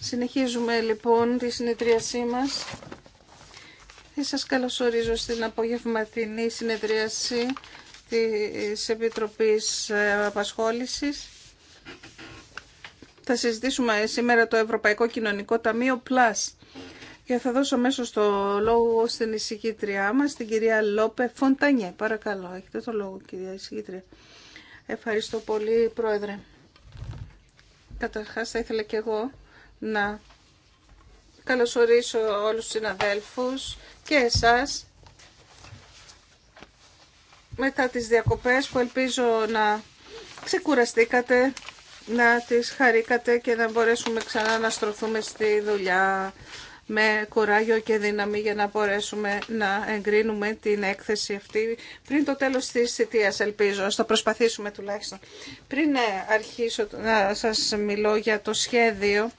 Συνεχίζουμε λοιπόν τη συνεδρίασή μας. Θα σας καλωσορίζω στην απογευματινή συνεδρίαση της Επιτροπής ε, Απασχόλησης. Θα συζητήσουμε σήμερα το Ευρωπαϊκό Κοινωνικό Ταμείο Plus. Και θα δώσω μέσω στο λόγο στην εισηγήτριά μας, την κυρία Λόπε Φοντανιέ. Παρακαλώ, έχετε το λόγο κυρία εισηγήτρια. Ευχαριστώ πολύ, Πρόεδρε. Καταρχάς θα ήθελα και εγώ να καλωσορίσω όλους τους συναδέλφους και εσάς μετά τις διακοπές που ελπίζω να ξεκουραστήκατε, να τις χαρήκατε και να μπορέσουμε ξανά να στρωθούμε στη δουλειά με κουράγιο και δύναμη για να μπορέσουμε να εγκρίνουμε την έκθεση αυτή πριν το τέλος της θητείας, ελπίζω. Ας το προσπαθήσουμε τουλάχιστον. Πριν ε, αρχίσω να σας μιλώ για το σχέδιο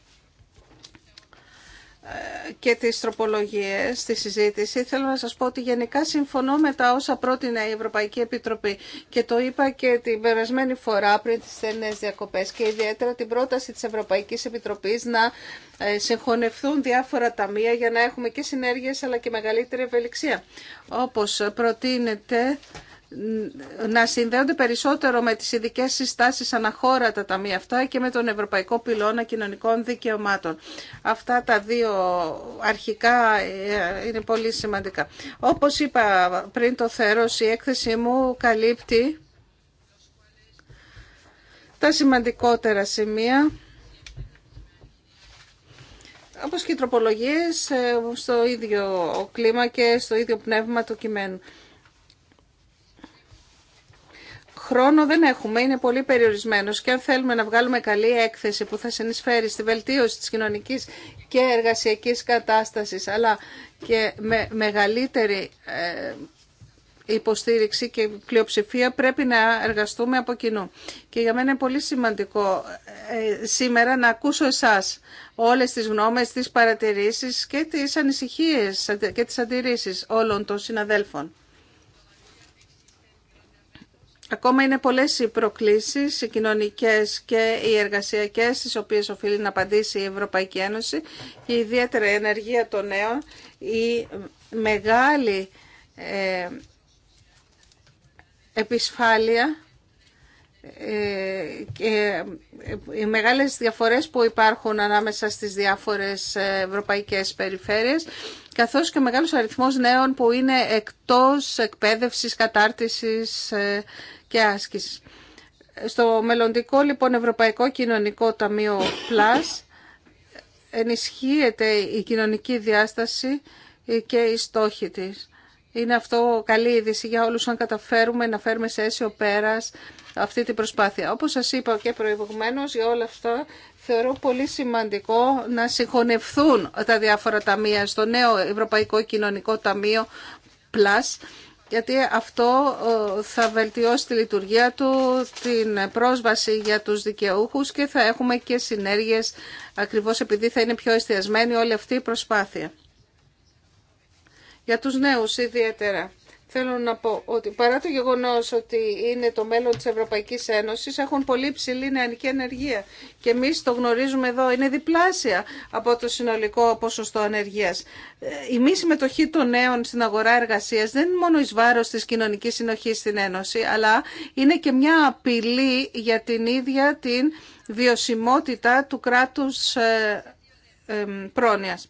και τις τροπολογίες στη συζήτηση, θέλω να σας πω ότι γενικά συμφωνώ με τα όσα πρότεινε η Ευρωπαϊκή Επιτροπή και το είπα και την περασμένη φορά πριν τις στενές διακοπές και ιδιαίτερα την πρόταση της Ευρωπαϊκής Επιτροπής να ε, συγχωνευτούν διάφορα ταμεία για να έχουμε και συνέργειες αλλά και μεγαλύτερη ευελιξία. Όπως προτείνεται να συνδέονται περισσότερο με τις ειδικέ συστάσεις αναχώρα τα ταμεία αυτά και με τον Ευρωπαϊκό Πυλώνα Κοινωνικών Δικαιωμάτων. Αυτά τα δύο αρχικά ε, είναι πολύ σημαντικά. Όπως είπα πριν το θέρος, η έκθεση μου καλύπτει τα σημαντικότερα σημεία όπως και οι τροπολογίες ε, στο ίδιο κλίμα και στο ίδιο πνεύμα του κειμένου. Χρόνο δεν έχουμε, είναι πολύ περιορισμένος και αν θέλουμε να βγάλουμε καλή έκθεση που θα συνεισφέρει στη βελτίωση της κοινωνικής και εργασιακής κατάστασης αλλά και με μεγαλύτερη ε, υποστήριξη και πλειοψηφία πρέπει να εργαστούμε από κοινού. Και για μένα είναι πολύ σημαντικό ε, σήμερα να ακούσω εσάς όλες τις γνώμες, τις παρατηρήσεις και τις ανησυχίες και τις αντιρρήσεις όλων των συναδέλφων. Ακόμα είναι πολλές οι προκλήσεις, οι κοινωνικές και οι εργασιακές, στις οποίες οφείλει να απαντήσει η Ευρωπαϊκή Ένωση και ιδιαίτερα η ενεργεία των νέων, η μεγάλη ε, επισφάλεια ε, ε, οι μεγάλες διαφορές που υπάρχουν ανάμεσα στις διάφορες ε, ευρωπαϊκές περιφέρειες καθώς και ο μεγάλος αριθμός νέων που είναι εκτός εκπαίδευσης, κατάρτισης και άσκησης. Στο μελλοντικό λοιπόν Ευρωπαϊκό Κοινωνικό Ταμείο Plus ενισχύεται η κοινωνική διάσταση και οι στόχοι της. Είναι αυτό καλή είδηση για όλους αν καταφέρουμε να φέρουμε σε αίσιο πέρας αυτή την προσπάθεια. Όπως σας είπα και προηγουμένως για όλα αυτά θεωρώ πολύ σημαντικό να συγχωνευθούν τα διάφορα ταμεία στο νέο Ευρωπαϊκό Κοινωνικό Ταμείο Plus γιατί αυτό ε, θα βελτιώσει τη λειτουργία του, την πρόσβαση για τους δικαιούχους και θα έχουμε και συνέργειες ακριβώς επειδή θα είναι πιο εστιασμένη όλη αυτή η προσπάθεια. Για τους νέους ιδιαίτερα. Θέλω να πω ότι παρά το γεγονός ότι είναι το μέλλον της Ευρωπαϊκής Ένωσης έχουν πολύ ψηλή νεανική ανεργία και εμείς το γνωρίζουμε εδώ, είναι διπλάσια από το συνολικό ποσοστό ανεργίας. Ε, η μη συμμετοχή των νέων στην αγορά εργασίας δεν είναι μόνο εις βάρος της κοινωνικής συνοχής στην Ένωση αλλά είναι και μια απειλή για την ίδια την βιωσιμότητα του κράτους ε, ε, πρόνοιας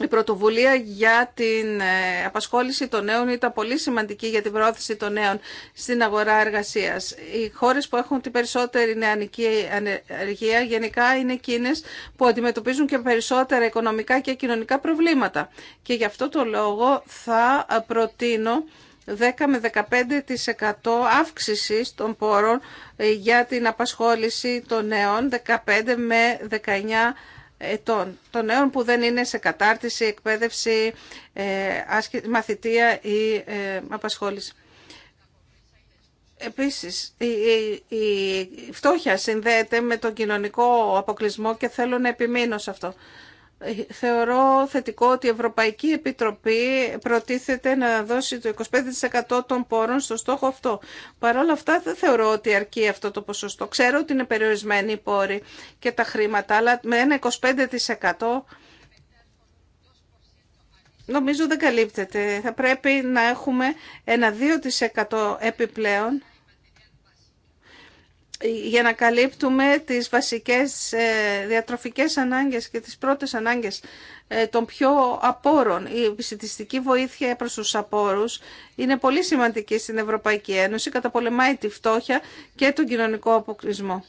η πρωτοβουλία για την ε, απασχόληση των νέων ήταν πολύ σημαντική για την προώθηση των νέων στην αγορά εργασίας. Οι χώρες που έχουν την περισσότερη νεανική ανεργία γενικά είναι εκείνες που αντιμετωπίζουν και περισσότερα οικονομικά και κοινωνικά προβλήματα. Και γι' αυτό το λόγο θα προτείνω 10 με 15% αύξηση των πόρων ε, για την απασχόληση των νέων, 15 με 19 ε, τον των νέων που δεν είναι σε κατάρτιση, εκπαίδευση, ε, μαθητεία ή ε, απασχόληση. Επίσης, η φτώχεια συνδέεται με τον κοινωνικό αποκλεισμό και θέλω να επιμείνω σε αυτό. Θεωρώ θετικό ότι η Ευρωπαϊκή Επιτροπή προτίθεται να δώσει το 25% των πόρων στο στόχο αυτό. Παρ' όλα αυτά δεν θεωρώ ότι αρκεί αυτό το ποσοστό. Ξέρω ότι είναι περιορισμένοι οι πόροι και τα χρήματα, αλλά με ένα 25% νομίζω δεν καλύπτεται. Θα πρέπει να έχουμε ένα 2% επιπλέον για να καλύπτουμε τις βασικές ε, διατροφικές ανάγκες και τις πρώτες ανάγκες ε, των πιο απόρων. Η επιστημιστική βοήθεια προς τους απόρους είναι πολύ σημαντική στην Ευρωπαϊκή Ένωση, καταπολεμάει τη φτώχεια και τον κοινωνικό αποκλεισμό.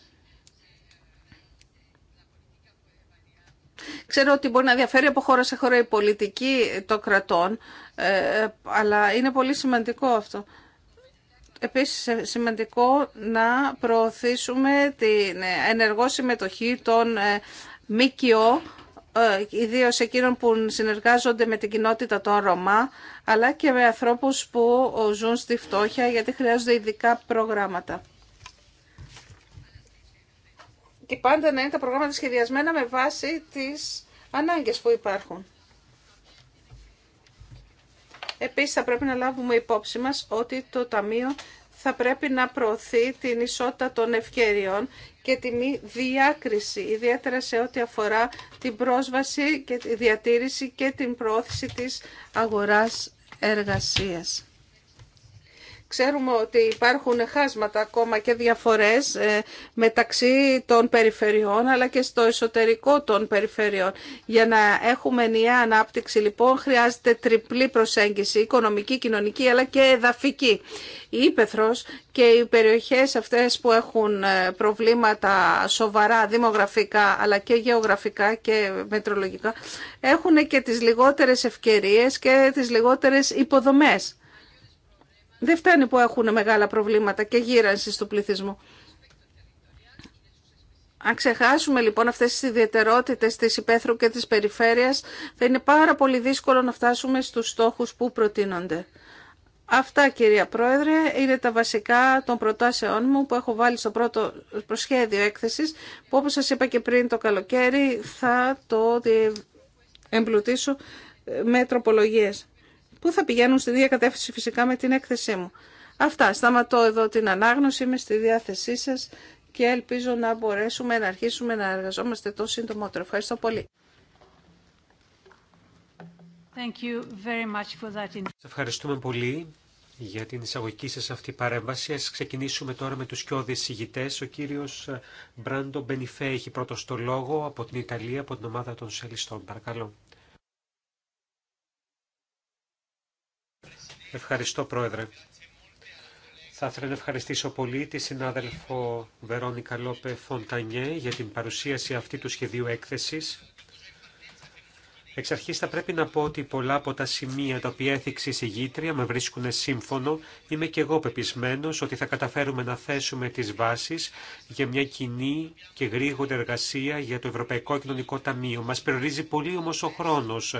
Ξέρω ότι μπορεί να διαφέρει από χώρα σε χώρα η πολιτική των κρατών, ε, αλλά είναι πολύ σημαντικό αυτό επίσης σημαντικό να προωθήσουμε την ενεργό συμμετοχή των ε, ΜΚΟ, ε, ιδίως εκείνων που συνεργάζονται με την κοινότητα των Ρωμά, αλλά και με ανθρώπους που ε, ζουν στη φτώχεια γιατί χρειάζονται ειδικά προγράμματα. Και πάντα να είναι τα προγράμματα σχεδιασμένα με βάση τις ανάγκες που υπάρχουν. Επίσης θα πρέπει να λάβουμε υπόψη μας ότι το Ταμείο θα πρέπει να προωθεί την ισότητα των ευκαιριών και τη μη διάκριση, ιδιαίτερα σε ό,τι αφορά την πρόσβαση και τη διατήρηση και την προώθηση της αγοράς εργασίας. Ξέρουμε ότι υπάρχουν χάσματα ακόμα και διαφορές ε, μεταξύ των περιφερειών αλλά και στο εσωτερικό των περιφερειών. Για να έχουμε ενιαία ανάπτυξη λοιπόν χρειάζεται τριπλή προσέγγιση, οικονομική, κοινωνική αλλά και εδαφική. Η Ήπεθρος και οι περιοχές αυτές που έχουν ε, προβλήματα σοβαρά δημογραφικά αλλά και γεωγραφικά και μετρολογικά έχουν και τις λιγότερες ευκαιρίες και τις λιγότερες υποδομές. Δεν φτάνει που έχουν μεγάλα προβλήματα και γύρανση στο πληθυσμό. Αν ξεχάσουμε λοιπόν αυτές τις ιδιαιτερότητες της υπαίθρου και της περιφέρειας, θα είναι πάρα πολύ δύσκολο να φτάσουμε στους στόχους που προτείνονται. Αυτά κυρία Πρόεδρε είναι τα βασικά των προτάσεών μου που έχω βάλει στο πρώτο προσχέδιο έκθεσης που όπως σας είπα και πριν το καλοκαίρι θα το εμπλουτίσω με τροπολογίες που θα πηγαίνουν στη διακατεύθυνση φυσικά με την έκθεσή μου. Αυτά. Σταματώ εδώ την ανάγνωση. Είμαι στη διάθεσή σα και ελπίζω να μπορέσουμε να αρχίσουμε να εργαζόμαστε το σύντομότερο. Ευχαριστώ πολύ. Thank you very much for that. Σας ευχαριστούμε πολύ για την εισαγωγική σας αυτή παρέμβαση. Ας ξεκινήσουμε τώρα με τους κοιόδης συγητές. Ο κύριος ε, Μπράντο Μπενιφέ έχει πρώτος το λόγο από την Ιταλία, από την ομάδα των Σελιστών. Παρακαλώ. Ευχαριστώ, Πρόεδρε. Θα ήθελα να ευχαριστήσω πολύ τη συνάδελφο Βερόνικα Λόπε Φοντανιέ για την παρουσίαση αυτή του σχεδίου έκθεσης. Εξ αρχής θα πρέπει να πω ότι πολλά από τα σημεία τα οποία έθιξε η συγγήτρια με βρίσκουν σύμφωνο. Είμαι και εγώ πεπισμένος ότι θα καταφέρουμε να θέσουμε τις βάσεις για μια κοινή και γρήγορη εργασία για το Ευρωπαϊκό Κοινωνικό Ταμείο. Μας περιορίζει πολύ όμως ο χρόνος.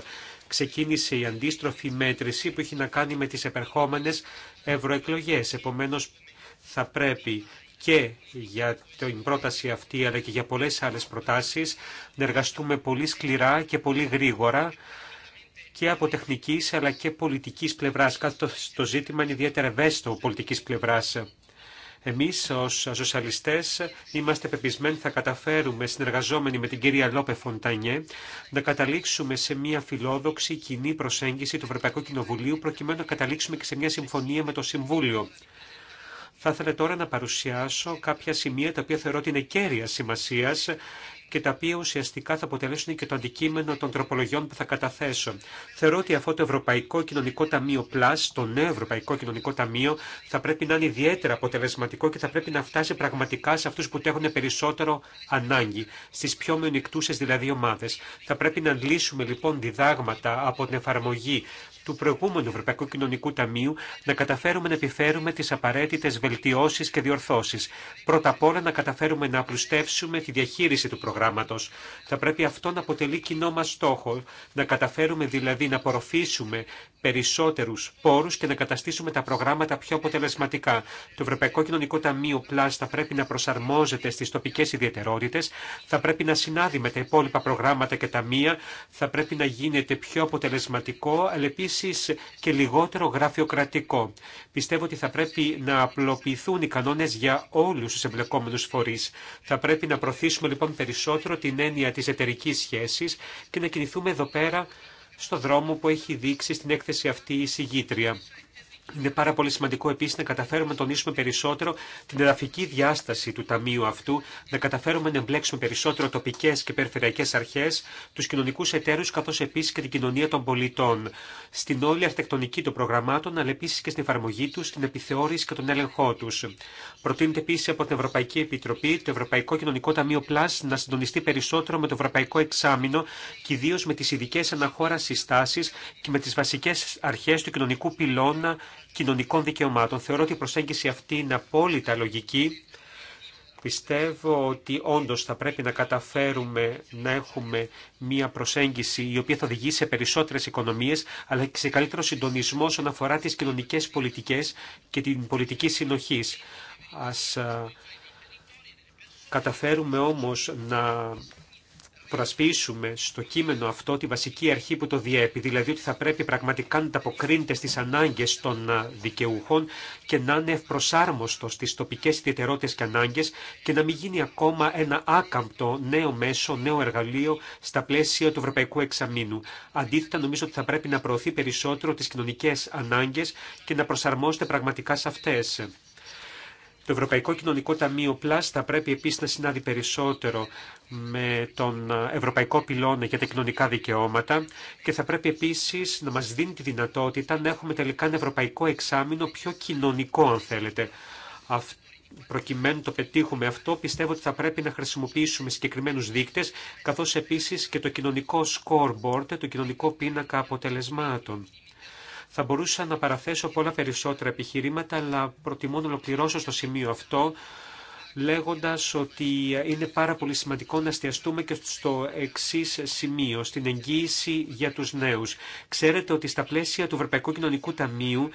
Ξεκίνησε η αντίστροφη μέτρηση που έχει να κάνει με τις επερχόμενες ευρωεκλογές. Επομένως θα πρέπει και για την πρόταση αυτή αλλά και για πολλές άλλες προτάσεις να εργαστούμε πολύ σκληρά και πολύ γρήγορα και από τεχνική, αλλά και πολιτική πλευρά, καθώ το ζήτημα είναι ιδιαίτερα ευαίσθητο πολιτική πλευρά. Εμεί, ω σοσιαλιστέ, είμαστε πεπισμένοι θα καταφέρουμε συνεργαζόμενοι με την κυρία Λόπε Φοντανιέ να καταλήξουμε σε μια φιλόδοξη κοινή προσέγγιση του Ευρωπαϊκού Κοινοβουλίου προκειμένου να καταλήξουμε και σε μια συμφωνία με το Συμβούλιο. Θα ήθελα τώρα να παρουσιάσω κάποια σημεία τα οποία θεωρώ ότι είναι κέρια σημασία και τα οποία ουσιαστικά θα αποτελέσουν και το αντικείμενο των τροπολογιών που θα καταθέσω. Θεωρώ ότι αυτό το Ευρωπαϊκό Κοινωνικό Ταμείο Plus, το νέο Ευρωπαϊκό Κοινωνικό Ταμείο, θα πρέπει να είναι ιδιαίτερα αποτελεσματικό και θα πρέπει να φτάσει πραγματικά σε αυτού που το έχουν περισσότερο ανάγκη, στι πιο μειονεκτούσε δηλαδή ομάδε. Θα πρέπει να λύσουμε λοιπόν διδάγματα από την εφαρμογή του προηγούμενου Ευρωπαϊκού Κοινωνικού Ταμείου να καταφέρουμε να επιφέρουμε τι απαραίτητε βελτιώσει και διορθώσει. Πρώτα απ' όλα να καταφέρουμε να απλουστεύσουμε τη διαχείριση του προγράμματο. Θα πρέπει αυτό να αποτελεί κοινό μα στόχο, να καταφέρουμε δηλαδή να απορροφήσουμε περισσότερου πόρου και να καταστήσουμε τα προγράμματα πιο αποτελεσματικά. Το Ευρωπαϊκό Κοινωνικό Ταμείο Plus θα πρέπει να προσαρμόζεται στι τοπικέ ιδιαιτερότητε, θα πρέπει να συνάδει με τα υπόλοιπα προγράμματα και ταμεία, θα πρέπει να γίνεται πιο αποτελεσματικό, αλλά και λιγότερο γραφειοκρατικό. Πιστεύω ότι θα πρέπει να απλοποιηθούν οι κανόνες για όλους του εμπλεκόμενου φορεί. Θα πρέπει να προωθήσουμε λοιπόν περισσότερο την έννοια τη εταιρική σχέση και να κινηθούμε εδώ πέρα στο δρόμο που έχει δείξει στην έκθεση αυτή η συγγήτρια. Είναι πάρα πολύ σημαντικό επίση να καταφέρουμε να τονίσουμε περισσότερο την εδαφική διάσταση του Ταμείου αυτού, να καταφέρουμε να εμπλέξουμε περισσότερο τοπικέ και περιφερειακέ αρχέ, του κοινωνικού εταίρου, καθώ επίση και την κοινωνία των πολιτών, στην όλη αρχιτεκτονική των προγραμμάτων, αλλά επίση και στην εφαρμογή του, την επιθεώρηση και τον έλεγχό του. Προτείνεται επίση από την Ευρωπαϊκή Επιτροπή το Ευρωπαϊκό Κοινωνικό Ταμείο Plus να συντονιστεί περισσότερο με το Ευρωπαϊκό Εξάμεινο και ιδίω με τι ειδικέ αναχώρα συστάσει και με τι βασικέ αρχέ του κοινωνικού πυλώνα κοινωνικών δικαιωμάτων. Θεωρώ ότι η προσέγγιση αυτή είναι απόλυτα λογική. Πιστεύω ότι όντως θα πρέπει να καταφέρουμε να έχουμε μία προσέγγιση η οποία θα οδηγήσει σε περισσότερες οικονομίες αλλά και σε καλύτερο συντονισμό όσον αφορά τις κοινωνικές πολιτικές και την πολιτική συνοχής. Ας καταφέρουμε όμως να προσπίσουμε στο κείμενο αυτό τη βασική αρχή που το διέπει, δηλαδή ότι θα πρέπει πραγματικά να ανταποκρίνεται στις ανάγκες των δικαιούχων και να είναι ευπροσάρμοστο στις τοπικές ιδιαιτερότητες και ανάγκες και να μην γίνει ακόμα ένα άκαμπτο νέο μέσο, νέο εργαλείο στα πλαίσια του Ευρωπαϊκού Εξαμήνου. Αντίθετα, νομίζω ότι θα πρέπει να προωθεί περισσότερο τις κοινωνικές ανάγκες και να προσαρμόζεται πραγματικά σε αυτές. Το Ευρωπαϊκό Κοινωνικό Ταμείο Plus θα πρέπει επίσης να συνάδει περισσότερο με τον Ευρωπαϊκό Πυλώνα για τα κοινωνικά δικαιώματα και θα πρέπει επίσης να μας δίνει τη δυνατότητα να έχουμε τελικά ένα ευρωπαϊκό εξάμεινο πιο κοινωνικό αν θέλετε. Προκειμένου προκειμένου το πετύχουμε αυτό, πιστεύω ότι θα πρέπει να χρησιμοποιήσουμε συγκεκριμένους δείκτες, καθώς επίσης και το κοινωνικό scoreboard, το κοινωνικό πίνακα αποτελεσμάτων. Θα μπορούσα να παραθέσω πολλά περισσότερα επιχειρήματα, αλλά προτιμώ να ολοκληρώσω στο σημείο αυτό, λέγοντας ότι είναι πάρα πολύ σημαντικό να εστιαστούμε και στο εξή σημείο, στην εγγύηση για τους νέους. Ξέρετε ότι στα πλαίσια του Ευρωπαϊκού Κοινωνικού Ταμείου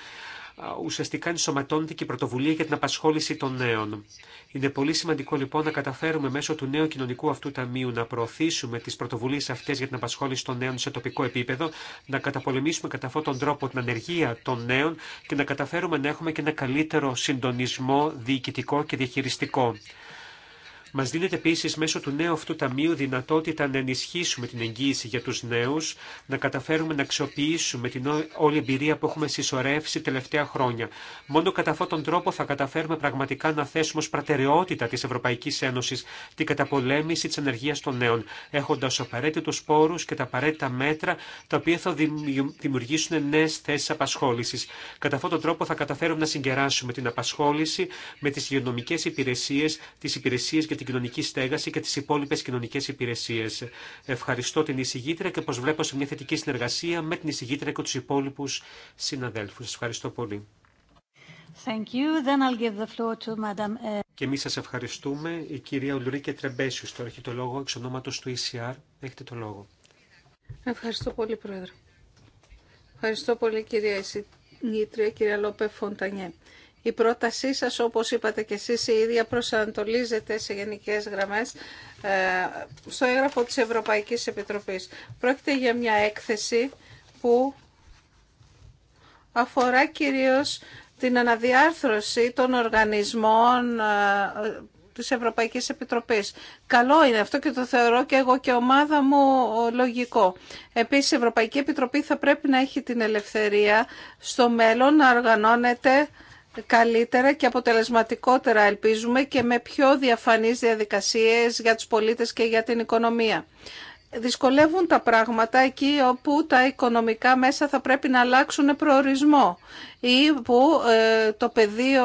ουσιαστικά ενσωματώνεται και η πρωτοβουλία για την απασχόληση των νέων. Είναι πολύ σημαντικό λοιπόν να καταφέρουμε μέσω του νέου κοινωνικού αυτού ταμείου να προωθήσουμε τι πρωτοβουλίε αυτέ για την απασχόληση των νέων σε τοπικό επίπεδο, να καταπολεμήσουμε κατά αυτόν τον τρόπο την ανεργία των νέων και να καταφέρουμε να έχουμε και ένα καλύτερο συντονισμό διοικητικό και διαχειριστικό. Μα δίνεται επίση μέσω του νέου αυτού ταμείου δυνατότητα να ενισχύσουμε την εγγύηση για του νέου, να καταφέρουμε να αξιοποιήσουμε την όλη εμπειρία που έχουμε συσσωρεύσει τελευταία χρόνια. Μόνο κατά αυτόν τον τρόπο θα καταφέρουμε πραγματικά να θέσουμε ω προτεραιότητα τη Ευρωπαϊκή Ένωση την καταπολέμηση τη ανεργία των νέων, έχοντα απαραίτητου πόρου και τα απαραίτητα μέτρα τα οποία θα δημιουργήσουν νέε θέσει απασχόληση. Κατά αυτόν τον τρόπο θα καταφέρουμε να συγκεράσουμε την απασχόληση με τι υγειονομικέ υπηρεσίε, τι υπηρεσίε για την κοινωνική στέγαση και τι υπόλοιπε κοινωνικές υπηρεσίες. Ευχαριστώ την εισηγήτρια και βλέπω σε μια θετική συνεργασία με την εισηγήτρια και τους υπόλοιπου συναδέλφου. Σα ευχαριστώ πολύ. Thank you. Then I'll give the floor to ε, Και εμεί σα ευχαριστούμε. Η κυρία Ολυρίκη Τρεμπέσιου τώρα έχει το λόγο εξ ονόματο του ECR. Έχετε το λόγο. Ευχαριστώ πολύ, Πρόεδρε. Ευχαριστώ πολύ, κυρία εισηγήτρια, κυρία Λόπε Φοντανιέ η πρότασή σας, όπως είπατε και εσείς η ίδια, προσανατολίζεται σε γενικές γραμμές ε, στο έγγραφο της Ευρωπαϊκής Επιτροπής. Πρόκειται για μια έκθεση που αφορά κυρίως την αναδιάρθρωση των οργανισμών ε, της Ευρωπαϊκής Επιτροπής. Καλό είναι αυτό και το θεωρώ και εγώ και ομάδα μου λογικό. Επίσης η Ευρωπαϊκή Επιτροπή θα πρέπει να έχει την ελευθερία στο μέλλον να οργανώνεται καλύτερα και αποτελεσματικότερα ελπίζουμε και με πιο διαφανείς διαδικασίες για τους πολίτες και για την οικονομία. Δυσκολεύουν τα πράγματα εκεί όπου τα οικονομικά μέσα θα πρέπει να αλλάξουν προορισμό ή που ε, το πεδίο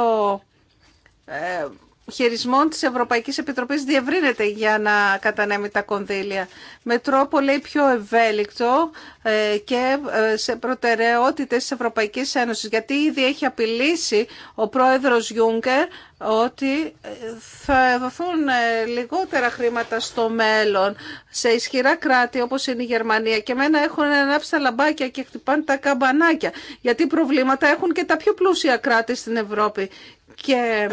ε, χειρισμών της Ευρωπαϊκής Επιτροπής διευρύνεται για να κατανέμει τα κονδύλια με τρόπο λέει πιο ευέλικτο ε, και ε, σε προτεραιότητες της Ευρωπαϊκής Ένωσης γιατί ήδη έχει απειλήσει ο πρόεδρος Γιούγκερ ότι ε, θα δοθούν λιγότερα χρήματα στο μέλλον σε ισχυρά κράτη όπως είναι η Γερμανία και μένα έχουν ανάψει τα λαμπάκια και χτυπάνε τα καμπανάκια γιατί προβλήματα έχουν και τα πιο πλούσια κράτη στην Ευρώπη και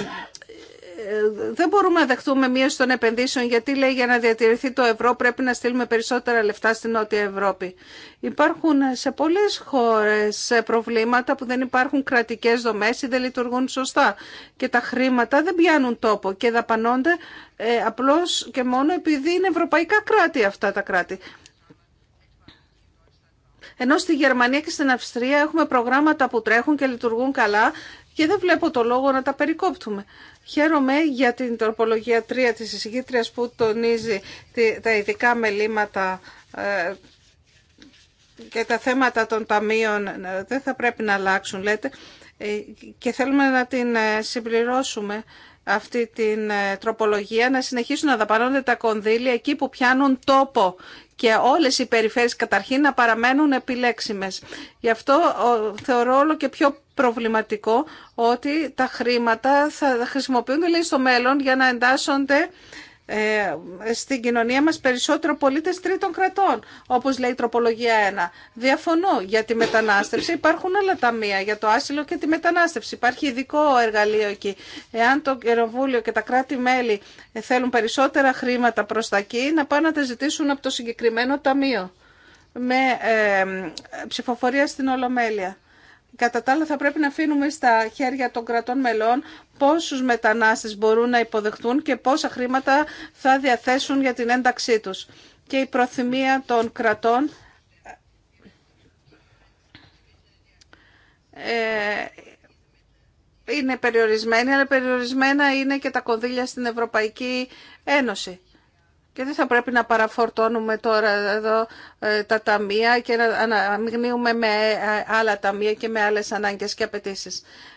δεν μπορούμε να δεχτούμε μείωση των επενδύσεων γιατί λέει για να διατηρηθεί το ευρώ πρέπει να στείλουμε περισσότερα λεφτά στην Νότια Ευρώπη. Υπάρχουν σε πολλές χώρες προβλήματα που δεν υπάρχουν κρατικές δομές ή δεν λειτουργούν σωστά και τα χρήματα δεν πιάνουν τόπο και δαπανώνται ε, απλώς και μόνο επειδή είναι ευρωπαϊκά κράτη αυτά τα κράτη. Ενώ στη Γερμανία και στην Αυστρία έχουμε προγράμματα που τρέχουν και λειτουργούν καλά και δεν βλέπω το λόγο να τα περικόπτουμε. Χαίρομαι για την τροπολογία 3 της εισηγήτριας που τονίζει τα ειδικά μελήματα ε, και τα θέματα των ταμείων ε, δεν θα πρέπει να αλλάξουν, λέτε, ε, και θέλουμε να την συμπληρώσουμε αυτή την τροπολογία, να συνεχίσουν να δαπανώνται τα κονδύλια εκεί που πιάνουν τόπο και όλες οι περιφέρειες καταρχήν να παραμένουν επιλέξιμες. Γι' αυτό θεωρώ όλο και πιο προβληματικό ότι τα χρήματα θα χρησιμοποιούνται λέει, στο μέλλον για να εντάσσονται ε, στην κοινωνία μας περισσότερο πολίτες τρίτων κρατών, όπως λέει η τροπολογία 1. Διαφωνώ για τη μετανάστευση. Υπάρχουν άλλα ταμεία για το άσυλο και τη μετανάστευση. Υπάρχει ειδικό εργαλείο εκεί. Εάν το Κοινοβούλιο και τα κράτη-μέλη θέλουν περισσότερα χρήματα προς τα εκεί, να πάνε να τα ζητήσουν από το συγκεκριμένο ταμείο με ε, ψηφοφορία στην Ολομέλεια. Κατά τα άλλα θα πρέπει να αφήνουμε στα χέρια των κρατών μελών πόσους μετανάστες μπορούν να υποδεχτούν και πόσα χρήματα θα διαθέσουν για την ένταξή τους. Και η προθυμία των κρατών ε, είναι περιορισμένη, αλλά περιορισμένα είναι και τα κονδύλια στην Ευρωπαϊκή Ένωση. Και δεν θα πρέπει να παραφορτώνουμε τώρα εδώ ε, τα ταμεία και να αναμειγνύουμε με ε, άλλα ταμεία και με άλλες ανάγκες και απαιτήσει.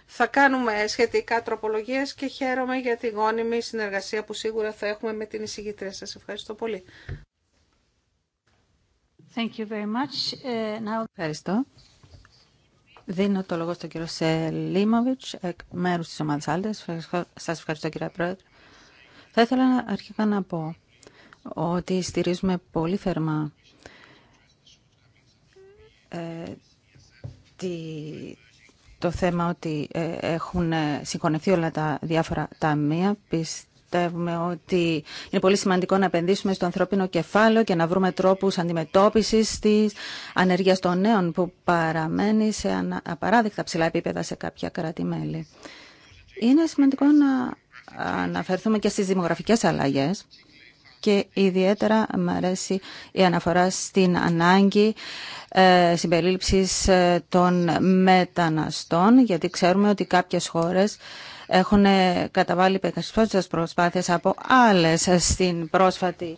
Θα κάνουμε σχετικά τροπολογίες και χαίρομαι για τη γόνιμη συνεργασία που σίγουρα θα έχουμε με την εισηγήτρια. Σας ευχαριστώ πολύ. Thank you very much. Ε, now... Ευχαριστώ. Δίνω το λόγο στον κύριο Σελίμοβιτς, εκ μέρους της ομάδας Σας ευχαριστώ κύριε Πρόεδρε. Θα ήθελα αρχικά να πω ότι στηρίζουμε πολύ θερμά ε, το θέμα ότι ε, έχουν συγχωνευτεί όλα τα διάφορα ταμεία. Πιστεύουμε ότι είναι πολύ σημαντικό να επενδύσουμε στο ανθρώπινο κεφάλαιο και να βρούμε τρόπους αντιμετώπισης της ανεργίας των νέων που παραμένει σε απαράδεκτα ψηλά επίπεδα σε κάποια κράτη-μέλη. Είναι σημαντικό να αναφερθούμε και στις δημογραφικές αλλαγές και ιδιαίτερα μου αρέσει η αναφορά στην ανάγκη ε, συμπερίληψης ε, των μεταναστών, γιατί ξέρουμε ότι κάποιες χώρες έχουν ε, καταβάλει περισσότερες προσπάθειες από άλλες στην πρόσφατη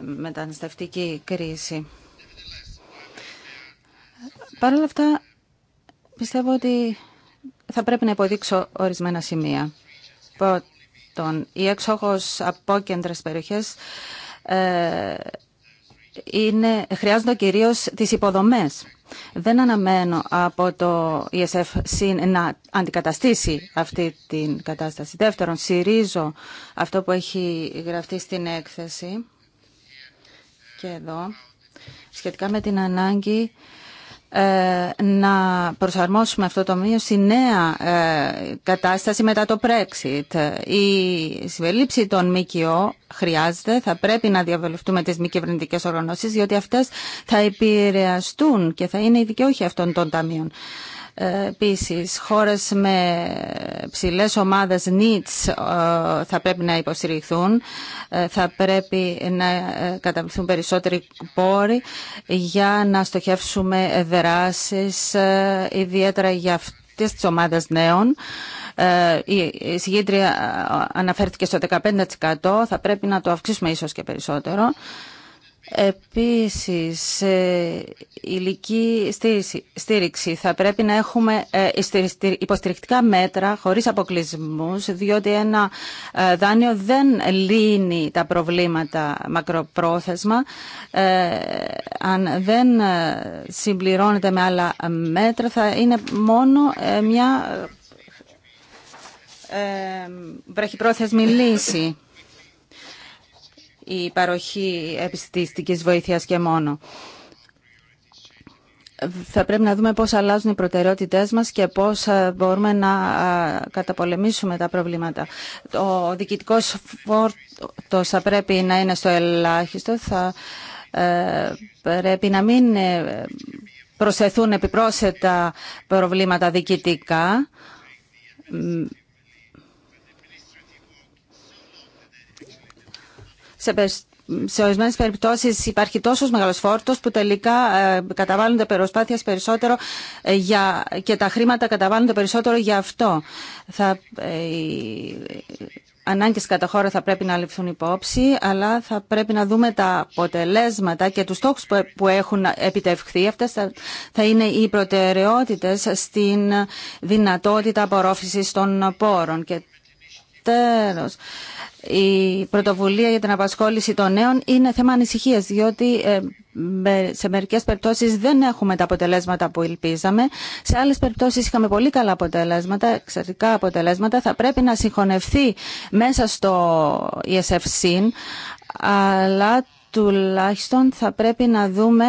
μεταναστευτική κρίση. Παρ' όλα αυτά, πιστεύω ότι θα πρέπει να υποδείξω ορισμένα σημεία. Η Οι από κέντρες περιοχές ε, είναι, χρειάζονται κυρίως τις υποδομές. Δεν αναμένω από το ESF συν να αντικαταστήσει αυτή την κατάσταση. Δεύτερον, συρίζω αυτό που έχει γραφτεί στην έκθεση και εδώ σχετικά με την ανάγκη ε, να προσαρμόσουμε αυτό το μείωση στη νέα ε, κατάσταση μετά το Brexit. Η συμπερίληψη των ΜΚΟ χρειάζεται, θα πρέπει να διαβελευτούμε τις μη κυβερνητικέ οργανώσεις, διότι αυτές θα επηρεαστούν και θα είναι οι δικαιούχοι αυτών των ταμείων. Επίση, χώρες με ψηλές ομάδες needs ε, θα πρέπει να υποστηριχθούν, ε, θα πρέπει να ε, καταβληθούν περισσότεροι πόροι για να στοχεύσουμε δράσεις ιδιαίτερα για αυτές τις ομάδες νέων. Η συγκέντρια αναφέρθηκε στο 15%, θα πρέπει να το αυξήσουμε ίσως και περισσότερο. Επίσης, ηλική στήριξη. Θα πρέπει να έχουμε ε, υποστηρικτικά μέτρα χωρίς αποκλεισμούς, διότι ένα ε, δάνειο δεν λύνει τα προβλήματα μακροπρόθεσμα. Ε, αν δεν συμπληρώνεται με άλλα μέτρα, θα είναι μόνο μια βραχυπρόθεσμη λύση η παροχή επιστηστικής βοήθειας και μόνο. Θα πρέπει να δούμε πώς αλλάζουν οι προτεραιότητές μας και πώς ε, μπορούμε να ε, καταπολεμήσουμε τα προβλήματα. Ο διοικητικό φόρτος θα πρέπει να είναι στο ελάχιστο, θα ε, πρέπει να μην προσεθούν επιπρόσθετα προβλήματα διοικητικά σε, ορισμένε περιπτώσει υπάρχει τόσο μεγάλο φόρτο που τελικά ε, καταβάλλονται προσπάθειε περισσότερο ε, για, και τα χρήματα καταβάλλονται περισσότερο για αυτό. Θα, ε, οι ανάγκε κατά χώρα θα πρέπει να ληφθούν υπόψη, αλλά θα πρέπει να δούμε τα αποτελέσματα και του στόχου που έχουν επιτευχθεί. Αυτέ θα είναι οι προτεραιότητε στην δυνατότητα απορρόφηση των πόρων τέλος. Η πρωτοβουλία για την απασχόληση των νέων είναι θέμα ανησυχία, διότι ε, σε μερικές περιπτώσεις δεν έχουμε τα αποτελέσματα που ελπίζαμε. Σε άλλες περιπτώσεις είχαμε πολύ καλά αποτελέσματα, εξαιρετικά αποτελέσματα. Θα πρέπει να συγχωνευτεί μέσα στο ESFC, αλλά τουλάχιστον θα πρέπει να δούμε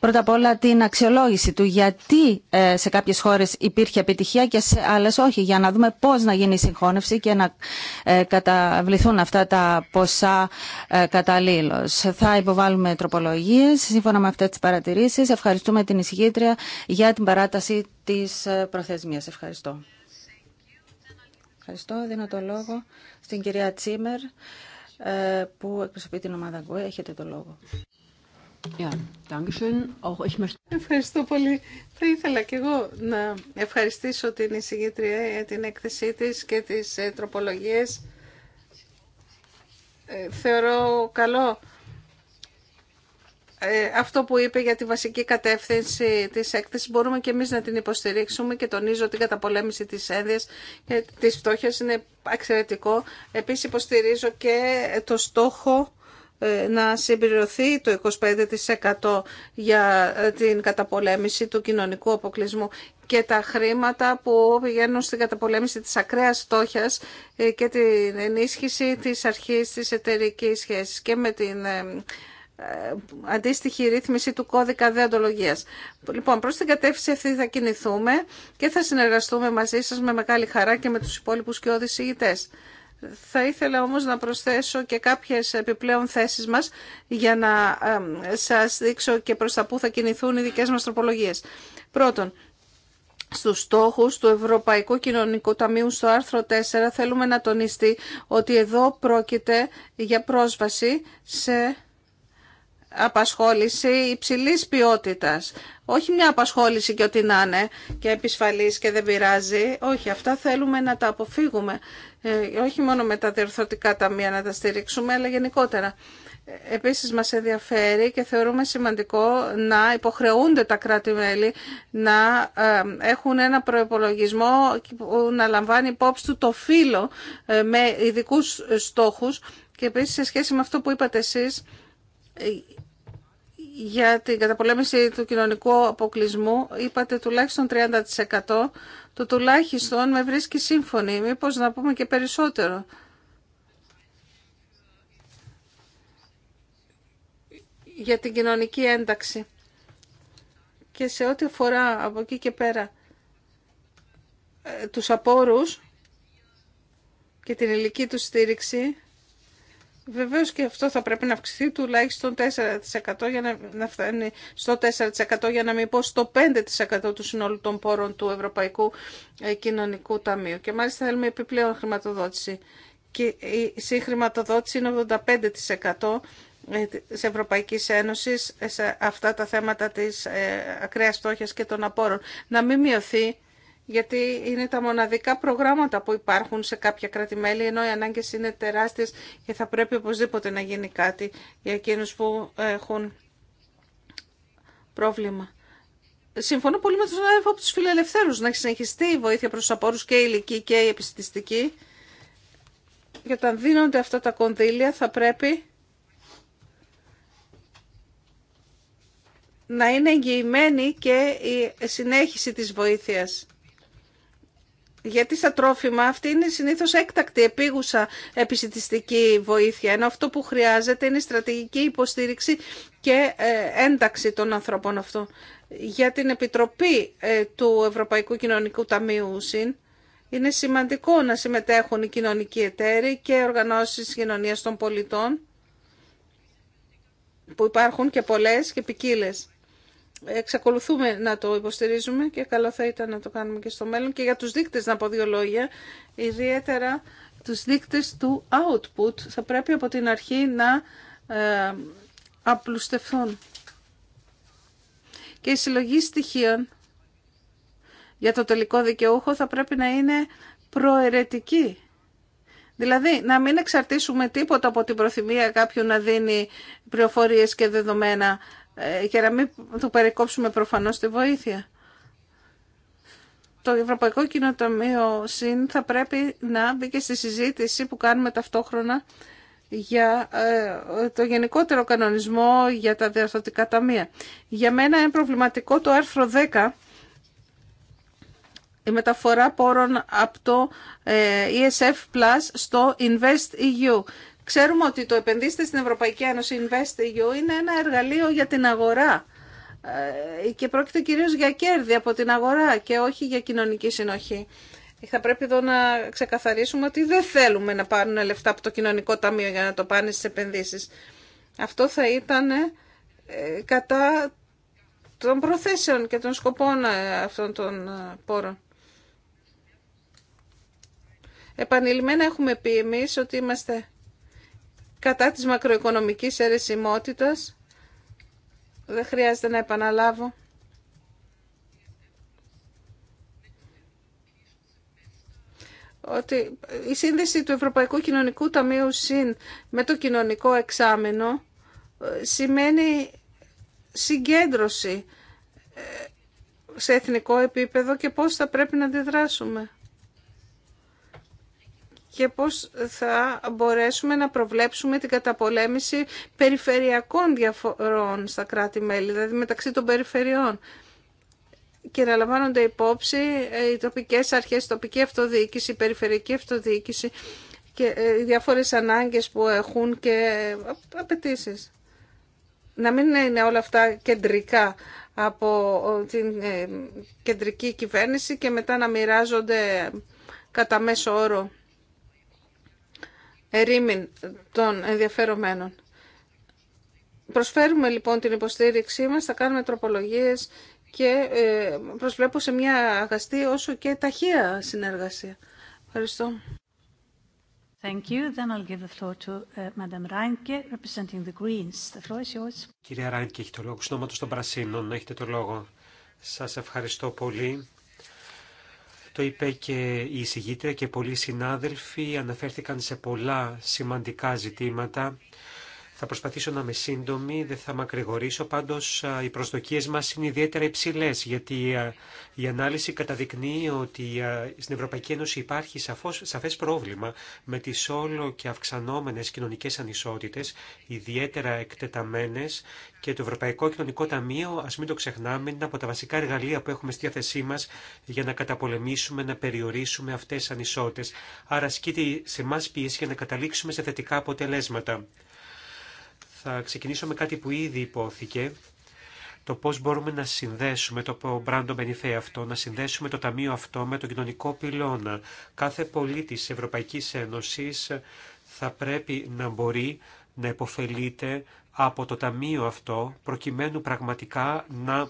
πρώτα απ' όλα την αξιολόγηση του γιατί ε, σε κάποιες χώρες υπήρχε επιτυχία και σε άλλες όχι για να δούμε πώς να γίνει η συγχώνευση και να ε, καταβληθούν αυτά τα ποσά ε, καταλήλως. Θα υποβάλουμε τροπολογίες σύμφωνα με αυτές τις παρατηρήσεις. Ευχαριστούμε την εισηγήτρια για την παράταση της προθεσμίας. Ευχαριστώ. Ευχαριστώ. Δίνω το λόγο στην κυρία Τσίμερ ε, που εκπροσωπεί την ομάδα Έχετε το λόγο. Ευχαριστώ πολύ. Θα ήθελα και εγώ να ευχαριστήσω την εισηγήτρια για την έκθεσή της και τις ε, τροπολογίες. Ε, θεωρώ καλό ε, αυτό που είπε για τη βασική κατεύθυνση της έκθεσης μπορούμε και εμείς να την υποστηρίξουμε και τονίζω ότι η καταπολέμηση της ένδυας και της φτώχειας είναι εξαιρετικό. Επίσης υποστηρίζω και το στόχο ε, να συμπληρωθεί το 25% για ε, την καταπολέμηση του κοινωνικού αποκλεισμού και τα χρήματα που πηγαίνουν στην καταπολέμηση της ακραίας στόχιας και την ενίσχυση της αρχής της εταιρικής σχέσης και με την ε, αντίστοιχη ρύθμιση του κώδικα δεοντολογίας. Λοιπόν, προς την κατεύθυνση αυτή θα κινηθούμε και θα συνεργαστούμε μαζί σας με μεγάλη χαρά και με τους υπόλοιπους και ηγητές. Θα ήθελα όμως να προσθέσω και κάποιες επιπλέον θέσεις μας για να σας δείξω και προς τα που θα κινηθούν οι δικές μας τροπολογίες. Πρώτον, στους στόχους του Ευρωπαϊκού Κοινωνικού Ταμείου στο άρθρο 4 θέλουμε να τονιστεί ότι εδώ πρόκειται για πρόσβαση σε απασχόληση υψηλής ποιότητας. Όχι μια απασχόληση και ότι να είναι και επισφαλής και δεν πειράζει. Όχι, αυτά θέλουμε να τα αποφύγουμε. Ε, όχι μόνο με τα διορθωτικά ταμεία να τα στηρίξουμε, αλλά γενικότερα. Ε, επίσης μας ενδιαφέρει και θεωρούμε σημαντικό να υποχρεούνται τα κράτη-μέλη να ε, έχουν ένα προεπολογισμό που να λαμβάνει υπόψη του το φύλλο με ειδικούς στόχους και επίσης σε σχέση με αυτό που είπατε εσείς για την καταπολέμηση του κοινωνικού αποκλεισμού είπατε τουλάχιστον 30% το τουλάχιστον με βρίσκει σύμφωνη. Μήπως να πούμε και περισσότερο. Για την κοινωνική ένταξη. Και σε ό,τι αφορά από εκεί και πέρα ε, τους απόρους και την ηλική του στήριξη Βεβαίω και αυτό θα πρέπει να αυξηθεί τουλάχιστον 4% για να, να φτάνει στο 4% για να μην πω στο 5% του συνόλου των πόρων του Ευρωπαϊκού ε, Κοινωνικού Ταμείου. Και μάλιστα θέλουμε επιπλέον χρηματοδότηση. Και η συγχρηματοδότηση είναι 85% ε, της Ευρωπαϊκής Ένωσης ε, σε αυτά τα θέματα της ακραίας φτώχειας και των απόρων. Να μην μειωθεί γιατί είναι τα μοναδικά προγράμματα που υπάρχουν σε κάποια κράτη-μέλη, ενώ οι ανάγκε είναι τεράστιες και θα πρέπει οπωσδήποτε να γίνει κάτι για εκείνους που έχουν πρόβλημα. Συμφωνώ πολύ με τον αδερφό από τους φιλελευθέρους να έχει συνεχιστεί η βοήθεια προς τους απόρους και η ηλική και η επιστηστική. Και όταν δίνονται αυτά τα κονδύλια θα πρέπει να είναι εγγυημένη και η συνέχιση της βοήθειας γιατί στα τρόφιμα αυτή είναι συνήθως έκτακτη επίγουσα επισητιστική βοήθεια, ενώ αυτό που χρειάζεται είναι στρατηγική υποστήριξη και ε, ένταξη των ανθρώπων αυτών. Για την Επιτροπή ε, του Ευρωπαϊκού Κοινωνικού Ταμείου ΣΥΝ, είναι σημαντικό να συμμετέχουν οι κοινωνικοί εταίροι και οργανώσεις κοινωνίας των πολιτών, που υπάρχουν και πολλές και ποικίλε εξακολουθούμε να το υποστηρίζουμε και καλό θα ήταν να το κάνουμε και στο μέλλον. Και για τους δείκτες να πω δύο λόγια, ιδιαίτερα τους δείκτες του output θα πρέπει από την αρχή να ε, απλουστευθούν. Και η συλλογή στοιχείων για το τελικό δικαιούχο θα πρέπει να είναι προαιρετική. Δηλαδή, να μην εξαρτήσουμε τίποτα από την προθυμία κάποιου να δίνει πληροφορίε και δεδομένα ε, και να μην του περικόψουμε προφανώς τη βοήθεια. Το Ευρωπαϊκό Κοινοτομείο ΣΥΝ θα πρέπει να μπει και στη συζήτηση που κάνουμε ταυτόχρονα για ε, το γενικότερο κανονισμό για τα διαρθωτικά ταμεία. Για μένα είναι προβληματικό το άρθρο 10 η μεταφορά πόρων από το ε, ESF Plus στο Invest EU. Ξέρουμε ότι το επενδύστε στην Ευρωπαϊκή Ένωση, InvestEU, είναι ένα εργαλείο για την αγορά ε, και πρόκειται κυρίως για κέρδη από την αγορά και όχι για κοινωνική συνοχή. Θα πρέπει εδώ να ξεκαθαρίσουμε ότι δεν θέλουμε να πάρουν λεφτά από το κοινωνικό ταμείο για να το πάνε στις επενδύσεις. Αυτό θα ήταν ε, κατά των προθέσεων και των σκοπών ε, αυτών των πόρων. Επανειλημμένα έχουμε πει εμείς ότι είμαστε κατά της μακροοικονομικής αιρεσιμότητας. Δεν χρειάζεται να επαναλάβω. ότι η σύνδεση του Ευρωπαϊκού Κοινωνικού Ταμείου ΣΥΝ με το κοινωνικό εξάμενο ε, σημαίνει συγκέντρωση ε, σε εθνικό επίπεδο και πώς θα πρέπει να αντιδράσουμε και πώς θα μπορέσουμε να προβλέψουμε την καταπολέμηση περιφερειακών διαφορών στα κράτη-μέλη, δηλαδή μεταξύ των περιφερειών και να λαμβάνονται υπόψη ε, οι τοπικές αρχές, η τοπική αυτοδιοίκηση, η περιφερειακή αυτοδιοίκηση και ε, οι διάφορες ανάγκες που έχουν και ε, απαιτήσει. Να μην είναι όλα αυτά κεντρικά από την κεντρική κυβέρνηση και μετά να μοιράζονται κατά μέσο όρο ερήμην των ενδιαφερομένων. Προσφέρουμε λοιπόν την υποστήριξή μας, θα κάνουμε τροπολογίες και ε, προσβλέπω σε μια αγαστή όσο και ταχεία συνεργασία. Ευχαριστώ. Thank you. Then I'll give the floor to ε, Madam Reinke, representing the Greens. The floor is yours. Κυρία Ράινκε, έχει το λόγο. Συνόματος των Πρασίνων, έχετε το λόγο. Σας ευχαριστώ πολύ. Το είπε και η εισηγήτρια και πολλοί συνάδελφοι αναφέρθηκαν σε πολλά σημαντικά ζητήματα θα προσπαθήσω να είμαι σύντομη, δεν θα μακρηγορήσω, πάντως οι προσδοκίες μας είναι ιδιαίτερα υψηλές, γιατί η ανάλυση καταδεικνύει ότι στην Ευρωπαϊκή Ένωση υπάρχει σαφώς, σαφές πρόβλημα με τις όλο και αυξανόμενες κοινωνικές ανισότητες, ιδιαίτερα εκτεταμένες και το Ευρωπαϊκό Κοινωνικό Ταμείο, ας μην το ξεχνάμε, είναι από τα βασικά εργαλεία που έχουμε στη διάθεσή μας για να καταπολεμήσουμε, να περιορίσουμε αυτές τις ανισότητε Άρα ασκείται σε εμά πίεση για να καταλήξουμε σε θετικά αποτελέσματα. Θα ξεκινήσω με κάτι που ήδη υπόθηκε, το πώς μπορούμε να συνδέσουμε, το Μπράντο Μπενιφέ αυτό, να συνδέσουμε το ταμείο αυτό με τον κοινωνικό πυλώνα. Κάθε πολίτης της Ευρωπαϊκής Ένωσης θα πρέπει να μπορεί να υποφελείται από το ταμείο αυτό, προκειμένου πραγματικά να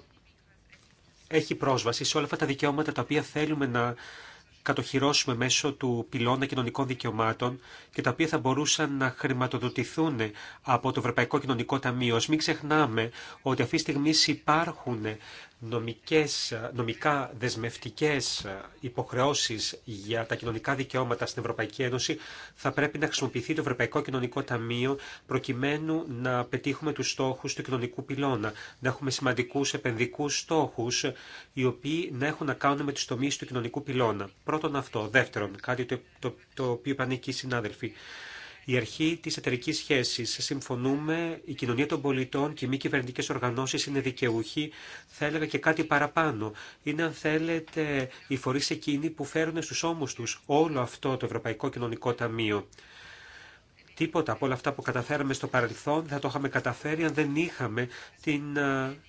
έχει πρόσβαση σε όλα αυτά τα δικαιώματα τα οποία θέλουμε να κατοχυρώσουμε μέσω του πυλώνα κοινωνικών δικαιωμάτων και τα οποία θα μπορούσαν να χρηματοδοτηθούν από το Ευρωπαϊκό Κοινωνικό Ταμείο. Μην ξεχνάμε ότι αυτή τη στιγμή υπάρχουν νομικές, νομικά δεσμευτικές υποχρεώσεις για τα κοινωνικά δικαιώματα στην Ευρωπαϊκή Ένωση, θα πρέπει να χρησιμοποιηθεί το Ευρωπαϊκό Κοινωνικό Ταμείο προκειμένου να πετύχουμε τους στόχους του κοινωνικού πυλώνα, να έχουμε σημαντικούς επενδικούς στόχους, οι οποίοι να έχουν να κάνουν με τις τομείς του κοινωνικού πυλώνα. Πρώτον αυτό. Δεύτερον, κάτι το, το, το οποίο είπαν οι συνάδελφοι. Η αρχή τη εταιρική σχέση. Συμφωνούμε, η κοινωνία των πολιτών και οι μη κυβερνητικέ οργανώσει είναι δικαιούχοι. Θα έλεγα και κάτι παραπάνω. Είναι, αν θέλετε, οι φορεί εκείνοι που φέρουν στου ώμου του όλο αυτό το Ευρωπαϊκό Κοινωνικό Ταμείο. Τίποτα από όλα αυτά που καταφέραμε στο παρελθόν θα το είχαμε καταφέρει αν δεν είχαμε την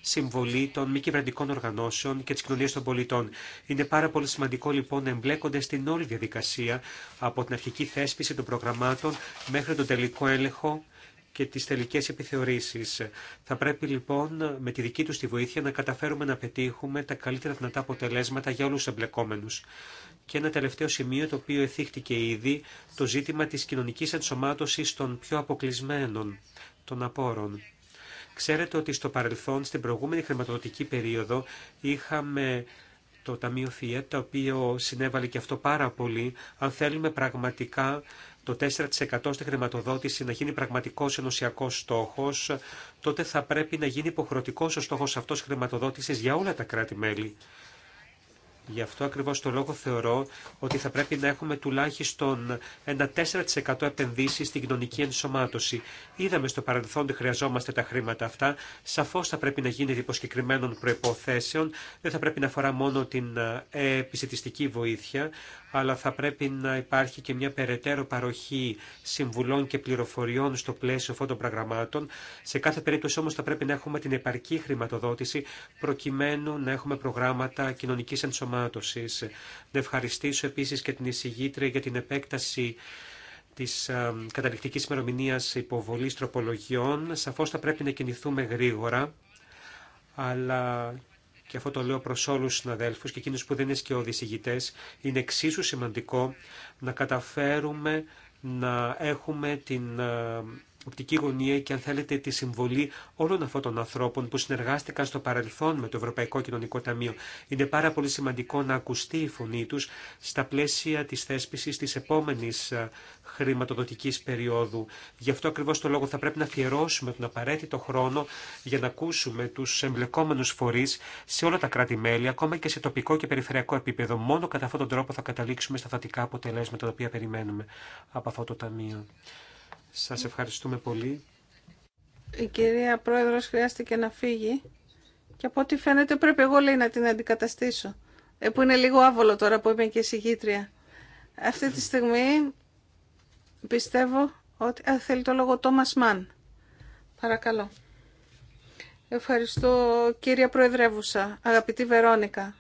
συμβολή των μη κυβερνητικών οργανώσεων και τη κοινωνία των πολιτών. Είναι πάρα πολύ σημαντικό λοιπόν να εμπλέκονται στην όλη διαδικασία από την αρχική θέσπιση των προγραμμάτων μέχρι τον τελικό έλεγχο και τις τελικές επιθεωρήσεις. Θα πρέπει λοιπόν με τη δική τους τη βοήθεια να καταφέρουμε να πετύχουμε τα καλύτερα δυνατά αποτελέσματα για όλους τους εμπλεκόμενους. Και ένα τελευταίο σημείο το οποίο εθίχτηκε ήδη, το ζήτημα της κοινωνικής ενσωμάτωσης των πιο αποκλεισμένων, των απόρων. Ξέρετε ότι στο παρελθόν, στην προηγούμενη χρηματοδοτική περίοδο, είχαμε το Ταμείο ΦΙΕΤ, το οποίο συνέβαλε και αυτό πάρα πολύ. Αν θέλουμε πραγματικά το 4% στη χρηματοδότηση να γίνει πραγματικός ενωσιακός στόχος, τότε θα πρέπει να γίνει υποχρεωτικός ο στόχος αυτός χρηματοδότησης για όλα τα κράτη-μέλη. Γι' αυτό ακριβώ το λόγο θεωρώ ότι θα πρέπει να έχουμε τουλάχιστον ένα 4% επενδύσει στην κοινωνική ενσωμάτωση. Είδαμε στο παρελθόν ότι χρειαζόμαστε τα χρήματα αυτά. Σαφώ θα πρέπει να γίνει υπό συγκεκριμένων Δεν θα πρέπει να αφορά μόνο την ε, επιστημιστική βοήθεια, αλλά θα πρέπει να υπάρχει και μια περαιτέρω παροχή συμβουλών και πληροφοριών στο πλαίσιο αυτών των προγραμμάτων. Σε κάθε περίπτωση όμω θα πρέπει να έχουμε την επαρκή χρηματοδότηση προκειμένου να έχουμε προγράμματα κοινωνική ενσωμάτωσης να ευχαριστήσω επίσης και την εισηγήτρια για την επέκταση τη ε, καταληκτική ημερομηνία υποβολή τροπολογιών. Σαφώ θα πρέπει να κινηθούμε γρήγορα, αλλά και αυτό το λέω προ όλου του συναδέλφου και εκείνου που δεν είναι σκιώδει ηγητέ, είναι εξίσου σημαντικό να καταφέρουμε να έχουμε την ε, οπτική γωνία και αν θέλετε τη συμβολή όλων αυτών των ανθρώπων που συνεργάστηκαν στο παρελθόν με το Ευρωπαϊκό Κοινωνικό Ταμείο. Είναι πάρα πολύ σημαντικό να ακουστεί η φωνή του στα πλαίσια τη θέσπιση τη επόμενη ε, χρηματοδοτική περίοδου. Γι' αυτό ακριβώ το λόγο θα πρέπει να αφιερώσουμε τον απαραίτητο χρόνο για να ακούσουμε του εμπλεκόμενου φορεί σε όλα τα κράτη-μέλη, ακόμα και σε τοπικό και περιφερειακό επίπεδο. Μόνο κατά αυτόν τον τρόπο θα καταλήξουμε στα θετικά αποτελέσματα τα οποία περιμένουμε από αυτό το Ταμείο. Σας ευχαριστούμε πολύ. Η κυρία Πρόεδρος χρειάστηκε να φύγει και από ό,τι φαίνεται πρέπει εγώ λέει να την αντικαταστήσω. Ε, που είναι λίγο άβολο τώρα που είμαι και συγκήτρια. Αυτή τη στιγμή πιστεύω ότι α, θέλει το λόγο Τόμας Μαν. Παρακαλώ. Ευχαριστώ κύρια Προεδρεύουσα, αγαπητή Βερόνικα.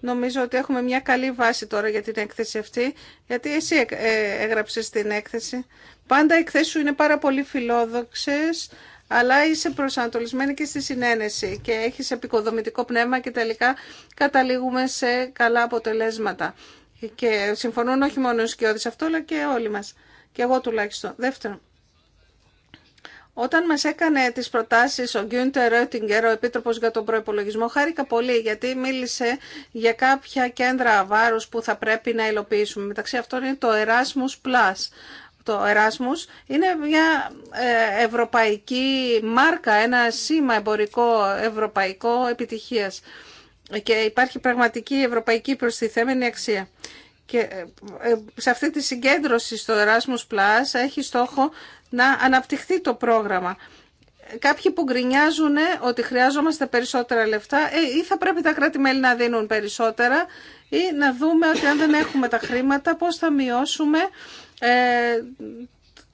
Νομίζω ότι έχουμε μια καλή βάση τώρα για την έκθεση αυτή, γιατί εσύ ε, έγραψες την έκθεση. Πάντα οι εκθέσεις σου είναι πάρα πολύ φιλόδοξες, αλλά είσαι προσανατολισμένη και στη συνένεση και έχεις επικοδομητικό πνεύμα και τελικά καταλήγουμε σε καλά αποτελέσματα. Και συμφωνούν όχι μόνο οι Σκιώδης αυτό, αλλά και όλοι μας. Και εγώ τουλάχιστον. Δεύτερον, όταν μας έκανε τις προτάσεις ο Γκιούντερ Ρέτιγκερ, ο Επίτροπος για τον Προϋπολογισμό, χάρηκα πολύ γιατί μίλησε για κάποια κέντρα βάρους που θα πρέπει να υλοποιήσουμε. Μεταξύ αυτών είναι το Erasmus Plus. Το Erasmus είναι μια ε, ευρωπαϊκή μάρκα, ένα σήμα εμπορικό ευρωπαϊκό επιτυχίας και υπάρχει πραγματική ευρωπαϊκή προστιθέμενη αξία. Και ε, ε, σε αυτή τη συγκέντρωση στο Erasmus Plus έχει στόχο να αναπτυχθεί το πρόγραμμα. Κάποιοι που γκρινιάζουν ε, ότι χρειάζομαστε περισσότερα λεφτά ή θα πρέπει τα κράτη-μέλη να δίνουν περισσότερα ή να δούμε ότι αν δεν έχουμε τα χρήματα πώς θα μειώσουμε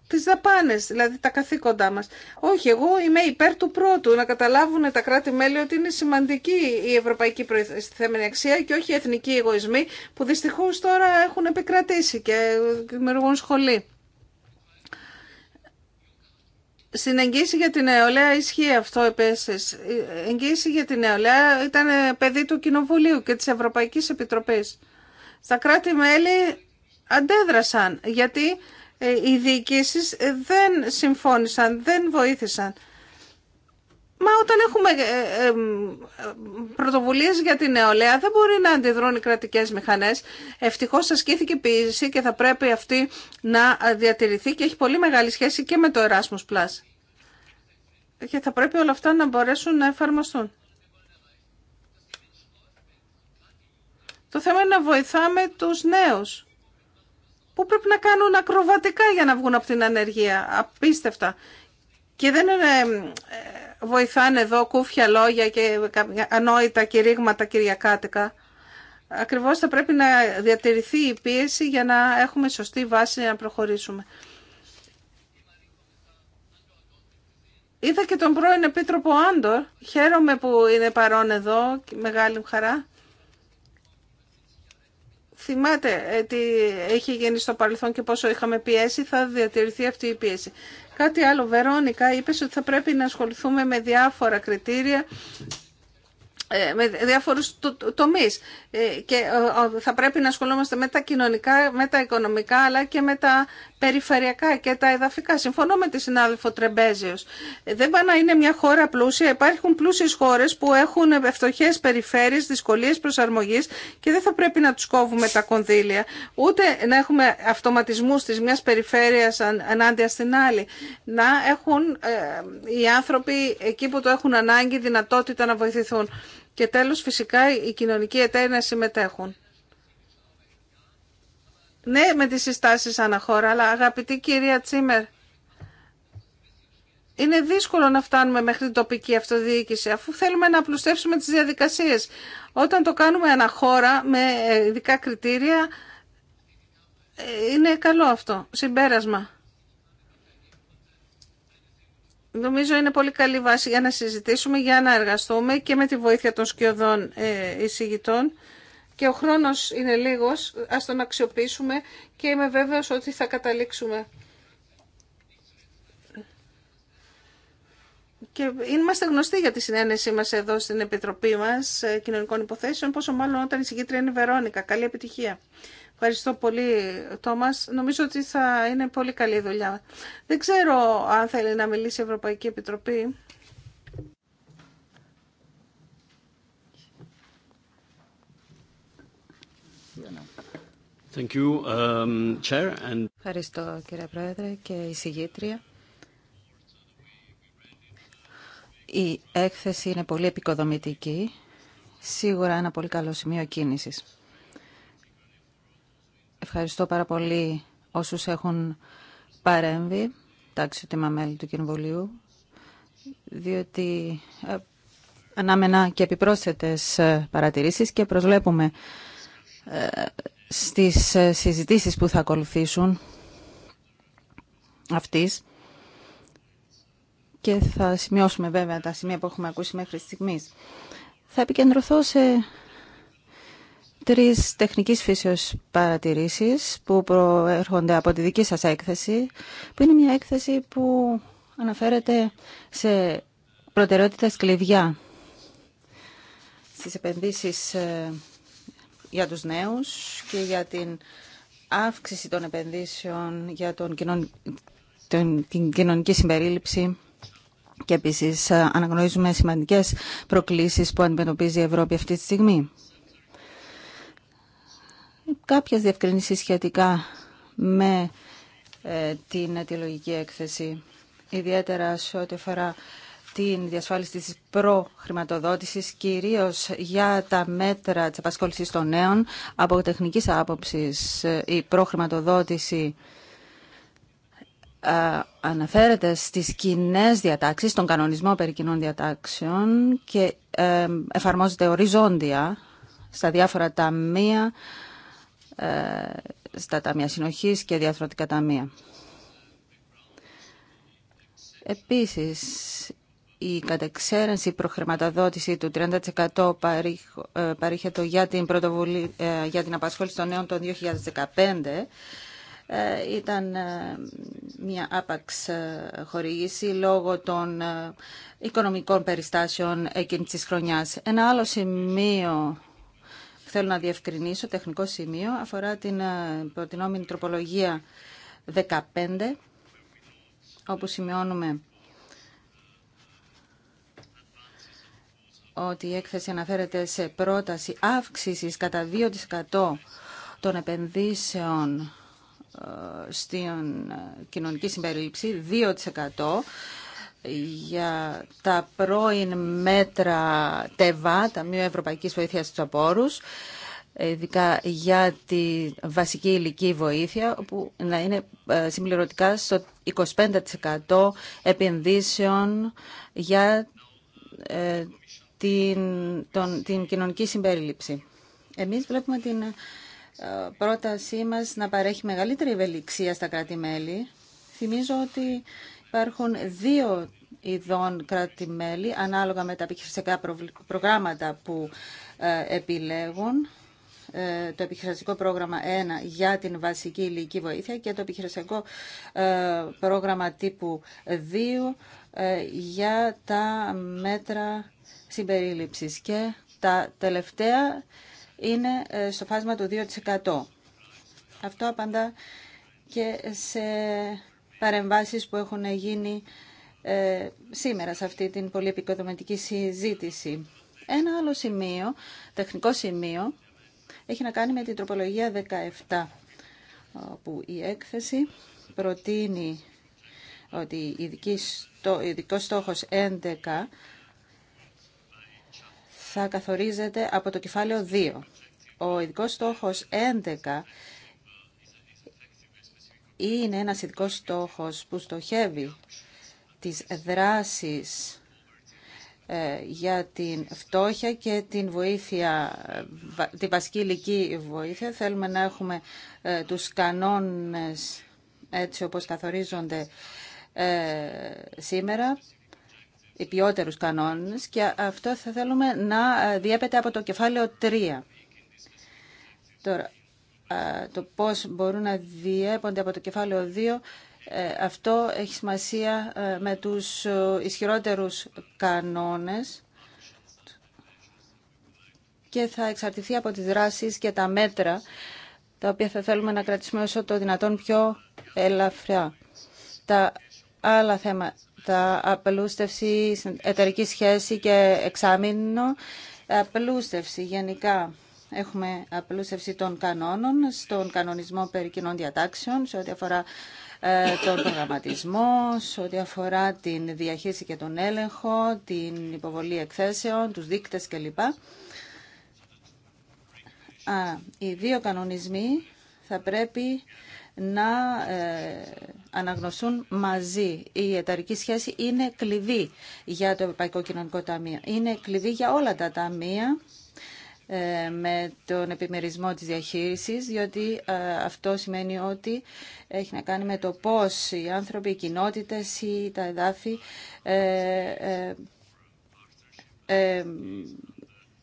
τις δαπάνες, δηλαδή τα καθήκοντά μας. Όχι, εγώ είμαι υπέρ του πρώτου, να καταλάβουν τα κράτη-μέλη ότι είναι σημαντική η ευρωπαϊκή προϊστηθέμενη αξία και όχι οι εθνικοί εγωισμοί που δυστυχώς τώρα έχουν επικρατήσει και δημιουργούν σχολή. Στην εγγύηση για την νεολαία ισχύει αυτό επίσης. Η εγγύηση για την νεολαία ήταν παιδί του Κοινοβουλίου και της Ευρωπαϊκής Επιτροπής. Στα κράτη-μέλη αντέδρασαν γιατί ε, οι διοικησει ε, δεν συμφώνησαν, δεν βοήθησαν. Μα όταν έχουμε ε, πρωτοβουλίε για την νεολαία δεν μπορεί να αντιδρούν οι κρατικές μηχανές. Ευτυχώς ασκήθηκε ποιήση και θα πρέπει αυτή να διατηρηθεί και έχει πολύ μεγάλη σχέση και με το Erasmus Plus. Και θα πρέπει όλα αυτά να μπορέσουν να εφαρμοστούν. Το θέμα είναι να βοηθάμε τους νέους που πρέπει να κάνουν ακροβατικά για να βγουν από την ανεργία. Απίστευτα. Και δεν είναι, ε, βοηθάνε εδώ κούφια λόγια και ανόητα κηρύγματα κυριακάτικα. Ακριβώς θα πρέπει να διατηρηθεί η πίεση για να έχουμε σωστή βάση να προχωρήσουμε. Είδα και τον πρώην Επίτροπο Άντορ. Χαίρομαι που είναι παρόν εδώ. Μεγάλη χαρά. Θυμάται ε, τι έχει γίνει στο παρελθόν και πόσο είχαμε πιέσει, θα διατηρηθεί αυτή η πίεση. Κάτι άλλο, Βερόνικα, είπε ότι θα πρέπει να ασχοληθούμε με διάφορα κριτήρια ε, με διάφορους τομείς ε, και θα πρέπει να ασχολούμαστε με τα κοινωνικά, με τα οικονομικά αλλά και με τα περιφερειακά και τα εδαφικά. Συμφωνώ με τη συνάδελφο Τρεμπέζιος. Δεν πάει να είναι μια χώρα πλούσια. Υπάρχουν πλούσιες χώρες που έχουν φτωχέ περιφέρειες, δυσκολίες προσαρμογής και δεν θα πρέπει να τους κόβουμε τα κονδύλια. Ούτε να έχουμε αυτοματισμούς της μιας περιφέρειας ανάντια στην άλλη. Να έχουν ε, οι άνθρωποι εκεί που το έχουν ανάγκη δυνατότητα να βοηθηθούν. Και τέλος φυσικά οι κοινωνικοί εταίροι να συμμετέχουν ναι με τις συστάσεις αναχώρα, αλλά αγαπητή κυρία Τσίμερ, είναι δύσκολο να φτάνουμε μέχρι την τοπική αυτοδιοίκηση, αφού θέλουμε να απλουστεύσουμε τις διαδικασίες. Όταν το κάνουμε αναχώρα με ε, ειδικά κριτήρια, ε, είναι καλό αυτό, συμπέρασμα. Νομίζω είναι πολύ καλή βάση για να συζητήσουμε, για να εργαστούμε και με τη βοήθεια των σκιωδών ε, εισηγητών και ο χρόνος είναι λίγος, ας τον αξιοποιήσουμε και είμαι βέβαιος ότι θα καταλήξουμε. Και είμαστε γνωστοί για τη συνένεσή μας εδώ στην Επιτροπή μας ε, Κοινωνικών Υποθέσεων, πόσο μάλλον όταν η συγκήτρια είναι η Βερόνικα. Καλή επιτυχία. Ευχαριστώ πολύ, Τόμας. Νομίζω ότι θα είναι πολύ καλή δουλειά. Δεν ξέρω αν θέλει να μιλήσει η Ευρωπαϊκή Επιτροπή. Um, Ευχαριστώ κύριε Πρόεδρε και η συγγήτρια. Η έκθεση είναι πολύ επικοδομητική. Σίγουρα ένα πολύ καλό σημείο κίνησης. Ευχαριστώ πάρα πολύ όσους έχουν παρέμβει, τα αξιότιμα μέλη του Κοινοβουλίου, διότι ε, ανάμενα και επιπρόσθετες ε, παρατηρήσεις και προσβλέπουμε ε, στις ε, συζητήσεις που θα ακολουθήσουν αυτής και θα σημειώσουμε βέβαια τα σημεία που έχουμε ακούσει μέχρι στιγμής. Θα επικεντρωθώ σε τρεις τεχνικής φύσεως παρατηρήσεις που προέρχονται από τη δική σας έκθεση, που είναι μια έκθεση που αναφέρεται σε προτεραιότητες κλειδιά στις επενδύσεις ε, για τους νέους και για την αύξηση των επενδύσεων για τον τον... την κοινωνική συμπερίληψη και επίσης ε, αναγνωρίζουμε σημαντικές προκλήσεις που αντιμετωπίζει η Ευρώπη αυτή τη στιγμή. Κάποιες διευκρινήσεις σχετικά με ε, την αιτιολογική έκθεση, ιδιαίτερα σε ό,τι αφορά την διασφάλιση της προχρηματοδότησης, κυρίως για τα μέτρα της απασχόλησης των νέων. Από τεχνικής άποψης, η προχρηματοδότηση αναφέρεται στις κοινέ διατάξεις, στον κανονισμό περί κοινών διατάξεων και ε, εφαρμόζεται οριζόντια στα διάφορα ταμεία, ε, στα ταμεία συνοχής και διαθροτικά ταμεία. Επίσης, η κατεξαίρεση προχρηματοδότηση του 30% ε, παρήχετο για την, ε, για την απασχόληση των νέων το 2015 ε, ήταν μια άπαξ χορήγηση λόγω των οικονομικών περιστάσεων εκείνης της χρονιάς. Ένα άλλο σημείο που θέλω να διευκρινίσω, τεχνικό σημείο, αφορά την προτινόμενη τροπολογία 15, όπου σημειώνουμε ότι η έκθεση αναφέρεται σε πρόταση αύξησης κατά 2% των επενδύσεων ε, στην ε, κοινωνική συμπερίληψη, 2% για τα πρώην μέτρα ΤΕΒΑ, Ταμείο Ευρωπαϊκής Βοήθειας στους Απόρους, ειδικά για τη βασική ηλική βοήθεια, που να είναι ε, συμπληρωτικά στο 25% επενδύσεων για την, τον, την κοινωνική συμπερίληψη. Εμείς βλέπουμε την ε, πρότασή μας να παρέχει μεγαλύτερη ευελιξία στα κράτη-μέλη. Θυμίζω ότι υπάρχουν δύο ειδών κράτη-μέλη ανάλογα με τα επιχειρησιακά προγράμματα που ε, επιλέγουν ε, το επιχειρησιακό πρόγραμμα 1 για την βασική ηλική βοήθεια και το επιχειρησιακό πρόγραμμα τύπου 2 για τα μέτρα συμπερίληψης και τα τελευταία είναι ε, στο φάσμα του 2%. Αυτό απαντά και σε παρεμβάσεις που έχουν γίνει ε, σήμερα σε αυτή την πολύ συζήτηση. Ένα άλλο σημείο, τεχνικό σημείο, έχει να κάνει με την τροπολογία 17, όπου η έκθεση προτείνει ότι ο ειδικός στόχος 11 θα καθορίζεται από το κεφάλαιο 2. Ο ειδικό στόχος 11 είναι ένας ειδικό στόχος που στοχεύει τις δράσεις ε, για την φτώχεια και την βοήθεια, ε, τη βασική ηλική βοήθεια. Θέλουμε να έχουμε ε, τους κανόνες έτσι όπως καθορίζονται σήμερα πιότερους κανόνες και αυτό θα θέλουμε να διέπεται από το κεφάλαιο 3. Τώρα, το πώς μπορούν να διέπονται από το κεφάλαιο 2 ε, αυτό έχει σημασία ε, με τους ε, ισχυρότερους κανόνες και θα εξαρτηθεί από τις δράσεις και τα μέτρα τα οποία θα θέλουμε να κρατήσουμε όσο το δυνατόν πιο ελαφριά. Τα άλλα θέματα, απλούστευση, εταιρική σχέση και εξάμεινο, απλούστευση γενικά. Έχουμε απλούστευση των κανόνων, στον κανονισμό περί κοινών διατάξεων, σε ό,τι αφορά ε, τον προγραμματισμό, σε ό,τι αφορά την διαχείριση και τον έλεγχο, την υποβολή εκθέσεων, τους δείκτες κλπ. Α, οι δύο κανονισμοί θα πρέπει να ε, αναγνωστούν μαζί. Η εταιρική σχέση είναι κλειδί για το Ευρωπαϊκό Κοινωνικό Ταμείο. Είναι κλειδί για όλα τα ταμεία ε, με τον επιμερισμό της διαχείρισης, διότι ε, αυτό σημαίνει ότι έχει να κάνει με το πώς οι άνθρωποι, οι κοινότητες ή τα εδάφη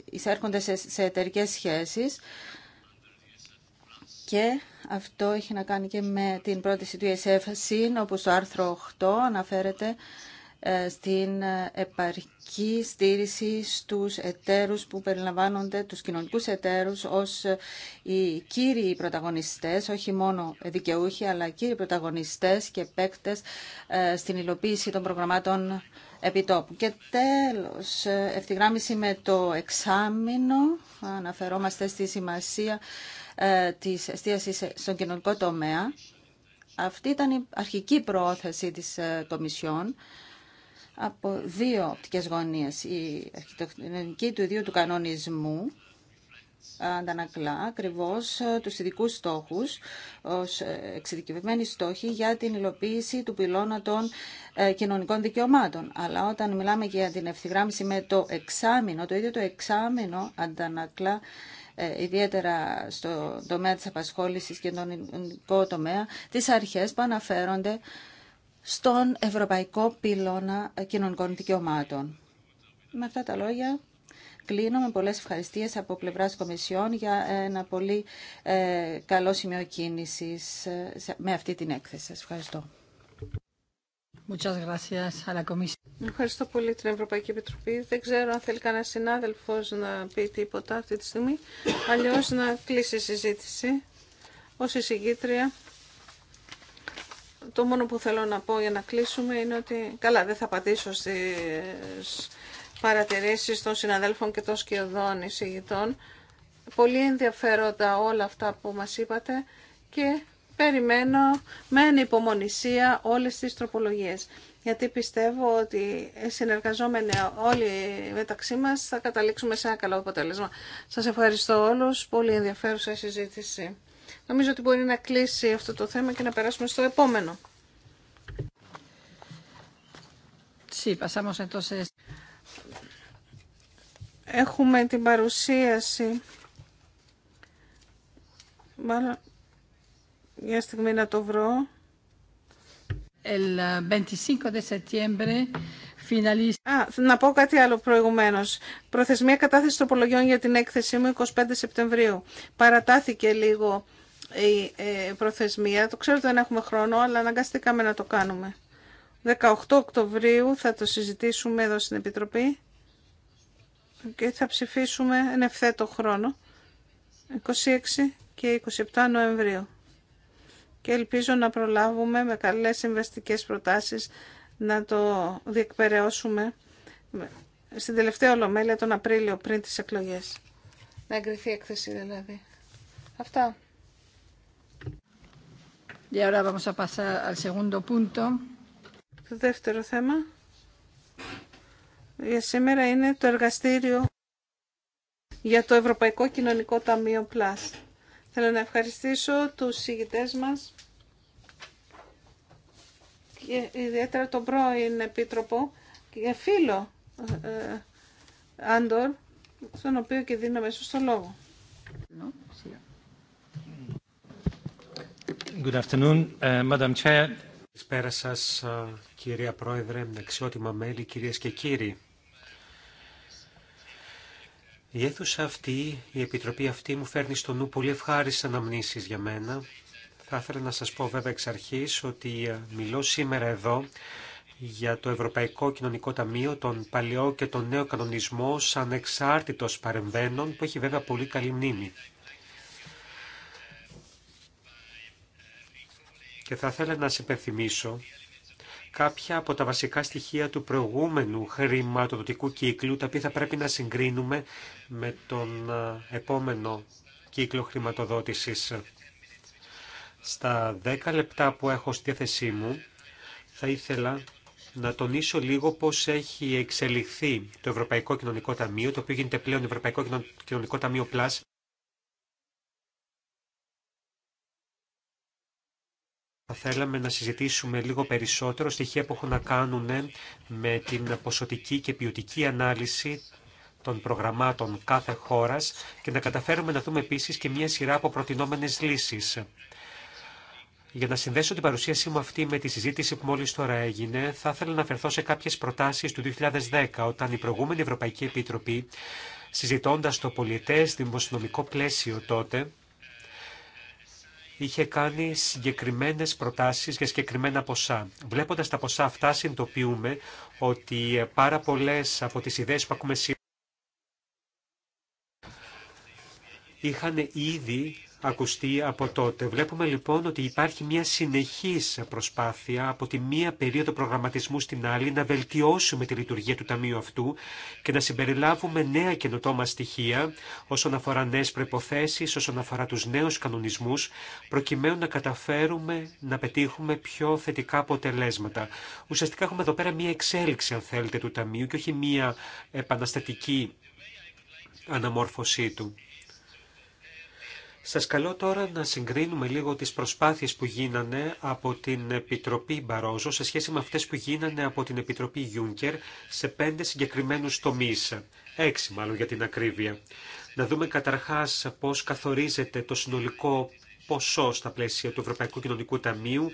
εισέρχονται σε εταιρικές σχέσεις και αυτό έχει να κάνει και με την πρόταση του ESF, συν όπως το άρθρο 8 αναφέρεται ε, στην επαρκή στήριση στους εταίρους που περιλαμβάνονται, τους κοινωνικούς εταίρους, ως ε, οι κύριοι πρωταγωνιστές, όχι μόνο δικαιούχοι, αλλά κύριοι πρωταγωνιστές και παίκτες ε, στην υλοποίηση των προγραμμάτων επιτόπου. Και τέλος, ευθυγράμμιση με το εξάμεινο, αναφερόμαστε στη σημασία ε, της εστίασης στον κοινωνικό τομέα. Αυτή ήταν η αρχική πρόθεση της Κομισιόν ε, από δύο οπτικές γωνίες. Η αρχιτεκτονική του ιδίου του κανονισμού αντανακλά ακριβώς ε, τους ειδικού στόχους ως εξειδικευμένοι στόχοι για την υλοποίηση του πυλώνα των κοινωνικών δικαιωμάτων. Αλλά όταν μιλάμε για την ευθυγράμμιση με το εξάμεινο, το ίδιο το εξάμεινο αντανακλά ε, ιδιαίτερα στο τομέα της απασχόλησης και τον ελληνικό τομέα, τις αρχές που αναφέρονται στον Ευρωπαϊκό Πύλωνα Κοινωνικών Δικαιωμάτων. Με αυτά τα λόγια, κλείνω με πολλές ευχαριστίες από πλευράς Κομισιόν για ένα πολύ ε, καλό σημείο κίνησης ε, με αυτή την έκθεση. Σας ευχαριστώ. Ευχαριστώ πολύ την Ευρωπαϊκή Επιτροπή. Δεν ξέρω αν θέλει κανένα συνάδελφο να πει τίποτα αυτή τη στιγμή. Αλλιώ να κλείσει η συζήτηση. Ω εισηγήτρια, το μόνο που θέλω να πω για να κλείσουμε είναι ότι. Καλά, δεν θα πατήσω στι παρατηρήσει των συναδέλφων και των σκιωδών εισηγητών. Πολύ ενδιαφέροντα όλα αυτά που μα είπατε και περιμένω με ανυπομονησία όλες τις τροπολογίες. Γιατί πιστεύω ότι συνεργαζόμενοι όλοι μεταξύ μας θα καταλήξουμε σε ένα καλό αποτέλεσμα. Σας ευχαριστώ όλους. Πολύ ενδιαφέρουσα συζήτηση. Νομίζω ότι μπορεί να κλείσει αυτό το θέμα και να περάσουμε στο επόμενο. Έχουμε την παρουσίαση για στιγμή να το βρω. 25 Α, να πω κάτι άλλο προηγουμένω. Προθεσμία κατάθεση τροπολογιών για την έκθεσή μου 25 Σεπτεμβρίου. Παρατάθηκε λίγο η ε, προθεσμία. Το ξέρω ότι δεν έχουμε χρόνο, αλλά αναγκαστήκαμε να το κάνουμε. 18 Οκτωβρίου θα το συζητήσουμε εδώ στην Επιτροπή και θα ψηφίσουμε εν ευθέτω χρόνο 26 και 27 Νοεμβρίου και ελπίζω να προλάβουμε με καλές συμβαστικές προτάσεις να το διεκπαιρεώσουμε στην τελευταία ολομέλεια τον Απρίλιο πριν τις εκλογές. Να εγκριθεί η έκθεση δηλαδή. Αυτά. Y ahora vamos a pasar al segundo Το δεύτερο θέμα για σήμερα είναι το εργαστήριο για το Ευρωπαϊκό Κοινωνικό Ταμείο Plus. Θέλω να ευχαριστήσω τους συγητές μας και ιδιαίτερα τον πρώην Επίτροπο και φίλο ε, ε, Άντορ, στον οποίο και δίνω μέσα στο λόγο. Good afternoon, ε, Madam Chair. Καλησπέρα σας, ε, κυρία Πρόεδρε, αξιότιμα μέλη, κυρίες και κύριοι. Η αίθουσα αυτή, η επιτροπή αυτή μου φέρνει στο νου πολύ ευχάριστα αναμνήσεις για μένα. Θα ήθελα να σας πω βέβαια εξ αρχής ότι μιλώ σήμερα εδώ για το Ευρωπαϊκό Κοινωνικό Ταμείο, τον παλαιό και τον νέο κανονισμό σαν εξάρτητος παρεμβαίνων που έχει βέβαια πολύ καλή μνήμη. Και θα ήθελα να σε υπενθυμίσω κάποια από τα βασικά στοιχεία του προηγούμενου χρηματοδοτικού κύκλου, τα οποία θα πρέπει να συγκρίνουμε με τον επόμενο κύκλο χρηματοδότησης. Στα 10 λεπτά που έχω στη θέση μου, θα ήθελα να τονίσω λίγο πώς έχει εξελιχθεί το Ευρωπαϊκό Κοινωνικό Ταμείο, το οποίο γίνεται πλέον Ευρωπαϊκό Κοινωνικό Ταμείο Plus, Θα θέλαμε να συζητήσουμε λίγο περισσότερο στοιχεία που έχουν να κάνουν με την ποσοτική και ποιοτική ανάλυση των προγραμμάτων κάθε χώρας και να καταφέρουμε να δούμε επίσης και μια σειρά από προτινόμενες λύσεις. Για να συνδέσω την παρουσίασή μου αυτή με τη συζήτηση που μόλις τώρα έγινε, θα ήθελα να αφαιρθώ σε κάποιες προτάσεις του 2010, όταν η προηγούμενη Ευρωπαϊκή Επιτροπή, συζητώντας το πολιτές δημοσιονομικό πλαίσιο τότε, είχε κάνει συγκεκριμένε προτάσεις για συγκεκριμένα ποσά. Βλέποντας τα ποσά αυτά συνειδητοποιούμε ότι ε, πάρα πολλέ από τις ιδέες που ακούμε σήμερα είχαν ήδη ακουστεί από τότε. Βλέπουμε λοιπόν ότι υπάρχει μια συνεχής προσπάθεια από τη μία περίοδο προγραμματισμού στην άλλη να βελτιώσουμε τη λειτουργία του Ταμείου αυτού και να συμπεριλάβουμε νέα καινοτόμα στοιχεία όσον αφορά νέες προϋποθέσεις, όσον αφορά τους νέους κανονισμούς, προκειμένου να καταφέρουμε να πετύχουμε πιο θετικά αποτελέσματα. Ουσιαστικά έχουμε εδώ πέρα μια εξέλιξη, αν θέλετε, του Ταμείου και όχι μια επαναστατική αναμόρφωσή του. Σας καλώ τώρα να συγκρίνουμε λίγο τις προσπάθειες που γίνανε από την Επιτροπή Μπαρόζο σε σχέση με αυτές που γίνανε από την Επιτροπή Γιούνκερ σε πέντε συγκεκριμένους τομείς, έξι μάλλον για την ακρίβεια. Να δούμε καταρχάς πώς καθορίζεται το συνολικό ποσό στα πλαίσια του Ευρωπαϊκού Κοινωνικού Ταμείου,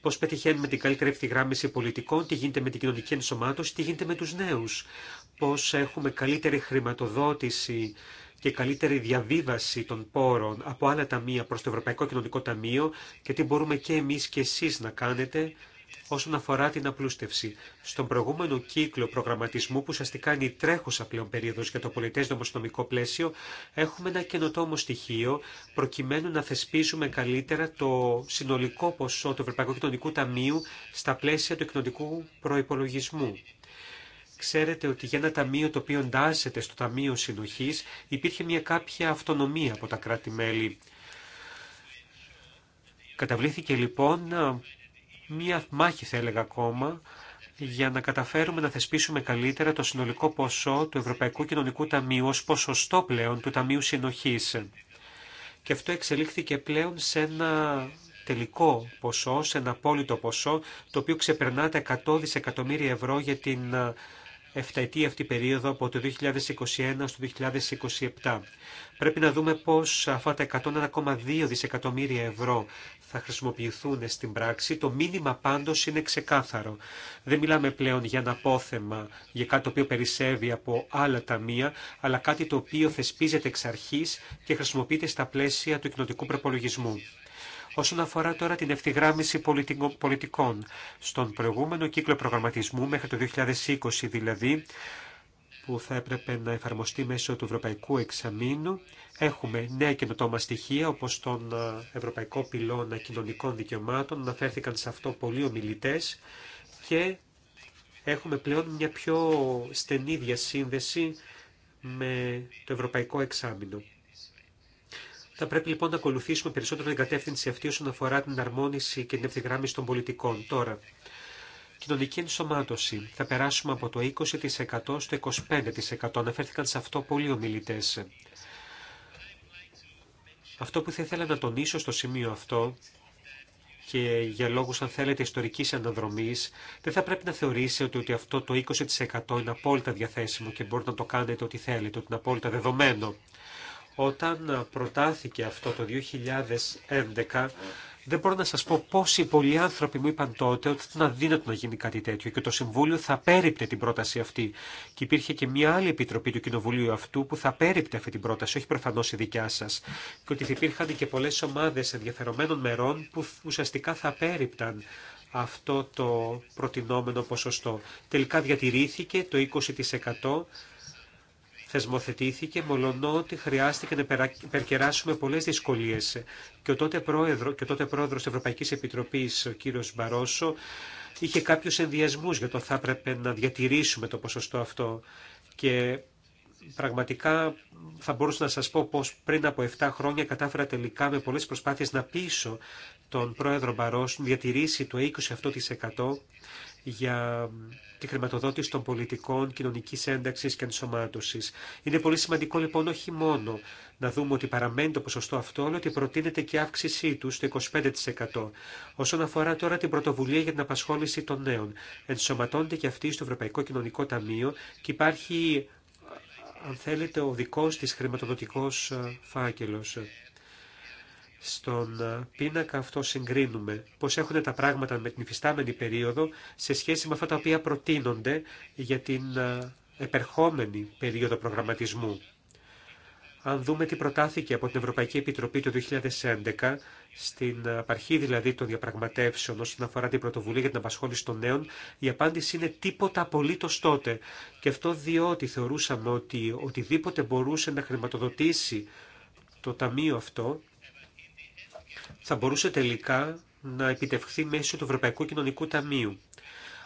πώ πετυχαίνουμε την καλύτερη ευθυγράμμιση πολιτικών, τι γίνεται με την κοινωνική ενσωμάτωση, τι γίνεται με τους νέου, πώ έχουμε καλύτερη χρηματοδότηση και καλύτερη διαβίβαση των πόρων από άλλα ταμεία προς το Ευρωπαϊκό Κοινωνικό Ταμείο και τι μπορούμε και εμείς και εσείς να κάνετε όσον αφορά την απλούστευση. Στον προηγούμενο κύκλο προγραμματισμού, που ουσιαστικά είναι η τρέχουσα πλέον περίοδο για το πολιτέ νομοσυνομικό πλαίσιο, έχουμε ένα καινοτόμο στοιχείο προκειμένου να θεσπίσουμε καλύτερα το συνολικό ποσό του Ευρωπαϊκού Κοινωνικού Ταμείου στα πλαίσια του κοινωνικού προϋπολογισμού. Ξέρετε ότι για ένα ταμείο το οποίο εντάσσεται στο Ταμείο Συνοχής υπήρχε μια κάποια αυτονομία από τα κράτη-μέλη. Καταβλήθηκε λοιπόν μια μάχη θα έλεγα ακόμα για να καταφέρουμε να θεσπίσουμε καλύτερα το συνολικό ποσό του Ευρωπαϊκού Κοινωνικού Ταμείου ως ποσοστό πλέον του Ταμείου Συνοχής. Και αυτό εξελίχθηκε πλέον σε ένα τελικό ποσό, σε ένα απόλυτο ποσό, το οποίο ξεπερνά τα 100 δισεκατομμύρια ευρώ για την εφταετή αυτή περίοδο από το 2021 στο 2027. Πρέπει να δούμε πώς αυτά τα 101,2 δισεκατομμύρια ευρώ θα χρησιμοποιηθούν στην πράξη. Το μήνυμα πάντως είναι ξεκάθαρο. Δεν μιλάμε πλέον για ένα απόθεμα, για κάτι το οποίο περισσεύει από άλλα ταμεία, αλλά κάτι το οποίο θεσπίζεται εξ αρχής και χρησιμοποιείται στα πλαίσια του κοινοτικού προπολογισμού. Όσον αφορά τώρα την ευθυγράμμιση πολιτικών, στον προηγούμενο κύκλο προγραμματισμού μέχρι το 2020 δηλαδή, που θα έπρεπε να εφαρμοστεί μέσω του Ευρωπαϊκού Εξαμήνου. Έχουμε νέα καινοτόμα στοιχεία, όπως τον Ευρωπαϊκό Πυλώνα Κοινωνικών Δικαιωμάτων, αναφέρθηκαν σε αυτό πολλοί ομιλητέ και έχουμε πλέον μια πιο στενή διασύνδεση με το Ευρωπαϊκό Εξάμεινο. Θα πρέπει λοιπόν να ακολουθήσουμε περισσότερο την κατεύθυνση αυτή όσον αφορά την αρμόνιση και την ευθυγράμμιση των πολιτικών. Τώρα, κοινωνική ενσωμάτωση. Θα περάσουμε από το 20% στο 25%. Αναφέρθηκαν σε αυτό πολλοί ομιλητέ. Αυτό που θα ήθελα να τονίσω στο σημείο αυτό και για λόγου, αν θέλετε ιστορική αναδρομή, δεν θα πρέπει να θεωρήσετε ότι αυτό το 20% είναι απόλυτα διαθέσιμο και μπορείτε να το κάνετε ό,τι θέλετε, ότι είναι απόλυτα δεδομένο. Όταν προτάθηκε αυτό το 2011, δεν μπορώ να σας πω πόσοι πολλοί άνθρωποι μου είπαν τότε ότι ήταν αδύνατο να γίνει κάτι τέτοιο και το Συμβούλιο θα πέριπτε την πρόταση αυτή. Και υπήρχε και μια άλλη επιτροπή του Κοινοβουλίου αυτού που θα πέριπτε αυτή την πρόταση, όχι προφανώ η δικιά σα. Και ότι θα υπήρχαν και πολλέ ομάδε ενδιαφερομένων μερών που ουσιαστικά θα πέριπταν αυτό το προτινόμενο ποσοστό. Τελικά διατηρήθηκε το 20% θεσμοθετήθηκε, μολονότι χρειάστηκε να υπερκεράσουμε πολλές δυσκολίες. Και ο τότε, πρόεδρο, και ο τότε πρόεδρος της Ευρωπαϊκής Επιτροπής, ο κύριος Μπαρόσο, είχε κάποιους ενδιασμούς για το θα έπρεπε να διατηρήσουμε το ποσοστό αυτό. Και πραγματικά θα μπορούσα να σας πω πως πριν από 7 χρόνια κατάφερα τελικά με πολλές προσπάθειες να πείσω τον πρόεδρο Μπαρόσο να διατηρήσει το 20% για τη χρηματοδότηση των πολιτικών κοινωνική ένταξη και ενσωμάτωση. Είναι πολύ σημαντικό λοιπόν όχι μόνο να δούμε ότι παραμένει το ποσοστό αυτό, αλλά ότι προτείνεται και αύξησή του στο 25%. Όσον αφορά τώρα την πρωτοβουλία για την απασχόληση των νέων, ενσωματώνεται και αυτή στο Ευρωπαϊκό Κοινωνικό Ταμείο και υπάρχει, αν θέλετε, ο δικό τη χρηματοδοτικό ε, φάκελο. Στον ε, πίνακα αυτό συγκρίνουμε πώς έχουν τα πράγματα με την υφιστάμενη περίοδο σε σχέση με αυτά τα οποία προτείνονται για την ε, επερχόμενη περίοδο προγραμματισμού. Αν δούμε τι προτάθηκε από την Ευρωπαϊκή Επιτροπή το 2011, στην ε, απαρχή δηλαδή των διαπραγματεύσεων όσον αφορά την πρωτοβουλία για την απασχόληση των νέων, η απάντηση είναι τίποτα απολύτω τότε. Και αυτό διότι θεωρούσαμε ότι οτιδήποτε μπορούσε να χρηματοδοτήσει το ταμείο αυτό θα μπορούσε τελικά να επιτευχθεί μέσω του Ευρωπαϊκού Κοινωνικού Ταμείου.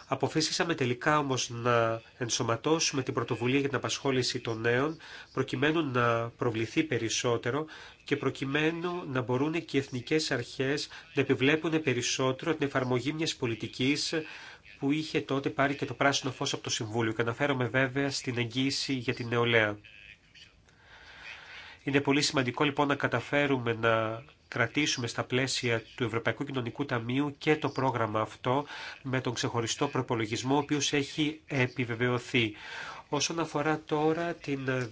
Αποφασίσαμε τελικά όμω να ενσωματώσουμε την πρωτοβουλία για την απασχόληση των νέων προκειμένου να προβληθεί περισσότερο και προκειμένου να μπορούν και οι εθνικές αρχέ να επιβλέπουν περισσότερο την εφαρμογή μια πολιτική που είχε τότε πάρει και το πράσινο φω από το Συμβούλιο και αναφέρομαι βέβαια στην εγγύηση για την νεολαία. Είναι πολύ σημαντικό λοιπόν να καταφέρουμε να κρατήσουμε στα πλαίσια του Ευρωπαϊκού Κοινωνικού Ταμείου και το πρόγραμμα αυτό με τον ξεχωριστό προπολογισμό, ο οποίο έχει επιβεβαιωθεί. Όσον αφορά τώρα την ε,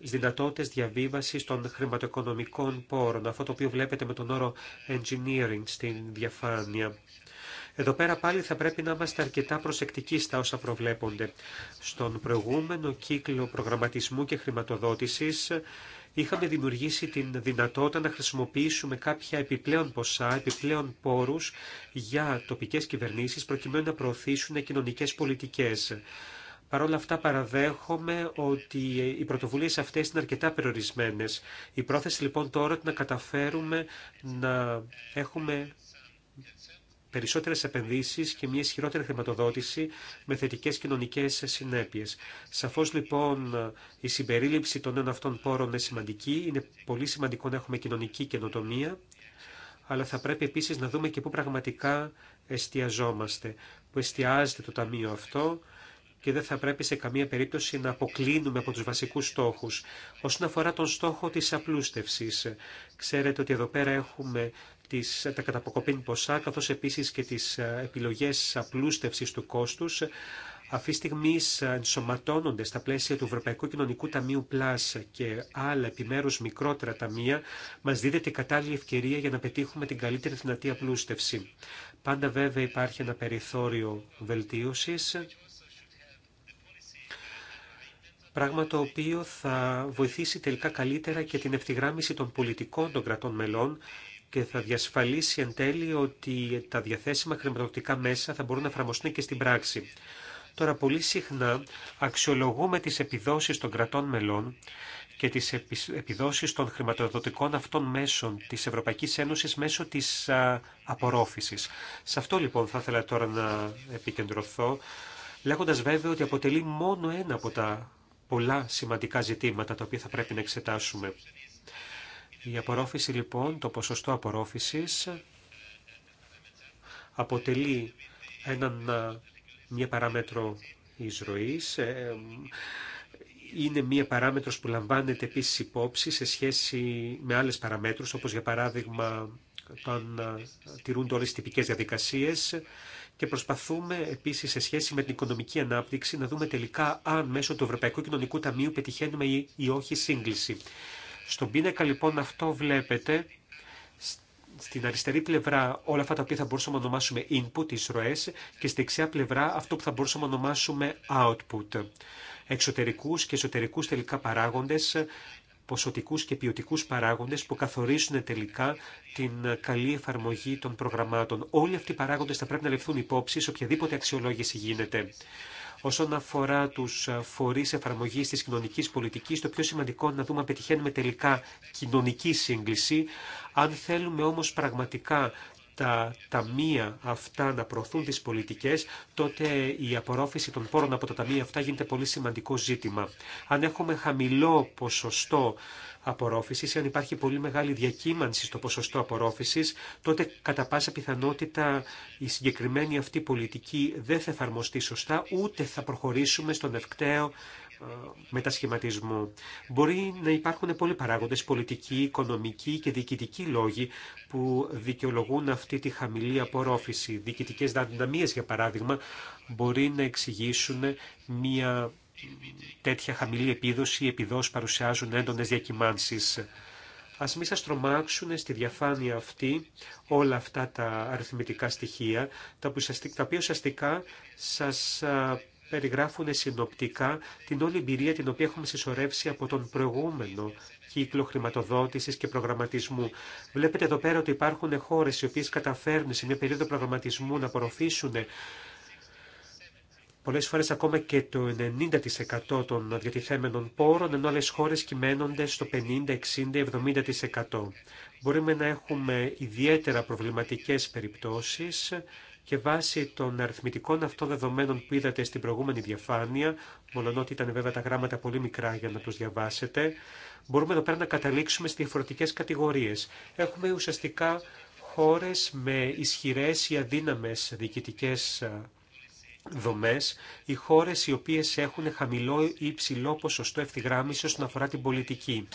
δυνατότητες διαβίβασης των χρηματοοικονομικών πόρων, αυτό το οποίο βλέπετε με τον όρο engineering στην διαφάνεια. Εδώ πέρα πάλι θα πρέπει να είμαστε αρκετά προσεκτικοί στα όσα προβλέπονται. Στον προηγούμενο κύκλο προγραμματισμού και χρηματοδότησης είχαμε δημιουργήσει την δυνατότητα να χρησιμοποιήσουμε κάποια επιπλέον ποσά, επιπλέον πόρους για τοπικές κυβερνήσεις προκειμένου να προωθήσουν κοινωνικές πολιτικές. Παρ' όλα αυτά παραδέχομαι ότι οι πρωτοβουλίες αυτές είναι αρκετά περιορισμένες. Η πρόθεση λοιπόν τώρα είναι να καταφέρουμε να έχουμε περισσότερε επενδύσει και μια ισχυρότερη χρηματοδότηση με θετικέ κοινωνικέ συνέπειε. Σαφώ λοιπόν η συμπερίληψη των νέων αυτών πόρων είναι σημαντική. Είναι πολύ σημαντικό να έχουμε κοινωνική καινοτομία, αλλά θα πρέπει επίση να δούμε και πού πραγματικά εστιαζόμαστε, που εστιάζεται το Ταμείο αυτό και δεν θα πρέπει σε καμία περίπτωση να αποκλίνουμε από τους βασικούς στόχους. Όσον αφορά τον στόχο της απλούστευσης, ξέρετε ότι εδώ πέρα έχουμε τις, τα καταποκοπήν ποσά, καθώς επίσης και τις ε, επιλογές απλούστευσης του κόστους, αυτή τη στιγμή ε, ενσωματώνονται στα πλαίσια του Ευρωπαϊκού Κοινωνικού Ταμείου Πλάς και άλλα επιμέρους μικρότερα ταμεία, μας δίδεται κατάλληλη ευκαιρία για να πετύχουμε την καλύτερη δυνατή απλούστευση. Πάντα βέβαια υπάρχει ένα περιθώριο βελτίωσης, πράγμα το οποίο θα βοηθήσει τελικά καλύτερα και την ευθυγράμμιση των πολιτικών των κρατών μελών και θα διασφαλίσει εν τέλει ότι τα διαθέσιμα χρηματοδοτικά μέσα θα μπορούν να εφαρμοστούν και στην πράξη. Τώρα πολύ συχνά αξιολογούμε τις επιδόσεις των κρατών μελών και τις επιδόσεις των χρηματοδοτικών αυτών μέσων της Ευρωπαϊκής Ένωσης μέσω της απορρόφησης. Σε αυτό λοιπόν θα ήθελα τώρα να επικεντρωθώ, λέγοντας βέβαια ότι αποτελεί μόνο ένα από τα πολλά σημαντικά ζητήματα τα οποία θα πρέπει να εξετάσουμε. Η απορρόφηση λοιπόν, το ποσοστό απορρόφησης αποτελεί έναν, μια παράμετρο ροής. Ε, είναι μία παράμετρος που λαμβάνεται επίσης υπόψη σε σχέση με άλλες παραμέτρους, όπως για παράδειγμα όταν τηρούνται όλες τις τυπικές διαδικασίες και προσπαθούμε επίσης σε σχέση με την οικονομική ανάπτυξη να δούμε τελικά αν μέσω του Ευρωπαϊκού Κοινωνικού Ταμείου πετυχαίνουμε ή όχι σύγκληση. Στον πίνακα λοιπόν αυτό βλέπετε στην αριστερή πλευρά όλα αυτά τα οποία θα μπορούσαμε να ονομάσουμε input, τις ροές, και στη δεξιά πλευρά αυτό που θα μπορούσαμε να ονομάσουμε output. Εξωτερικούς και εσωτερικούς τελικά παράγοντες, ποσοτικούς και ποιοτικούς παράγοντες που καθορίσουν τελικά την καλή εφαρμογή των προγραμμάτων. Όλοι αυτοί οι παράγοντες θα πρέπει να λεφθούν υπόψη σε οποιαδήποτε αξιολόγηση γίνεται. Όσον αφορά του ε, φορεί εφαρμογή τη κοινωνική πολιτική, το πιο σημαντικό είναι να δούμε αν πετυχαίνουμε τελικά κοινωνική σύγκληση. Αν θέλουμε όμω πραγματικά τα ταμεία αυτά να προωθούν τις πολιτικές, τότε η απορρόφηση των πόρων από τα ταμεία αυτά γίνεται πολύ σημαντικό ζήτημα. Αν έχουμε χαμηλό ποσοστό απορρόφησης, αν υπάρχει πολύ μεγάλη διακύμανση στο ποσοστό απορρόφησης, τότε κατά πάσα πιθανότητα η συγκεκριμένη αυτή πολιτική δεν θα εφαρμοστεί σωστά, ούτε θα προχωρήσουμε στον ευκταίο μετασχηματισμού. Μπορεί να υπάρχουν πολλοί παράγοντες, πολιτικοί, οικονομικοί και διοικητικοί λόγοι που δικαιολογούν αυτή τη χαμηλή απορρόφηση. Διοικητικέ δυναμίε, για παράδειγμα, μπορεί να εξηγήσουν μια τέτοια χαμηλή επίδοση, οι επιδόσεις παρουσιάζουν έντονες διακυμάνσει. Ας μην σα τρομάξουν στη διαφάνεια αυτή όλα αυτά τα αριθμητικά στοιχεία, τα οποία ουσιαστικά σα περιγράφουν συνοπτικά την όλη εμπειρία την οποία έχουμε συσσωρεύσει από τον προηγούμενο κύκλο χρηματοδότηση και προγραμματισμού. Βλέπετε εδώ πέρα ότι υπάρχουν χώρε οι οποίε καταφέρνουν σε μια περίοδο προγραμματισμού να απορροφήσουν πολλέ φορέ ακόμα και το 90% των διατηθέμενων πόρων, ενώ άλλε χώρε κυμαίνονται στο 50, 60, 70%. Μπορούμε να έχουμε ιδιαίτερα προβληματικές περιπτώσεις και βάσει των αριθμητικών αυτών δεδομένων που είδατε στην προηγούμενη διαφάνεια, μολονότι ήταν βέβαια τα γράμματα πολύ μικρά για να τους διαβάσετε, μπορούμε εδώ πέρα να καταλήξουμε στις διαφορετικές κατηγορίες. Έχουμε ουσιαστικά χώρες με ισχυρές ή αδύναμες διοικητικές ε, δομές, οι χώρες οι οποίες έχουν χαμηλό ή υψηλό ποσοστό ευθυγράμμιση όσον αφορά την πολιτική.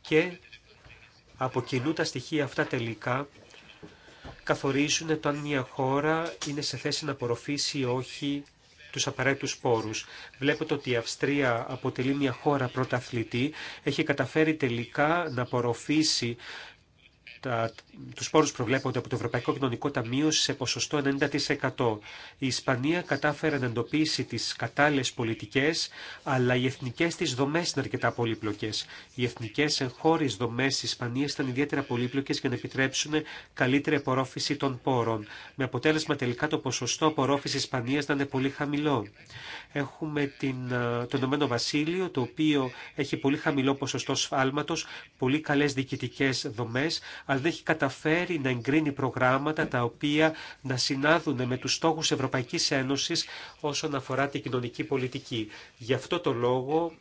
Και από κοινού τα στοιχεία αυτά τελικά καθορίζουν το αν μια χώρα είναι σε θέση να απορροφήσει ή όχι τους απαραίτητους πόρους. Βλέπετε ότι η Αυστρία αποτελεί μια χώρα πρωταθλητή, έχει καταφέρει τελικά να απορροφήσει του πόρου πόρους προβλέπονται από το Ευρωπαϊκό Κοινωνικό Ταμείο σε ποσοστό 90%. Η Ισπανία κατάφερε να εντοπίσει τι κατάλληλε πολιτικέ, αλλά οι εθνικέ τη δομέ είναι αρκετά πολύπλοκε. Οι εθνικέ εγχώριε δομέ της Ισπανία ήταν ιδιαίτερα πολύπλοκε για να επιτρέψουν καλύτερη απορρόφηση των πόρων, με αποτέλεσμα τελικά το ποσοστό απορρόφησης Ισπανίας να είναι πολύ χαμηλό. Έχουμε την, το Ηνωμένο Βασίλειο, το οποίο έχει πολύ χαμηλό ποσοστό σφάλματο, πολύ καλέ διοικητικέ δομέ αλλά δεν έχει καταφέρει να εγκρίνει προγράμματα τα οποία να συνάδουν με τους στόχους Ευρωπαϊκής Ένωσης όσον αφορά την κοινωνική πολιτική. Γι' αυτό το λόγο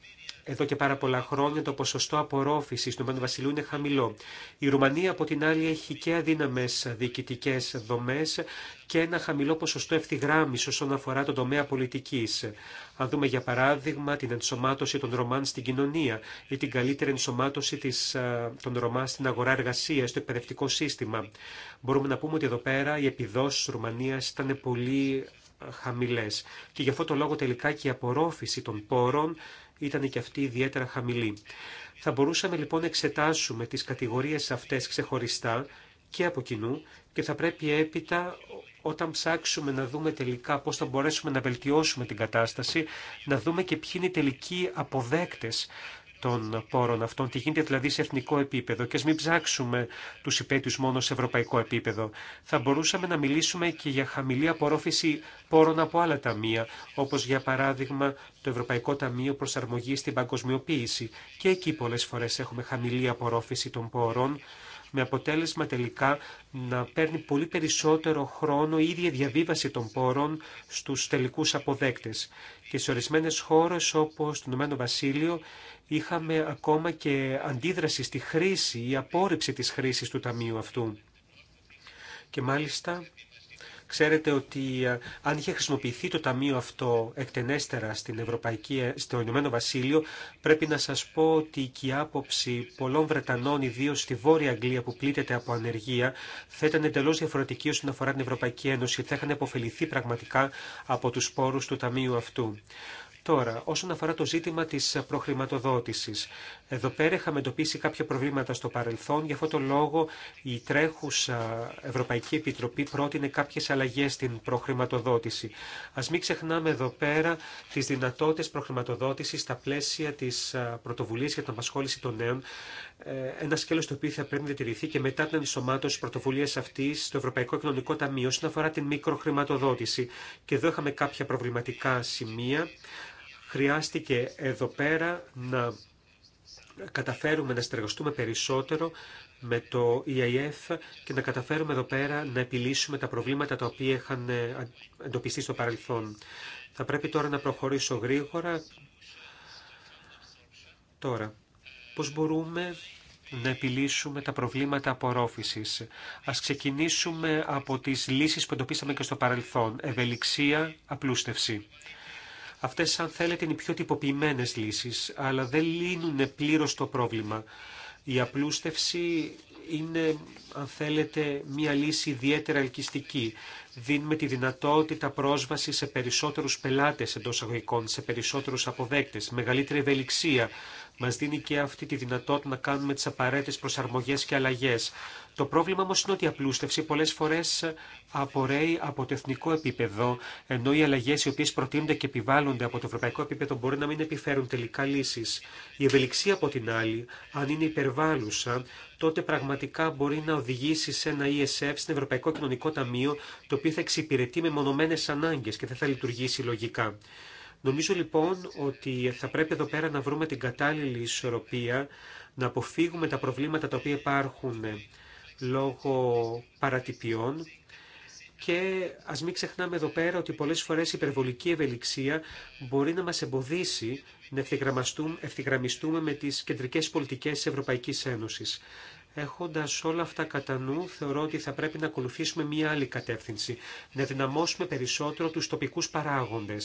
εδώ και πάρα πολλά χρόνια το ποσοστό απορρόφησης του Ηνωμένου Βασιλείου είναι χαμηλό. Η Ρουμανία από την άλλη έχει και αδύναμες διοικητικέ δομές και ένα χαμηλό ποσοστό ευθυγράμμιση όσον αφορά τον τομέα πολιτικής. Αν δούμε για παράδειγμα την ενσωμάτωση των Ρωμάν στην κοινωνία ή την καλύτερη ενσωμάτωση της, των Ρωμά στην αγορά εργασία, στο εκπαιδευτικό σύστημα. Μπορούμε να πούμε ότι εδώ πέρα οι επιδόσεις της Ρουμανίας ήταν πολύ χαμηλές. Και γι' αυτό το λόγο τελικά και η απορρόφηση των πόρων ήταν και αυτή ιδιαίτερα χαμηλή. Θα μπορούσαμε λοιπόν να εξετάσουμε τις κατηγορίες αυτές ξεχωριστά και από κοινού και θα πρέπει έπειτα όταν ψάξουμε να δούμε τελικά πώς θα μπορέσουμε να βελτιώσουμε την κατάσταση, να δούμε και ποιοι είναι οι τελικοί αποδέκτες των πόρων αυτών, τι γίνεται δηλαδή σε εθνικό επίπεδο και α μην ψάξουμε του υπέτειου μόνο σε ευρωπαϊκό επίπεδο. Θα μπορούσαμε να μιλήσουμε και για χαμηλή απορρόφηση πόρων από άλλα ταμεία, όπως για παράδειγμα το Ευρωπαϊκό Ταμείο Προσαρμογής στην Παγκοσμιοποίηση. Και εκεί πολλέ φορές έχουμε χαμηλή απορρόφηση των πόρων με αποτέλεσμα τελικά να παίρνει πολύ περισσότερο χρόνο η ίδια διαβίβαση των πόρων στους τελικούς αποδέκτες. Και σε ορισμένε χώρες όπως το Ηνωμένο Βασίλειο είχαμε ακόμα και αντίδραση στη χρήση ή απόρριψη της χρήσης του ταμείου αυτού. Και μάλιστα Ξέρετε ότι ε, αν είχε χρησιμοποιηθεί το ταμείο αυτό εκτενέστερα στην Ευρωπαϊκή, ε, στο Ηνωμένο Βασίλειο, πρέπει να σας πω ότι και η άποψη πολλών Βρετανών, ιδίω στη Βόρεια Αγγλία που πλήττεται από ανεργία, θα ήταν εντελώ διαφορετική όσον αφορά την Ευρωπαϊκή Ένωση. Θα είχαν αποφεληθεί πραγματικά από τους πόρους του ταμείου αυτού. Τώρα, όσον αφορά το ζήτημα τη προχρηματοδότηση. Εδώ πέρα είχαμε εντοπίσει κάποια προβλήματα στο παρελθόν. Γι' αυτό το λόγο η τρέχουσα Ευρωπαϊκή Επιτροπή πρότεινε κάποιε αλλαγέ στην προχρηματοδότηση. Α μην ξεχνάμε εδώ πέρα τι δυνατότητε προχρηματοδότηση στα πλαίσια τη πρωτοβουλία για την απασχόληση των νέων. Ε, ένα σκέλο το οποίο θα πρέπει να διατηρηθεί και μετά την ενσωμάτωση πρωτοβουλία αυτή στο Ευρωπαϊκό Κοινωνικό Ταμείο όσον αφορά την μικροχρηματοδότηση. Και εδώ είχαμε κάποια προβληματικά σημεία. Χρειάστηκε εδώ πέρα να καταφέρουμε να συνεργαστούμε περισσότερο με το EIF και να καταφέρουμε εδώ πέρα να επιλύσουμε τα προβλήματα τα οποία είχαν ε, εντοπιστεί στο παρελθόν. Θα πρέπει τώρα να προχωρήσω γρήγορα. Τώρα, πώς μπορούμε να επιλύσουμε τα προβλήματα απορρόφησης. Ας ξεκινήσουμε από τις λύσεις που εντοπίσαμε και στο παρελθόν. Ευελιξία, απλούστευση. Αυτέ, αν θέλετε είναι οι πιο τυποποιημένε λύσει, αλλά δεν λύνουν πλήρως το πρόβλημα. Η απλούστευση είναι, αν θέλετε, μία λύση ιδιαίτερα ελκυστική. Δίνουμε τη δυνατότητα πρόσβαση σε περισσότερους πελάτες εντό αγωγικών, σε περισσότερους αποδέκτες, μεγαλύτερη ευελιξία. Μας δίνει και αυτή τη δυνατότητα να κάνουμε τι απαραίτητε προσαρμογές και αλλαγέ. Το πρόβλημα όμω είναι ότι η απλούστευση πολλέ φορέ απορρέει από το εθνικό επίπεδο, ενώ οι αλλαγέ οι οποίε προτείνονται και επιβάλλονται από το ευρωπαϊκό επίπεδο μπορεί να μην επιφέρουν τελικά λύσει. Η ευελιξία από την άλλη, αν είναι υπερβάλλουσα, τότε πραγματικά μπορεί να οδηγήσει σε ένα ESF, στην Ευρωπαϊκό Κοινωνικό Ταμείο, το οποίο θα εξυπηρετεί με μονομένε ανάγκε και δεν θα λειτουργήσει λογικά. Νομίζω λοιπόν ότι θα πρέπει εδώ πέρα να βρούμε την κατάλληλη ισορροπία, να αποφύγουμε τα προβλήματα τα οποία υπάρχουν λόγω παρατυπιών. Και α μην ξεχνάμε εδώ πέρα ότι πολλέ φορέ η υπερβολική ευελιξία μπορεί να μα εμποδίσει να ευθυγραμμιστούμε με τι κεντρικέ πολιτικέ τη Ευρωπαϊκή Ένωση. Έχοντα όλα αυτά κατά νου, θεωρώ ότι θα πρέπει να ακολουθήσουμε μία άλλη κατεύθυνση. Να δυναμώσουμε περισσότερο του τοπικού παράγοντε.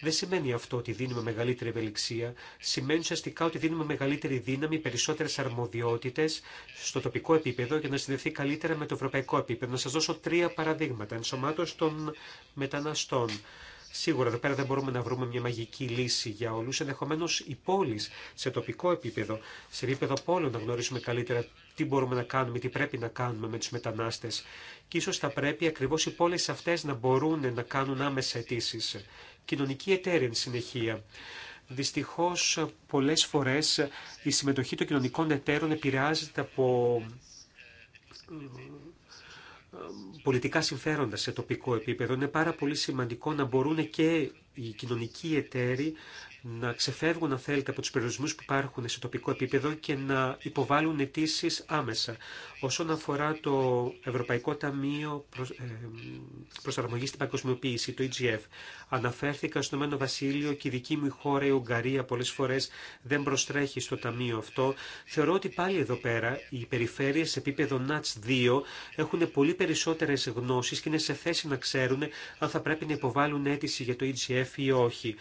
Δεν σημαίνει αυτό ότι δίνουμε μεγαλύτερη ευελιξία. Σημαίνει ουσιαστικά ότι δίνουμε μεγαλύτερη δύναμη, περισσότερε αρμοδιότητε στο τοπικό επίπεδο για να συνδεθεί καλύτερα με το ευρωπαϊκό επίπεδο. Να σα δώσω τρία παραδείγματα. Ενσωμάτωση των μεταναστών. Σίγουρα εδώ πέρα δεν μπορούμε να βρούμε μια μαγική λύση για όλου. Ενδεχομένω οι πόλει σε τοπικό επίπεδο, σε επίπεδο πόλων να γνωρίσουμε καλύτερα τι μπορούμε να κάνουμε, τι πρέπει να κάνουμε με τους μετανάστες. Και ίσως θα πρέπει ακριβώς οι πόλεις αυτές να μπορούν να κάνουν άμεσα αιτήσει. Κοινωνική εταίρεια συνεχεία. Δυστυχώς πολλές φορές η συμμετοχή των κοινωνικών εταίρων επηρεάζεται από ε, πολιτικά συμφέροντα σε τοπικό επίπεδο. Είναι πάρα πολύ σημαντικό να μπορούν και οι κοινωνικοί εταίροι να ξεφεύγουν, αν θέλετε, από του περιορισμού που υπάρχουν σε τοπικό επίπεδο και να υποβάλουν αιτήσει άμεσα. Όσον αφορά το Ευρωπαϊκό Ταμείο ε, Προσαρμογής στην Παγκοσμιοποίηση, το EGF, αναφέρθηκα στο Ηνωμένο Βασίλειο και η δική μου χώρα, η Ουγγαρία, πολλέ φορέ δεν προστρέχει στο ταμείο αυτό. Θεωρώ ότι πάλι εδώ πέρα οι περιφέρειε σε επίπεδο ΝΑΤΣ 2 έχουν πολύ περισσότερε γνώσει και είναι σε θέση να ξέρουν αν θα πρέπει να υποβάλουν αίτηση για το EGF ή όχι.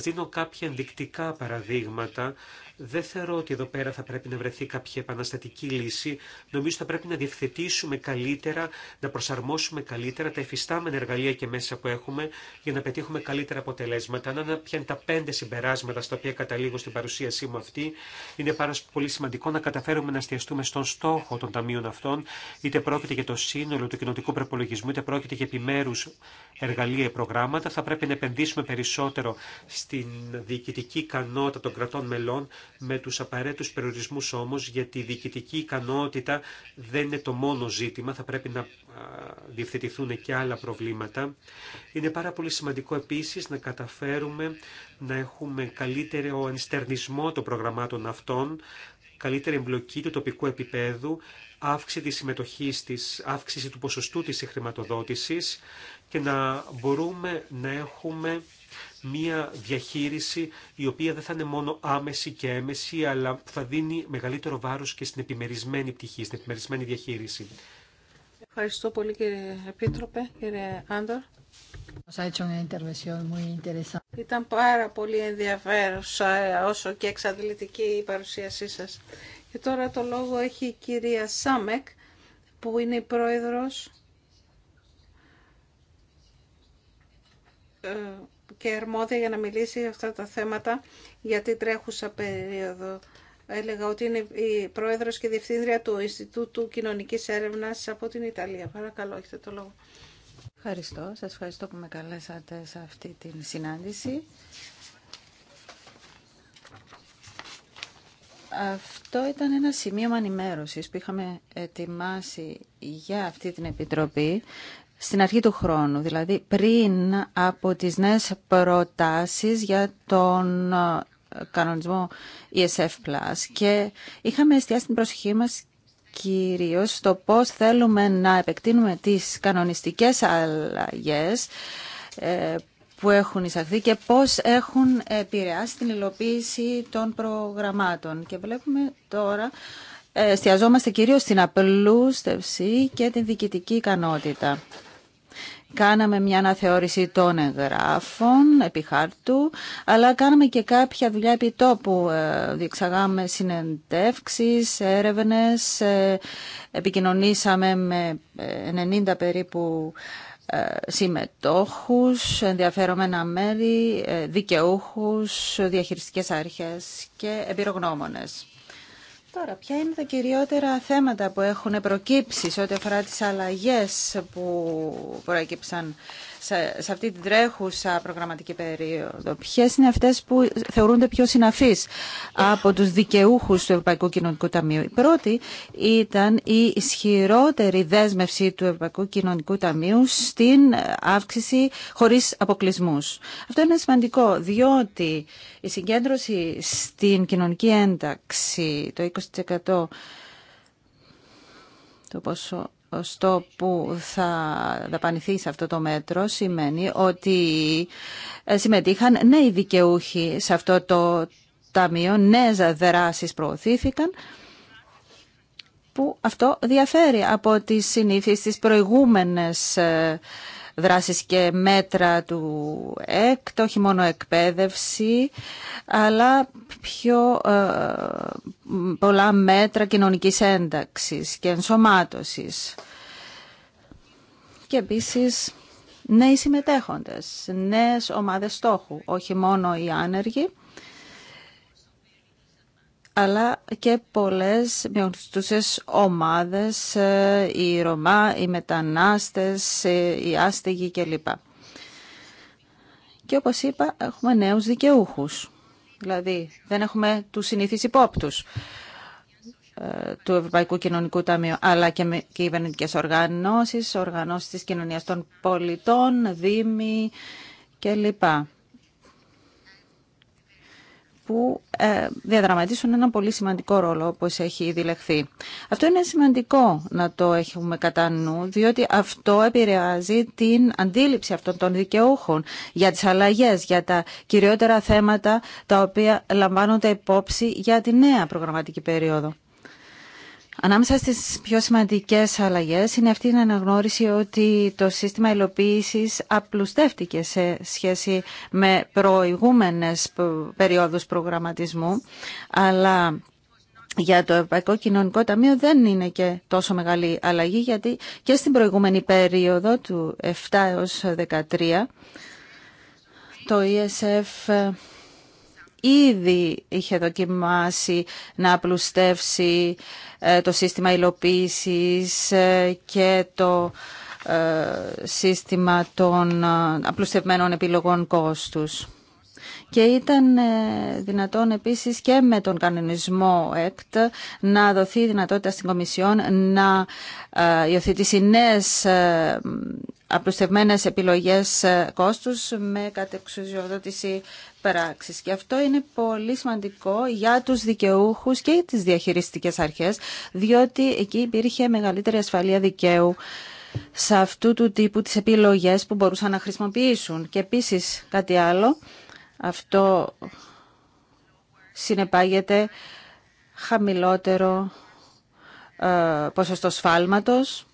δίνω κάποια κάποια ενδεικτικά παραδείγματα δεν θεωρώ ότι εδώ πέρα θα πρέπει να βρεθεί κάποια επαναστατική λύση. Νομίζω θα πρέπει να διευθετήσουμε καλύτερα, να προσαρμόσουμε καλύτερα τα εφιστάμενα εργαλεία και μέσα που έχουμε για να πετύχουμε καλύτερα αποτελέσματα. Αν πιάνει τα πέντε συμπεράσματα στα οποία καταλήγω στην παρουσίασή μου αυτή, είναι πάρα πολύ σημαντικό να καταφέρουμε να εστιαστούμε στον στόχο των ταμείων αυτών, είτε πρόκειται για το σύνολο του κοινοτικού προπολογισμού, είτε πρόκειται για επιμέρου εργαλεία ή προγράμματα. Θα πρέπει να επενδύσουμε περισσότερο στην διοικητική ικανότητα των κρατών μελών με τους απαραίτητους περιορισμούς όμως, γιατί η διοικητική ικανότητα δεν είναι το μόνο ζήτημα, θα πρέπει να διευθετηθούν και άλλα προβλήματα. Είναι πάρα πολύ σημαντικό επίσης να καταφέρουμε να έχουμε καλύτερο ανιστερνισμό των προγραμμάτων αυτών, καλύτερη εμπλοκή του τοπικού επίπεδου, αύξηση της συμμετοχής αύξηση του ποσοστού της χρηματοδότησης και να μπορούμε να έχουμε μία διαχείριση η οποία δεν θα είναι μόνο άμεση και έμεση, αλλά θα δίνει μεγαλύτερο βάρος και στην επιμερισμένη πτυχή, στην επιμερισμένη διαχείριση. Ευχαριστώ πολύ κύριε Επίτροπε, κύριε Άντορ. Ήταν πάρα πολύ ενδιαφέρουσα όσο και εξαντλητική η παρουσίασή σας. Και τώρα το λόγο έχει η κυρία Σάμεκ, που είναι η πρόεδρος ε, και αρμόδια για να μιλήσει για αυτά τα θέματα για την τρέχουσα περίοδο. Έλεγα ότι είναι η πρόεδρος και διευθύντρια του Ινστιτούτου Κοινωνικής Έρευνας από την Ιταλία. Παρακαλώ, έχετε το λόγο. Ευχαριστώ. Σας ευχαριστώ που με καλέσατε σε αυτή την συνάντηση. Αυτό ήταν ένα σημείο ανημέρωση που είχαμε ετοιμάσει για αυτή την Επιτροπή στην αρχή του χρόνου, δηλαδή πριν από τις νέες προτάσεις για τον ε, κανονισμό ESF+. Και είχαμε εστιάσει την προσοχή μας κυρίως στο πώς θέλουμε να επεκτείνουμε τις κανονιστικές αλλαγές ε, που έχουν εισαχθεί και πώς έχουν επηρεάσει την υλοποίηση των προγραμμάτων. Και βλέπουμε τώρα, ε, εστιαζόμαστε κυρίως στην απλούστευση και την διοικητική ικανότητα. Κάναμε μια αναθεώρηση των εγγράφων επί χάρτου, αλλά κάναμε και κάποια δουλειά επί τόπου. Ε, Διεξαγάμε συνεντεύξεις, έρευνες, ε, επικοινωνήσαμε με 90 ε, περίπου συμμετόχους, ενδιαφερομένα μέρη, δικαιούχους, διαχειριστικές αρχές και εμπειρογνώμονες. Τώρα, ποια είναι τα κυριότερα θέματα που έχουν προκύψει σε ό,τι αφορά τις αλλαγές που προέκυψαν σε αυτή την τρέχουσα προγραμματική περίοδο. ποιε είναι αυτές που θεωρούνται πιο συναφείς από τους δικαιούχου του Ευρωπαϊκού Κοινωνικού Ταμείου. Η πρώτη ήταν η ισχυρότερη δέσμευση του Ευρωπαϊκού Κοινωνικού Ταμείου στην αύξηση χωρίς αποκλεισμού. Αυτό είναι σημαντικό, διότι η συγκέντρωση στην κοινωνική ένταξη, το 20% το πόσο στο που θα δαπανηθεί σε αυτό το μέτρο σημαίνει ότι ε, συμμετείχαν νέοι δικαιούχοι σε αυτό το ταμείο, νέες δράσεις προωθήθηκαν που αυτό διαφέρει από τις συνήθεις της προηγούμενες ε, δράσεις και μέτρα του ΕΚΤ, όχι μόνο εκπαίδευση, αλλά πιο ε, πολλά μέτρα κοινωνικής ένταξης και ενσωμάτωσης. Και επίσης νέοι συμμετέχοντες, νέες ομάδες στόχου, όχι μόνο οι άνεργοι, αλλά και πολλές μειονιστούσες ομάδες, ε, οι Ρωμά, οι μετανάστες, ε, οι άστεγοι κλπ. Και όπως είπα, έχουμε νέους δικαιούχους. Δηλαδή, δεν έχουμε τους συνήθεις υπόπτους ε, του Ευρωπαϊκού Κοινωνικού Ταμείου, αλλά και κυβερνητικές οργανώσεις, οργανώσεις της κοινωνίας των πολιτών, δήμοι κλπ που ε, διαδραματίσουν ένα πολύ σημαντικό ρόλο όπως έχει ήδη Αυτό είναι σημαντικό να το έχουμε κατά νου, διότι αυτό επηρεάζει την αντίληψη αυτών των δικαιούχων για τις αλλαγές, για τα κυριότερα θέματα τα οποία λαμβάνονται υπόψη για τη νέα προγραμματική περίοδο. Ανάμεσα στις πιο σημαντικές αλλαγές είναι αυτή η αναγνώριση ότι το σύστημα υλοποίησης απλουστεύτηκε σε σχέση με προηγούμενες περιόδους προγραμματισμού, αλλά για το Ευρωπαϊκό Κοινωνικό Ταμείο δεν είναι και τόσο μεγάλη αλλαγή, γιατί και στην προηγούμενη περίοδο του 7 έως 13 το ESF ήδη είχε δοκιμάσει να απλουστεύσει ε, το σύστημα υλοποίησης ε, και το ε, σύστημα των απλουστευμένων επιλογών κόστους. Και ήταν δυνατόν επίσης και με τον κανονισμό ΕΚΤ να δοθεί δυνατότητα στην Κομισιόν να υιοθετήσει νέες απλουστευμένες επιλογές ε, κόστους με κατεξουσιοδότηση πράξης. Και αυτό είναι πολύ σημαντικό για τους δικαιούχους και τις διαχειριστικές αρχές, διότι εκεί υπήρχε μεγαλύτερη ασφαλεία δικαίου σε αυτού του τύπου τις επιλογές που μπορούσαν να χρησιμοποιήσουν. Και επίσης κάτι άλλο, αυτό συνεπάγεται χαμηλότερο ε, ποσοστό σφάλματος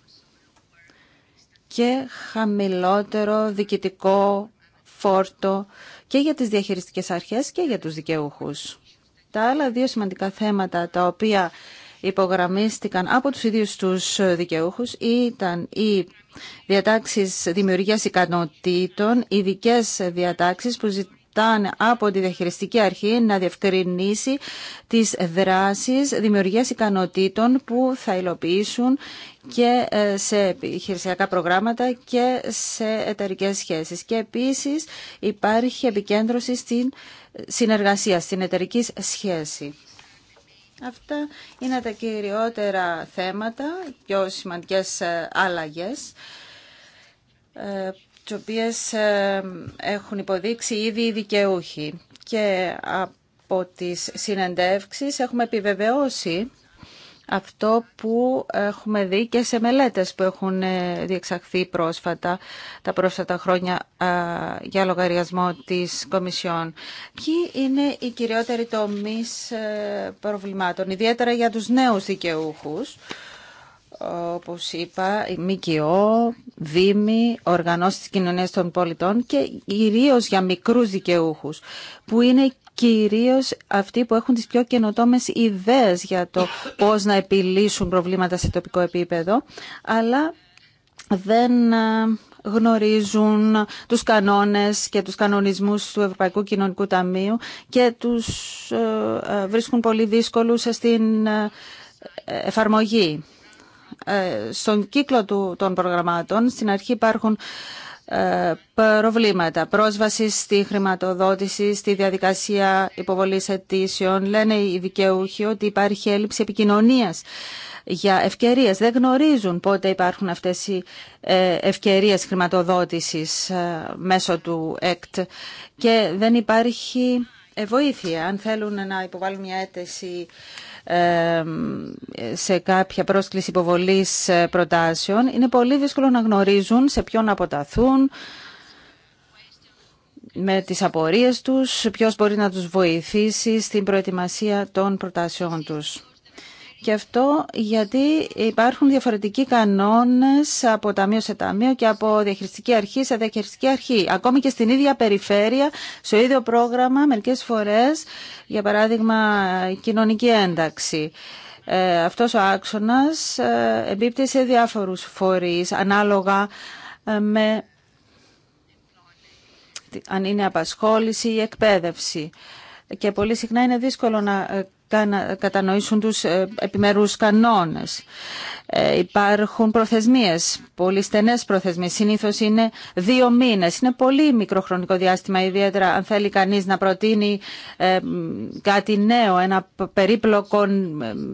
και χαμηλότερο διοικητικό φόρτο και για τις διαχειριστικές αρχές και για τους δικαιούχους. Τα άλλα δύο σημαντικά θέματα τα οποία υπογραμμίστηκαν από τους ίδιους τους δικαιούχους ήταν οι διατάξεις δημιουργίας ικανοτήτων, ειδικέ διατάξεις που ζητούν ζητάνε από τη διαχειριστική αρχή να διευκρινίσει τις δράσεις δημιουργίας ικανοτήτων που θα υλοποιήσουν και ε, σε επιχειρησιακά προγράμματα και σε εταιρικές σχέσεις. Και επίσης υπάρχει επικέντρωση στην συνεργασία, στην εταιρική σχέση. Αυτά είναι τα κυριότερα θέματα, πιο σημαντικές ε, αλλαγές ε, τις οποίες ε, έχουν υποδείξει ήδη οι δικαιούχοι. Και από τις συνεντεύξεις έχουμε επιβεβαιώσει αυτό που έχουμε δει και σε μελέτες που έχουν ε, διεξαχθεί πρόσφατα τα πρόσφατα χρόνια ε, για λογαριασμό της Κομισιόν. Ποιοι είναι οι κυριότεροι τομείς προβλημάτων, ιδιαίτερα για τους νέους δικαιούχους, όπως είπα, η ΜΚΟ, Δήμοι, οργανώσεις της κοινωνίας των πολιτών και κυρίως για μικρούς δικαιούχους, που είναι κυρίως αυτοί που έχουν τις πιο καινοτόμες ιδέες για το πώς να επιλύσουν προβλήματα σε τοπικό επίπεδο, αλλά δεν ε, γνωρίζουν τους κανόνες και τους κανονισμούς του Ευρωπαϊκού Κοινωνικού Ταμείου και τους ε, ε, βρίσκουν πολύ δύσκολους στην εφαρμογή. Ε, στον κύκλο του, των προγραμμάτων. Στην αρχή υπάρχουν ε, προβλήματα. Πρόσβαση στη χρηματοδότηση, στη διαδικασία υποβολής αιτήσεων. Λένε οι δικαιούχοι ότι υπάρχει έλλειψη επικοινωνίας για ευκαιρίες. Δεν γνωρίζουν πότε υπάρχουν αυτές οι ε, ευκαιρίες χρηματοδότησης μέσω του ΕΚΤ και δεν υπάρχει βοήθεια αν θέλουν να υποβάλουν μια αίτηση ε, σε κάποια πρόσκληση υποβολής ε, προτάσεων, είναι πολύ δύσκολο να γνωρίζουν σε ποιον αποταθούν, με τις απορίες τους, ποιος μπορεί να τους βοηθήσει στην προετοιμασία των προτάσεών τους. Και αυτό γιατί υπάρχουν διαφορετικοί κανόνες από ταμείο σε ταμείο και από διαχειριστική αρχή σε διαχειριστική αρχή. Ακόμη και στην ίδια περιφέρεια, στο ίδιο πρόγραμμα, μερικές φορές, για παράδειγμα, κοινωνική ένταξη. Ε, αυτός ο άξονας ε, εμπίπτει σε διάφορους φορείς, ανάλογα ε, με αν είναι απασχόληση ή εκπαίδευση. Και πολύ συχνά είναι δύσκολο να ε, κατανοήσουν τους ε, επιμερούς κανόνες. Ε, υπάρχουν προθεσμίες, πολύ στενές προθεσμίες. Συνήθως είναι δύο μήνες. Είναι πολύ μικροχρονικό διάστημα, ιδιαίτερα αν θέλει κανείς να προτείνει ε, κάτι νέο, ένα περίπλοκο,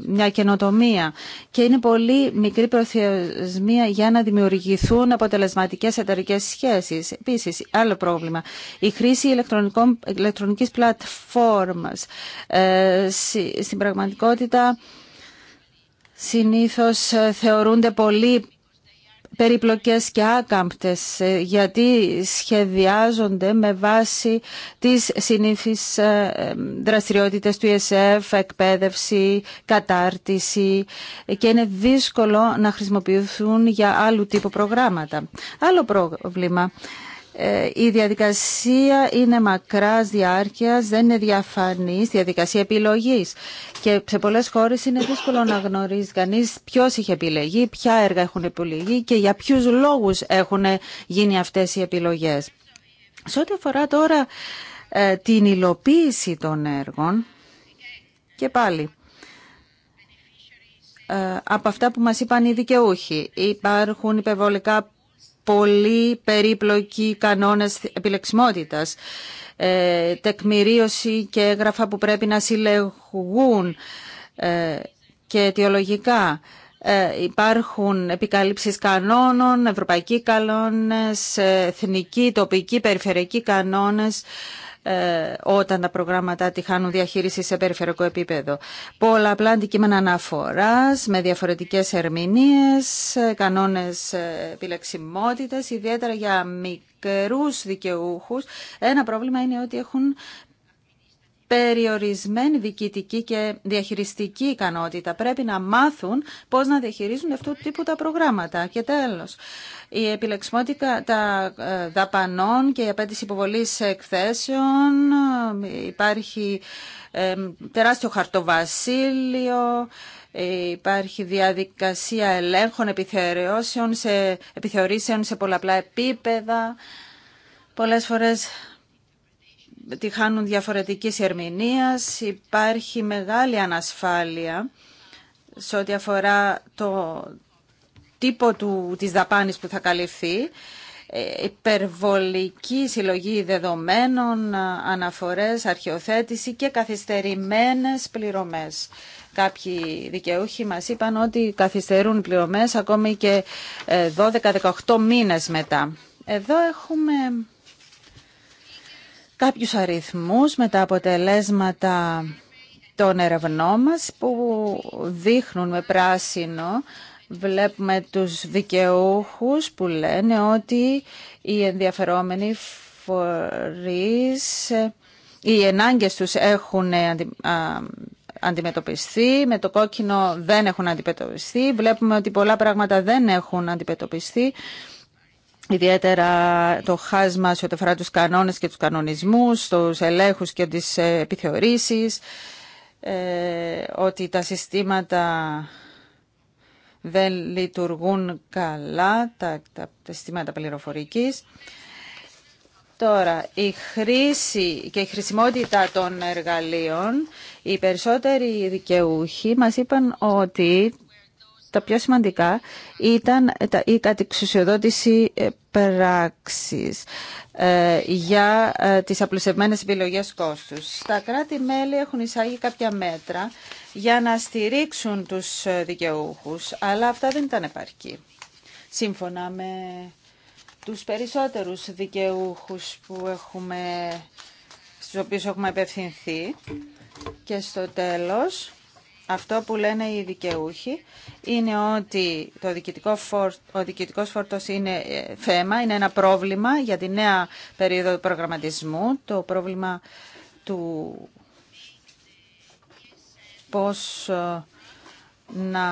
μια καινοτομία. Και είναι πολύ μικρή προθεσμία για να δημιουργηθούν αποτελεσματικές εταιρικές σχέσεις. Επίσης, άλλο πρόβλημα, η χρήση ηλεκτρονικής πλατφόρμας στην πραγματικότητα συνήθως ε, θεωρούνται πολύ περιπλοκές και άκαμπτες ε, γιατί σχεδιάζονται με βάση τις συνήθεις ε, δραστηριότητες του ESF, εκπαίδευση, κατάρτιση και είναι δύσκολο να χρησιμοποιηθούν για άλλου τύπου προγράμματα. Άλλο πρόβλημα ε, η διαδικασία είναι μακράς διάρκειας, δεν είναι διαφανής διαδικασία επιλογής και σε πολλές χώρες είναι δύσκολο να γνωρίζει κανείς ποιος είχε επιλεγεί, ποια έργα έχουν επιλεγεί και για ποιους λόγους έχουν γίνει αυτές οι επιλογές. Σε ό,τι αφορά τώρα ε, την υλοποίηση των έργων και πάλι ε, από αυτά που μας είπαν οι δικαιούχοι. Υπάρχουν υπερβολικά πολύ περίπλοκοι κανόνες επιλεξιμότητας, ε, τεκμηρίωση και έγγραφα που πρέπει να συλλεγούν ε, και αιτιολογικά. Ε, υπάρχουν επικαλύψεις κανόνων, ευρωπαϊκοί κανόνες, εθνικοί, τοπικοί, περιφερειακοί κανόνες ε, όταν τα προγράμματα τη χάνουν διαχείριση σε περιφερειακό επίπεδο. Πολλαπλά αντικείμενα αναφορά με διαφορετικέ ερμηνείε, ε, κανόνε επιλεξιμότητε, ιδιαίτερα για μικρού δικαιούχου. Ένα πρόβλημα είναι ότι έχουν περιορισμένη διοικητική και διαχειριστική ικανότητα. Πρέπει να μάθουν πώς να διαχειρίζουν αυτού του τύπου τα προγράμματα. Και τέλος, η επιλεξιμότητα τα ε, δαπανών και η απέτηση υποβολής εκθέσεων. Ε, υπάρχει ε, τεράστιο χαρτοβασίλειο, υπάρχει διαδικασία ελέγχων επιθεωρήσεων σε, επιθεωρήσεων σε πολλαπλά επίπεδα. Πολλές φορές τη χάνουν διαφορετικής ερμηνείας, υπάρχει μεγάλη ανασφάλεια σε ό,τι αφορά το τύπο του, της δαπάνης που θα καλυφθεί, ε, υπερβολική συλλογή δεδομένων, αναφορές, αρχαιοθέτηση και καθυστερημένες πληρωμές. Κάποιοι δικαιούχοι μας είπαν ότι καθυστερούν πληρωμές ακόμη και 12-18 ε, μήνες μετά. Εδώ έχουμε κάποιους αριθμούς με τα αποτελέσματα των ερευνών μας που δείχνουν με πράσινο βλέπουμε τους δικαιούχους που λένε ότι οι ενδιαφερόμενοι φορείς, οι ενάγκες τους έχουν ε, αντιμετωπιστεί, με το κόκκινο δεν έχουν αντιμετωπιστεί, βλέπουμε ότι πολλά πράγματα δεν έχουν αντιμετωπιστεί. Ιδιαίτερα το χάσμα σε ό,τι αφορά τους κανόνες και τους κανονισμούς, τους ελέγχους και τις ε, επιθεωρήσεις, ε, ότι τα συστήματα δεν λειτουργούν καλά, τα, τα, συστήματα πληροφορικής. Τώρα, η χρήση και η χρησιμότητα των εργαλείων, οι περισσότεροι δικαιούχοι μας είπαν ότι τα πιο σημαντικά ήταν η κατηξουσιοδότηση ε, πράξης ε, για ε, τις απλουσευμένες επιλογές κόστους. Τα κράτη-μέλη έχουν εισάγει κάποια μέτρα για να στηρίξουν τους δικαιούχους, αλλά αυτά δεν ήταν επαρκή. Σύμφωνα με τους περισσότερους δικαιούχους που έχουμε, στους οποίους έχουμε απευθυνθεί και στο τέλος αυτό που λένε οι δικαιούχοι είναι ότι το διοικητικό φορ, ο διοικητικός φόρτος είναι ε, θέμα, είναι ένα πρόβλημα για τη νέα περίοδο προγραμματισμού, το πρόβλημα του πώς ε, να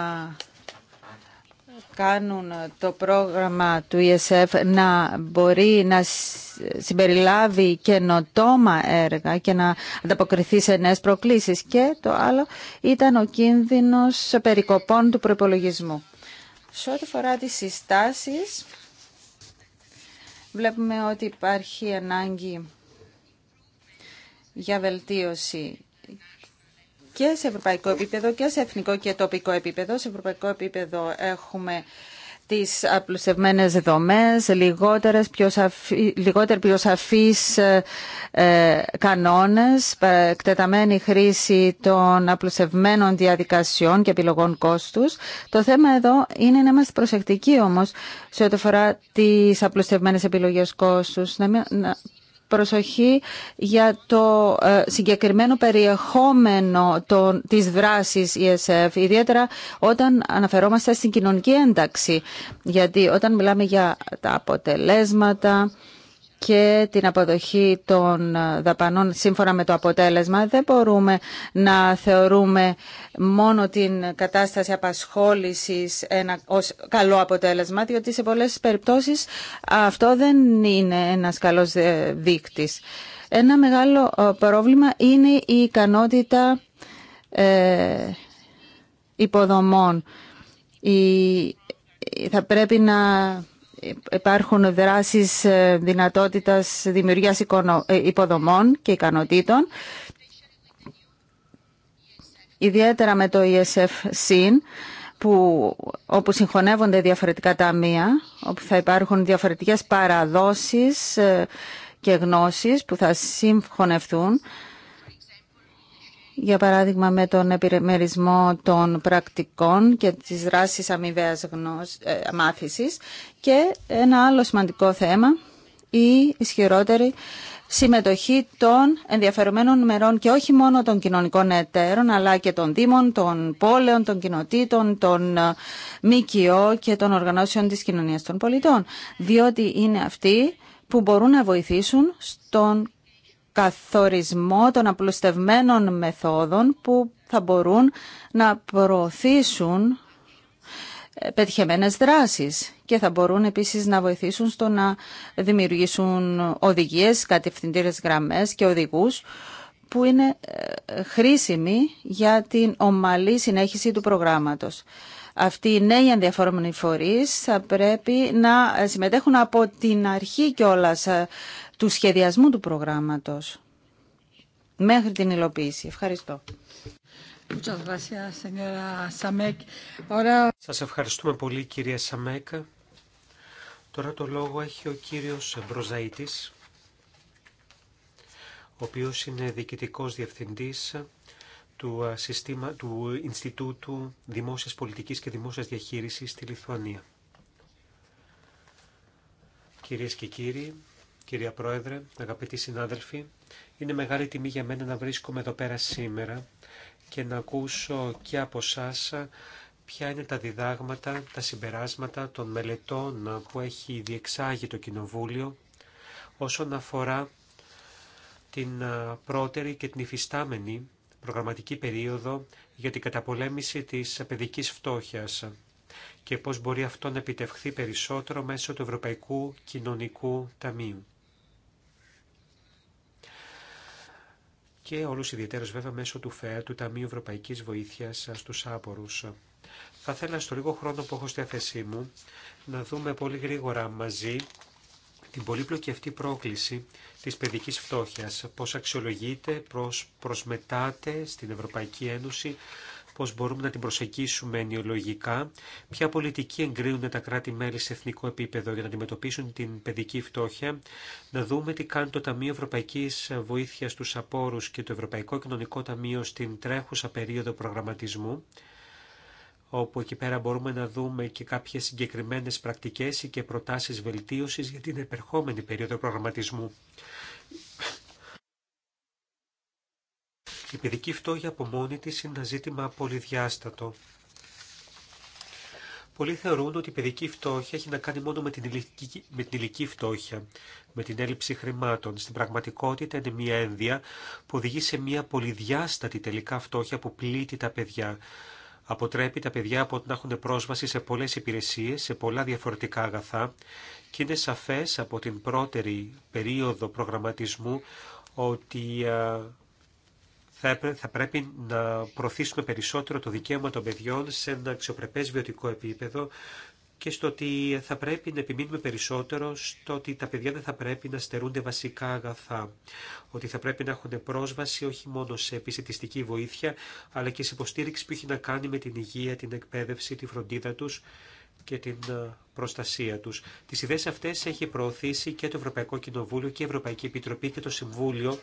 κάνουν ε, το πρόγραμμα του ESF να μπορεί να συμπεριλάβει καινοτόμα έργα και να ανταποκριθεί σε νέες προκλήσεις. Και το άλλο ήταν ο κίνδυνος περικοπών του προπολογισμού. Σε ό,τι φορά τις συστάσεις, βλέπουμε ότι υπάρχει ανάγκη για βελτίωση και σε ευρωπαϊκό επίπεδο και σε εθνικό και τοπικό επίπεδο. Σε ευρωπαϊκό επίπεδο έχουμε τις απλουστευμένες δομές, λιγότερες, πιο σαφή, λιγότερο πιο σαφείς ε, ε, κανόνες, εκτεταμένη χρήση των απλουστευμένων διαδικασιών και επιλογών κόστους. Το θέμα εδώ είναι να είμαστε προσεκτικοί όμως σε ό,τι αφορά τις απλουστευμένες επιλογές κόστους, να, να προσοχή για το ε, συγκεκριμένο περιεχόμενο των, της δράσης ESF, ιδιαίτερα όταν αναφερόμαστε στην κοινωνική ένταξη. Γιατί όταν μιλάμε για τα αποτελέσματα, και την αποδοχή των δαπανών σύμφωνα με το αποτέλεσμα. Δεν μπορούμε να θεωρούμε μόνο την κατάσταση απασχόλησης ένα, καλό αποτέλεσμα, διότι σε πολλές περιπτώσεις αυτό δεν είναι ένας καλός ε, δείκτης. Ένα μεγάλο ε, πρόβλημα είναι η ικανότητα ε, υποδομών. Η, θα πρέπει να υπάρχουν δράσεις ε, δυνατότητας δημιουργίας ε, υποδομών και ικανοτήτων. Ιδιαίτερα με το esf sin που, όπου συγχωνεύονται διαφορετικά ταμεία, όπου θα υπάρχουν διαφορετικές παραδόσεις ε, και γνώσεις που θα συγχωνευτούν για παράδειγμα με τον επιμερισμό των πρακτικών και της δράσης αμοιβαίας γνώσης, ε, μάθησης και ένα άλλο σημαντικό θέμα, η ισχυρότερη συμμετοχή των ενδιαφερομένων μερών και όχι μόνο των κοινωνικών εταίρων, αλλά και των δήμων, των πόλεων, των κοινοτήτων, των ε, ΜΚΟ και των οργανώσεων της κοινωνίας των πολιτών, διότι είναι αυτοί που μπορούν να βοηθήσουν στον καθορισμό των απλουστευμένων μεθόδων που θα μπορούν να προωθήσουν ε, πετυχεμένες δράσεις και θα μπορούν επίσης να βοηθήσουν στο να δημιουργήσουν οδηγίες, κατευθυντήρες γραμμές και οδηγούς που είναι ε, χρήσιμοι για την ομαλή συνέχιση του προγράμματος. Αυτοί οι νέοι ενδιαφορούμενοι φορείς θα πρέπει να συμμετέχουν από την αρχή κιόλας ε, του σχεδιασμού του προγράμματος μέχρι την υλοποίηση. Ευχαριστώ. Σας ευχαριστούμε πολύ κυρία Σαμέκ. Τώρα το λόγο έχει ο κύριος Μπροζαίτης, ο οποίος είναι διοικητικός διευθυντής του, συστήμα, του Ινστιτούτου Δημόσιας Πολιτικής και Δημόσιας Διαχείρισης στη Λιθουανία. Κυρίες και κύριοι, κυρία Πρόεδρε, αγαπητοί συνάδελφοι. Είναι μεγάλη τιμή για μένα να βρίσκομαι εδώ πέρα σήμερα και να ακούσω και από εσά ποια είναι τα διδάγματα, τα συμπεράσματα των μελετών που έχει διεξάγει το Κοινοβούλιο όσον αφορά την πρώτερη και την υφιστάμενη προγραμματική περίοδο για την καταπολέμηση της παιδικής φτώχειας και πώς μπορεί αυτό να επιτευχθεί περισσότερο μέσω του Ευρωπαϊκού Κοινωνικού Ταμείου. και όλους ιδιαίτερως βέβαια μέσω του ΦΕΑ, του Ταμείου Ευρωπαϊκής Βοήθειας στους άπορους. Θα ήθελα στο λίγο χρόνο που έχω στη θέση μου να δούμε πολύ γρήγορα μαζί την πολύπλοκη αυτή πρόκληση της παιδικής φτώχειας, πώς αξιολογείται, πώς προσμετάται στην Ευρωπαϊκή Ένωση, πώς μπορούμε να την προσεγγίσουμε ενοιολογικά, ποια πολιτική εγκρίνουν τα κράτη-μέλη σε εθνικό επίπεδο για να αντιμετωπίσουν την παιδική φτώχεια, να δούμε τι κάνει το Ταμείο Ευρωπαϊκής Βοήθειας στους Απόρους και το Ευρωπαϊκό Κοινωνικό Ταμείο στην τρέχουσα περίοδο προγραμματισμού, όπου εκεί πέρα μπορούμε να δούμε και κάποιες συγκεκριμένες πρακτικές και προτάσεις βελτίωσης για την επερχόμενη περίοδο προγραμματισμού. Η παιδική φτώχεια από μόνη της είναι ένα ζήτημα πολυδιάστατο. Πολλοί θεωρούν ότι η παιδική φτώχεια έχει να κάνει μόνο με την, ηλική, με την φτώχεια, με την έλλειψη χρημάτων. Στην πραγματικότητα είναι μια ένδια που οδηγεί σε μια πολυδιάστατη τελικά φτώχεια που πλήττει τα παιδιά. Αποτρέπει τα παιδιά από να έχουν πρόσβαση σε πολλές υπηρεσίες, σε πολλά διαφορετικά αγαθά και είναι σαφές από την πρώτερη περίοδο προγραμματισμού ότι θα πρέπει να προωθήσουμε περισσότερο το δικαίωμα των παιδιών σε ένα αξιοπρεπές βιωτικό επίπεδο και στο ότι θα πρέπει να επιμείνουμε περισσότερο στο ότι τα παιδιά δεν θα πρέπει να στερούνται βασικά αγαθά, ότι θα πρέπει να έχουν πρόσβαση όχι μόνο σε επιστημιστική βοήθεια, αλλά και σε υποστήριξη που έχει να κάνει με την υγεία, την εκπαίδευση, τη φροντίδα του και την ε, προστασία τους. Τις ιδέες αυτές έχει προωθήσει και το Ευρωπαϊκό Κοινοβούλιο και η Ευρωπαϊκή Επιτροπή και το Συμβούλιο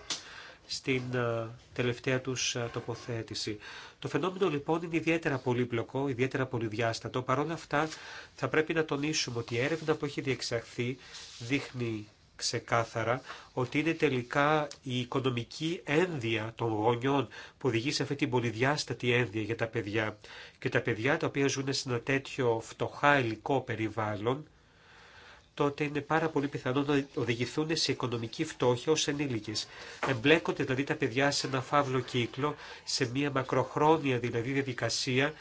στην ε, τελευταία τους ε, τοποθέτηση. Το φαινόμενο λοιπόν είναι ιδιαίτερα πολύπλοκο, ιδιαίτερα πολυδιάστατο. Παρ' όλα αυτά θα πρέπει να τονίσουμε ότι η έρευνα που έχει διεξαχθεί δείχνει ξεκάθαρα ότι είναι τελικά η οικονομική ένδια των γονιών που οδηγεί σε αυτή την πολυδιάστατη ένδια για τα παιδιά. Και τα παιδιά τα οποία ζουν σε ένα τέτοιο φτωχά υλικό περιβάλλον, τότε είναι πάρα πολύ πιθανό να οδηγηθούν σε οικονομική φτώχεια ως ενήλικες. Εμπλέκονται δηλαδή τα παιδιά σε ένα φαύλο κύκλο, σε μια μακροχρόνια δηλαδή διαδικασία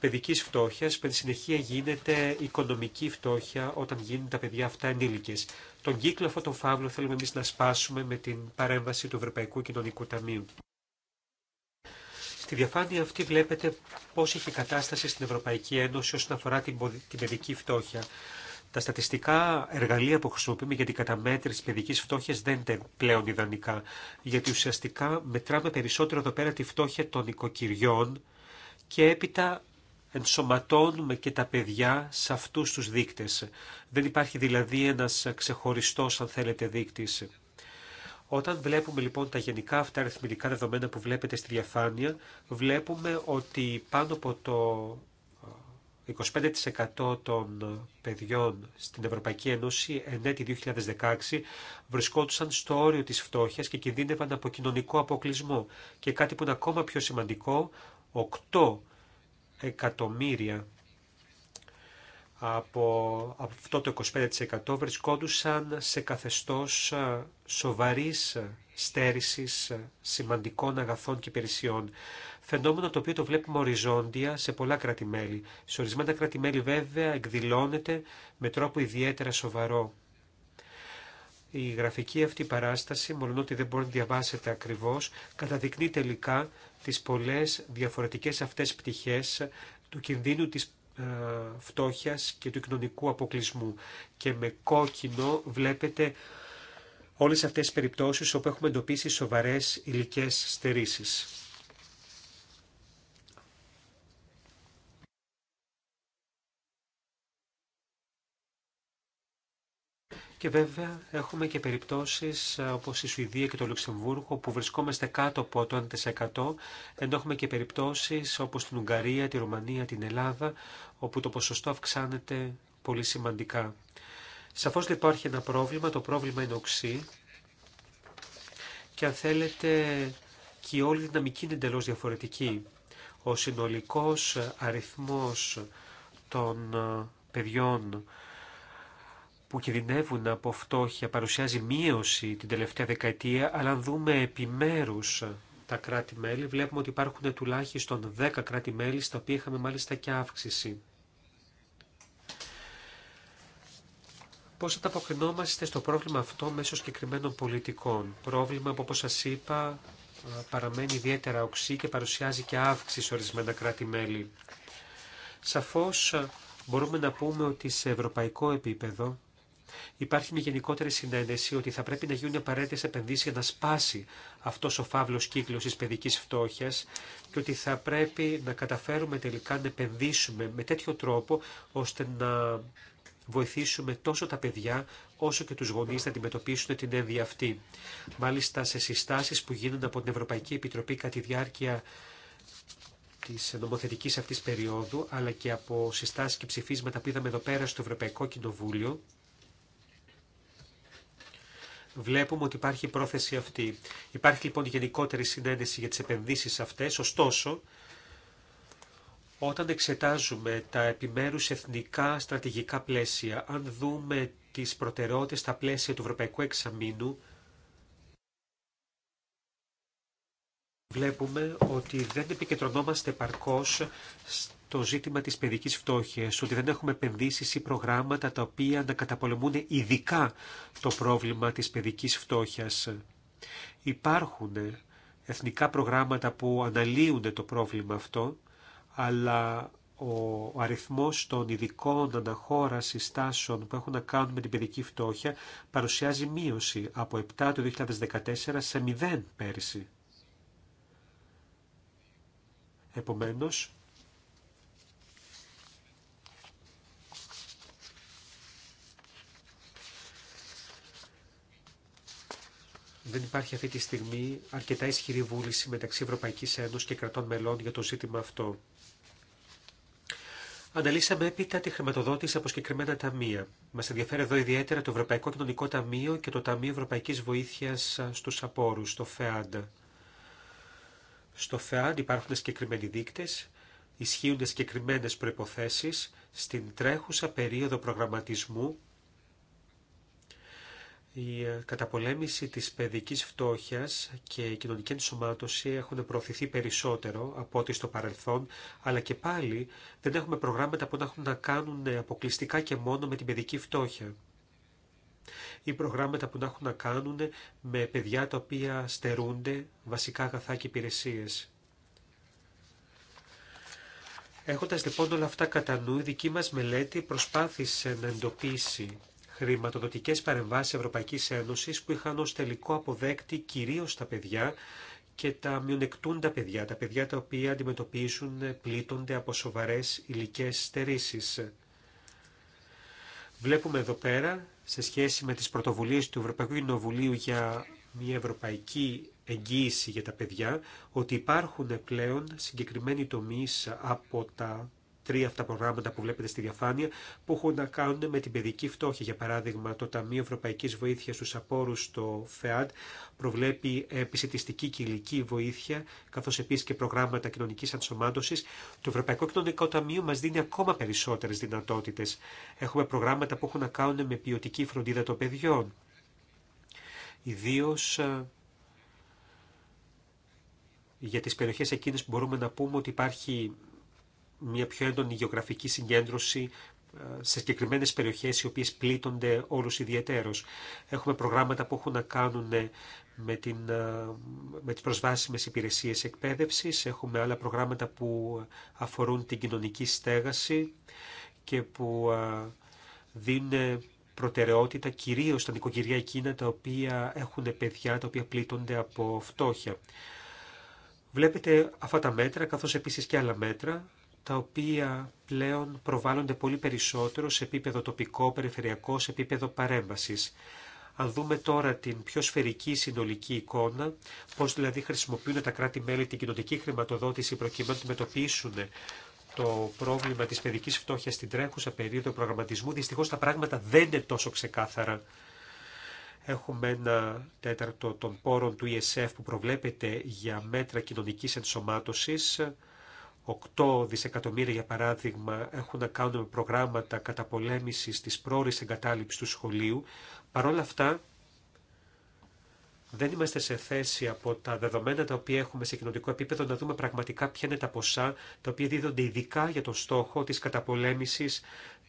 παιδικής φτώχειας, που εν συνεχεία γίνεται οικονομική φτώχεια όταν γίνουν τα παιδιά αυτά ενήλικες. Τον κύκλο αυτό τον φαύλο θέλουμε εμείς να σπάσουμε με την παρέμβαση του Ευρωπαϊκού Κοινωνικού Ταμείου. Στη διαφάνεια αυτή βλέπετε πώς έχει κατάσταση στην Ευρωπαϊκή Ένωση όσον αφορά την παιδική φτώχεια. Τα στατιστικά εργαλεία που χρησιμοποιούμε για την καταμέτρηση παιδική φτώχεια δεν είναι πλέον ιδανικά, γιατί ουσιαστικά μετράμε περισσότερο εδώ πέρα τη φτώχεια των οικοκυριών και έπειτα ενσωματώνουμε και τα παιδιά σε αυτούς τους δείκτες. Δεν υπάρχει δηλαδή ένας ξεχωριστός, αν θέλετε, δείκτης. Όταν βλέπουμε λοιπόν τα γενικά αυτά αριθμητικά δεδομένα που βλέπετε στη διαφάνεια, βλέπουμε ότι πάνω από το 25% των παιδιών στην Ευρωπαϊκή Ένωση εν έτη 2016 βρισκόντουσαν στο όριο της φτώχειας και κινδύνευαν από κοινωνικό αποκλεισμό. Και κάτι που είναι ακόμα πιο σημαντικό, 8 εκατομμύρια από αυτό το 25% βρισκόντουσαν σε καθεστώς ε, σοβαρής στέρησης ε, σημαντικών αγαθών και υπηρεσιών φαινόμενο το οποίο το βλέπουμε οριζόντια σε πολλά Σε ορισμένα βέβαια εκδηλώνεται με τρόπο ιδιαίτερα σοβαρό. Η γραφική αυτή παράσταση, μόνο ότι δεν μπορεί να διαβάσετε ακριβώς, καταδεικνύει τελικά τις πολλές διαφορετικές αυτές πτυχές του κινδύνου της ε, φτώχειας και του κοινωνικού αποκλεισμού. Και με κόκκινο βλέπετε όλες αυτές τις περιπτώσεις όπου έχουμε εντοπίσει σοβαρές υλικές στερήσεις. Και βέβαια έχουμε και περιπτώσεις ε, όπως η Σουηδία και το Λουξεμβούργο που βρισκόμαστε κάτω από το 1% ενώ έχουμε και περιπτώσεις όπως την Ουγγαρία, τη Ρουμανία, την Ελλάδα όπου το ποσοστό αυξάνεται πολύ σημαντικά. Σαφώς δεν υπάρχει ένα πρόβλημα, το πρόβλημα είναι οξύ και αν θέλετε και η όλη δυναμική είναι εντελώ διαφορετική. Ο συνολικός αριθμός των ε, παιδιών που κινδυνεύουν από φτώχεια παρουσιάζει μείωση την τελευταία δεκαετία, αλλά αν δούμε επιμέρους τα κράτη-μέλη, βλέπουμε ότι υπάρχουν τουλάχιστον 10 κράτη-μέλη, στα οποία είχαμε μάλιστα και αύξηση. Πώς ανταποκρινόμαστε στο πρόβλημα αυτό μέσω συγκεκριμένων πολιτικών. Πρόβλημα που, όπως σας είπα, παραμένει ιδιαίτερα οξύ και παρουσιάζει και αύξηση ορισμένα κράτη-μέλη. Σαφώς μπορούμε να πούμε ότι σε ευρωπαϊκό επίπεδο Υπάρχει μια γενικότερη συνένεση ότι θα πρέπει να γίνουν απαραίτητε επενδύσει για να σπάσει αυτό ο φαύλο κύκλο τη παιδική φτώχεια και ότι θα πρέπει να καταφέρουμε τελικά να επενδύσουμε με τέτοιο τρόπο ώστε να βοηθήσουμε τόσο τα παιδιά όσο και τους γονείς να αντιμετωπίσουν την ένδυα αυτή. Μάλιστα σε συστάσεις που γίνονται από την Ευρωπαϊκή Επιτροπή κατά τη διάρκεια τη νομοθετικής αυτή περίοδου, αλλά και από συστάσει και ψηφίσματα που είδαμε εδώ πέρα στο Ευρωπαϊκό Κοινοβούλιο, βλέπουμε ότι υπάρχει η πρόθεση αυτή. Υπάρχει λοιπόν γενικότερη συνένεση για τις επενδύσεις αυτές, ωστόσο όταν εξετάζουμε τα επιμέρους εθνικά στρατηγικά πλαίσια, αν δούμε τις προτεραιότητες στα πλαίσια του Ευρωπαϊκού Εξαμήνου, βλέπουμε ότι δεν επικεντρωνόμαστε παρκώς το ζήτημα της παιδικής φτώχειας, ότι δεν έχουμε επενδύσει ή προγράμματα τα οποία να καταπολεμούν ειδικά το πρόβλημα της παιδικής φτώχειας. Υπάρχουν εθνικά προγράμματα που αναλύουν το πρόβλημα αυτό, αλλά ο αριθμός των ειδικών αναχώρα συστάσεων που έχουν να κάνουν με την παιδική φτώχεια παρουσιάζει μείωση από 7 το 2014 σε 0 πέρσι. Επομένως, δεν υπάρχει αυτή τη στιγμή αρκετά ισχυρή βούληση μεταξύ Ευρωπαϊκή Ένωση και κρατών μελών για το ζήτημα αυτό. Αναλύσαμε έπειτα τη χρηματοδότηση από συγκεκριμένα ταμεία. Μα ενδιαφέρει εδώ ιδιαίτερα το Ευρωπαϊκό Κοινωνικό Ταμείο και το Ταμείο Ευρωπαϊκή Βοήθεια στου Απόρου, το ΦΕΑΝΤ. Στο ΦΕΑΝΤ υπάρχουν συγκεκριμένοι δείκτε, ισχύουν συγκεκριμένε προποθέσει στην τρέχουσα περίοδο προγραμματισμού η ε, καταπολέμηση της παιδικής φτώχειας και η κοινωνική ενσωμάτωση έχουν προωθηθεί περισσότερο από ό,τι στο παρελθόν, αλλά και πάλι δεν έχουμε προγράμματα που να έχουν να κάνουν ε, αποκλειστικά και μόνο με την παιδική φτώχεια. Ή προγράμματα που να έχουν να κάνουν ε, με παιδιά τα οποία στερούνται βασικά αγαθά και υπηρεσίες. Έχοντας λοιπόν όλα αυτά κατά νου, η δική μας μελέτη προσπάθησε να εντοπίσει χρηματοδοτικές παρεμβάσεις Ευρωπαϊκής Ένωσης που είχαν ως τελικό αποδέκτη κυρίως τα παιδιά και τα μειονεκτούντα παιδιά, τα παιδιά τα οποία αντιμετωπίζουν, πλήττονται από σοβαρές υλικέ στερήσεις. Βλέπουμε εδώ πέρα, σε σχέση με τις πρωτοβουλίες του Ευρωπαϊκού Κοινοβουλίου για μια ευρωπαϊκή εγγύηση για τα παιδιά, ότι υπάρχουν πλέον συγκεκριμένοι τομείς από τα τρία αυτά προγράμματα που βλέπετε στη διαφάνεια, που έχουν να κάνουν με την παιδική φτώχεια. Για παράδειγμα, το Ταμείο Ευρωπαϊκή Βοήθεια στου Απόρου το ΦΕΑΤ προβλέπει ε, επισητιστική και ηλική βοήθεια, καθώ επίση και προγράμματα κοινωνική ενσωμάτωση. Το Ευρωπαϊκό Κοινωνικό Ταμείο μα δίνει ακόμα περισσότερε δυνατότητε. Έχουμε προγράμματα που έχουν να κάνουν με ποιοτική φροντίδα των παιδιών. Ιδίω ε, για τις περιοχές εκείνες που μπορούμε να πούμε ότι υπάρχει μια πιο έντονη γεωγραφική συγκέντρωση ε, σε συγκεκριμένε περιοχέ, οι οποίε πλήττονται όλου ιδιαίτερω. Έχουμε προγράμματα που έχουν να κάνουν ε, με, την, ε, με τις προσβάσιμες υπηρεσίες εκπαίδευσης, έχουμε άλλα προγράμματα που αφορούν την κοινωνική στέγαση και που δίνουν προτεραιότητα κυρίως στα νοικοκυριά εκείνα τα οποία έχουν παιδιά, τα οποία πλήττονται από φτώχεια. Βλέπετε αυτά τα μέτρα, καθώς επίσης και άλλα μέτρα, τα οποία πλέον προβάλλονται πολύ περισσότερο σε επίπεδο τοπικό, περιφερειακό, σε επίπεδο παρέμβασης. Αν δούμε τώρα την πιο σφαιρική συνολική εικόνα, πώς δηλαδή χρησιμοποιούν τα κράτη-μέλη την κοινωνική χρηματοδότηση προκειμένου να αντιμετωπίσουν το πρόβλημα της παιδικής φτώχειας στην τρέχουσα περίοδο προγραμματισμού, δυστυχώς τα πράγματα δεν είναι τόσο ξεκάθαρα. Έχουμε ένα τέταρτο των πόρων του ESF που προβλέπεται για μέτρα κοινωνικής ενσωμάτωσης, 8 δισεκατομμύρια για παράδειγμα έχουν να κάνουν με προγράμματα καταπολέμησης της πρόορης εγκατάλειψης του σχολείου. Παρ' όλα αυτά δεν είμαστε σε θέση από τα δεδομένα τα οποία έχουμε σε κοινωνικό επίπεδο να δούμε πραγματικά ποια είναι τα ποσά τα οποία δίδονται ειδικά για το στόχο της καταπολέμησης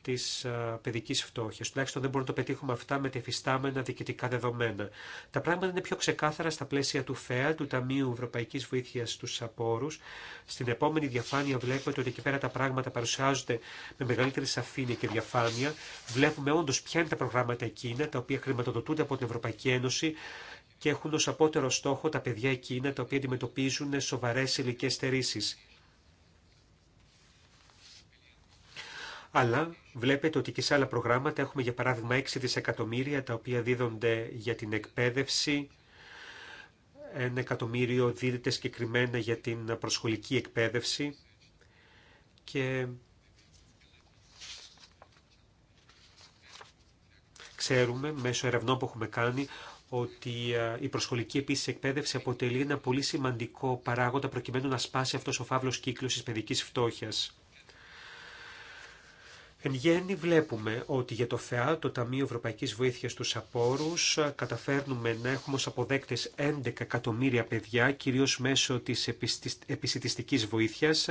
τη ε, παιδική φτώχεια. Τουλάχιστον δεν μπορούμε να το πετύχουμε αυτά με τα εφιστάμενα διοικητικά δεδομένα. Τα πράγματα είναι πιο ξεκάθαρα στα πλαίσια του ΦΕΑ, του Ταμείου Ευρωπαϊκή Βοήθεια στου Απόρου. Στην επόμενη διαφάνεια βλέπετε ότι εκεί πέρα τα πράγματα παρουσιάζονται με μεγαλύτερη σαφήνεια και διαφάνεια. Βλέπουμε όντω ποια είναι τα προγράμματα εκείνα τα οποία χρηματοδοτούνται από την Ευρωπαϊκή Ένωση και έχουν ως απότερο στόχο τα παιδιά εκείνα τα οποία αντιμετωπίζουν σοβαρές ηλικέ στερήσεις. Αλλά βλέπετε ότι και σε άλλα προγράμματα έχουμε για παράδειγμα 6 δισεκατομμύρια τα οποία δίδονται για την εκπαίδευση, ένα εκατομμύριο δίδεται συγκεκριμένα για την προσχολική εκπαίδευση και ξέρουμε μέσω ερευνών που έχουμε κάνει ότι η προσχολική επίσης εκπαίδευση αποτελεί ένα πολύ σημαντικό παράγοντα προκειμένου να σπάσει αυτός ο φαύλος κύκλος της παιδικής φτώχειας. Εν γέννη βλέπουμε ότι για το ΦΕΑ, το Ταμείο Ευρωπαϊκής Βοήθειας στους Απόρους, καταφέρνουμε να έχουμε ως αποδέκτες 11 εκατομμύρια παιδιά, κυρίως μέσω της επισητιστικής βοήθειας.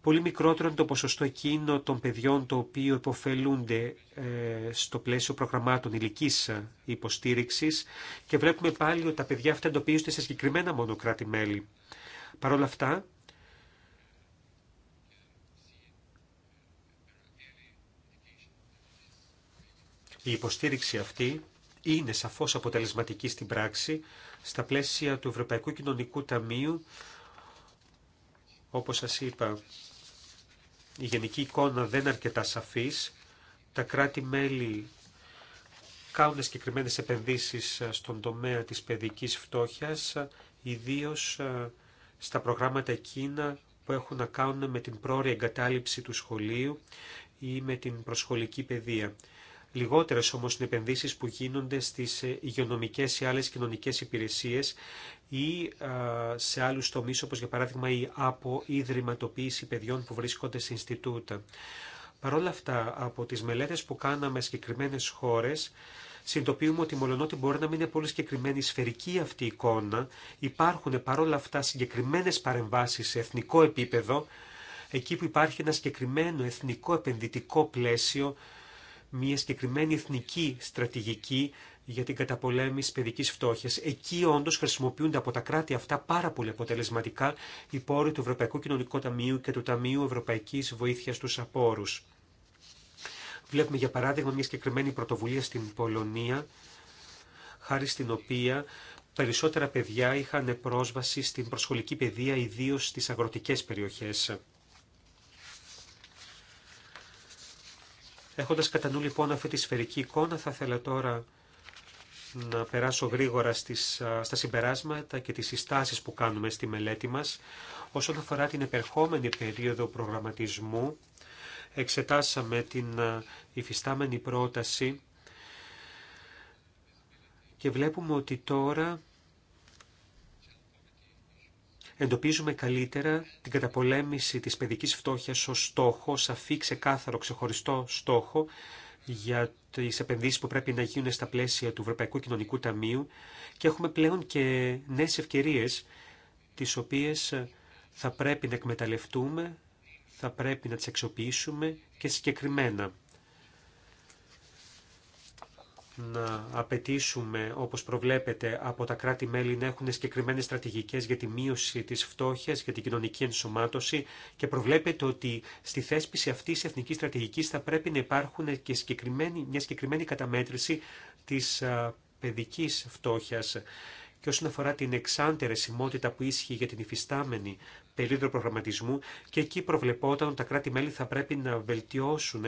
Πολύ μικρότερο είναι το ποσοστό εκείνο των παιδιών το οποίο υποφελούνται ε, στο πλαίσιο προγραμμάτων ηλική ε, υποστήριξη και βλέπουμε πάλι ότι τα παιδιά αυτά εντοπίζονται σε συγκεκριμένα κράτη-μέλη. Παρ' όλα αυτά, Η υποστήριξη αυτή είναι σαφώς αποτελεσματική στην πράξη στα πλαίσια του Ευρωπαϊκού Κοινωνικού Ταμείου. Όπως σας είπα, η γενική εικόνα δεν είναι αρκετά σαφής. Τα κράτη-μέλη κάνουν συγκεκριμένες επενδύσεις στον τομέα της παιδικής φτώχειας, ιδίως ε, στα προγράμματα εκείνα που έχουν να κάνουν με την πρόορια εγκατάλειψη του σχολείου ή με την προσχολική παιδεία. Λιγότερες, όμως, είναι επενδύσει που γίνονται στις ε, υγειονομικές η άλλες κοινωνικές υπηρεσίες βρίσκονται σε άλλους τομείς, όπως όλα αυτά, από ΑΠΟ ή Ιδρυματοποίηση μελέτε που κάναμε συγκεκριμένε αυτα απο τις μελέτες που καναμε συγκεκριμενε χώρες, μολονότι μπορεί να μην είναι πολύ συγκεκριμένη η σφαιρική αυτή εικόνα, υπάρχουν παρόλα αυτά συγκεκριμένες παρεμβάσεις σε εθνικό επίπεδο, εκεί που υπάρχει ένα συγκεκριμένο εθνικό επενδυτικό πλαίσιο μια συγκεκριμένη εθνική στρατηγική για την καταπολέμηση παιδική φτώχεια, Εκεί όντω χρησιμοποιούνται από τα κράτη αυτά πάρα πολύ αποτελεσματικά οι πόροι του Ευρωπαϊκού Κοινωνικού Ταμείου και του Ταμείου Ευρωπαϊκή Βοήθεια στους Απόρου. Βλέπουμε για παράδειγμα μια συγκεκριμένη πρωτοβουλία στην Πολωνία, χάρη στην οποία περισσότερα παιδιά είχαν πρόσβαση στην προσχολική παιδεία, ιδίω στι αγροτικέ περιοχέ. Έχοντας κατά νου λοιπόν αυτή τη σφαιρική εικόνα, θα ήθελα τώρα να περάσω γρήγορα στις, στα συμπεράσματα και τις συστάσεις που κάνουμε στη μελέτη μας. Όσον αφορά την επερχόμενη περίοδο προγραμματισμού, εξετάσαμε την υφιστάμενη πρόταση και βλέπουμε ότι τώρα εντοπίζουμε καλύτερα την καταπολέμηση της παιδικής φτώχειας ως στόχο, σαφή ξεκάθαρο ξεχωριστό στόχο για τις επενδύσεις που πρέπει να γίνουν στα πλαίσια του Ευρωπαϊκού Κοινωνικού Ταμείου και έχουμε πλέον και νέες ευκαιρίες τις οποίες θα πρέπει να εκμεταλλευτούμε, θα πρέπει να τις αξιοποιήσουμε και συγκεκριμένα να απαιτήσουμε, όπως προβλέπετε, από τα κράτη-μέλη να έχουν συγκεκριμένες στρατηγικές για τη μείωση της φτώχειας, για την κοινωνική ενσωμάτωση και προβλέπετε ότι στη θέσπιση αυτής της εθνικής στρατηγικής θα πρέπει να υπάρχουν και μια συγκεκριμένη καταμέτρηση της α, παιδικής φτώχειας. Και όσον αφορά την εξάντερη σημότητα που ίσχυε για την υφιστάμενη περίοδο προγραμματισμού, και εκεί προβλεπόταν ότι τα κράτη-μέλη θα πρέπει να βελτιώσουν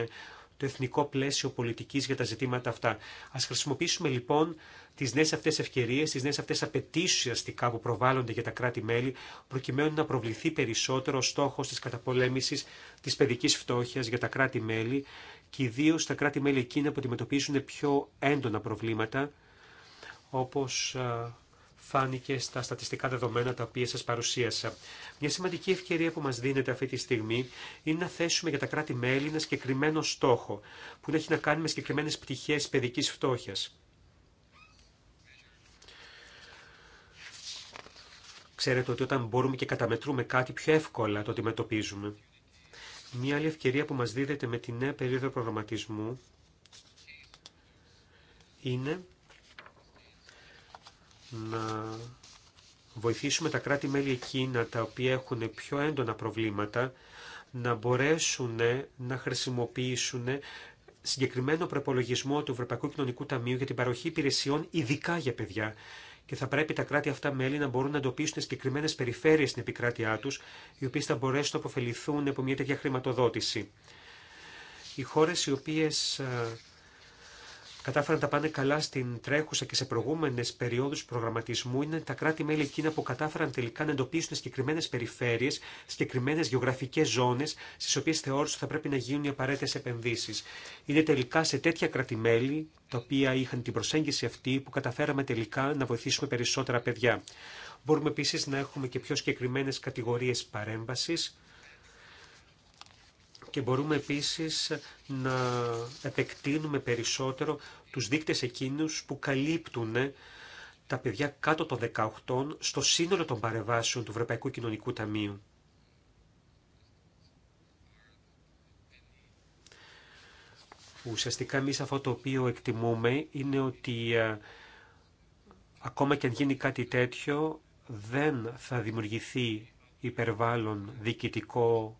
το εθνικό πλαίσιο πολιτική για τα ζητήματα αυτά. Ας χρησιμοποιήσουμε λοιπόν τις νέε αυτές ευκαιρίες, τις νέες αυτές απαιτήσει ουσιαστικά που προβάλλονται για τα κράτη-μέλη, προκειμένου να προβληθεί περισσότερο ο στόχος της καταπολέμησης της παιδικής φτώχειας για τα κράτη-μέλη και ιδίω τα κράτη-μέλη εκείνα που αντιμετωπίζουν πιο έντονα προβλήματα, όπως φάνηκε στα στατιστικά δεδομένα τα οποία σας παρουσίασα. Μια σημαντική ευκαιρία που μας δίνεται αυτή τη στιγμή είναι να θέσουμε για τα κράτη-μέλη ένα συγκεκριμένο στόχο που έχει να κάνει με συγκεκριμένε πτυχές παιδικής φτώχειας. Ξέρετε ότι όταν μπορούμε και καταμετρούμε κάτι πιο εύκολα το αντιμετωπίζουμε. Μία άλλη ευκαιρία που μας δίδεται με τη νέα περίοδο προγραμματισμού είναι να βοηθήσουμε τα κράτη-μέλη εκείνα τα οποία έχουν πιο έντονα προβλήματα να μπορέσουν να χρησιμοποιήσουν συγκεκριμένο προπολογισμό του Ευρωπαϊκού Κοινωνικού Ταμείου για την παροχή υπηρεσιών ειδικά για παιδιά. Και θα πρέπει τα κράτη αυτά μέλη να μπορούν να εντοπίσουν συγκεκριμένε περιφέρειες στην επικράτειά του, οι οποίε θα μπορέσουν να αποφεληθούν από μια τέτοια χρηματοδότηση. Οι χώρε οι οποίε κατάφεραν τα πάνε καλά στην τρέχουσα και σε προηγούμενε περιόδου προγραμματισμού είναι τα κράτη-μέλη εκείνα που κατάφεραν τελικά να εντοπίσουν συγκεκριμένε περιφέρειε, συγκεκριμένε γεωγραφικέ ζώνε, στι οποίε θεώρησαν ότι θα πρέπει να γίνουν οι απαραίτητε επενδύσει. Είναι τελικά σε τέτοια κράτη-μέλη, τα οποία είχαν την προσέγγιση αυτή, που καταφέραμε τελικά να βοηθήσουμε περισσότερα παιδιά. Μπορούμε επίση να έχουμε και πιο συγκεκριμένε κατηγορίε παρέμβαση και μπορούμε επίσης να επεκτείνουμε περισσότερο τους δείκτες εκείνους που καλύπτουν ε, τα παιδιά κάτω των 18 στο σύνολο των παρεμβάσεων του Ευρωπαϊκού Κοινωνικού Ταμείου. Ουσιαστικά εμεί αυτό το οποίο εκτιμούμε είναι ότι α, ε, ακόμα και αν γίνει κάτι τέτοιο δεν θα δημιουργηθεί υπερβάλλον διοικητικό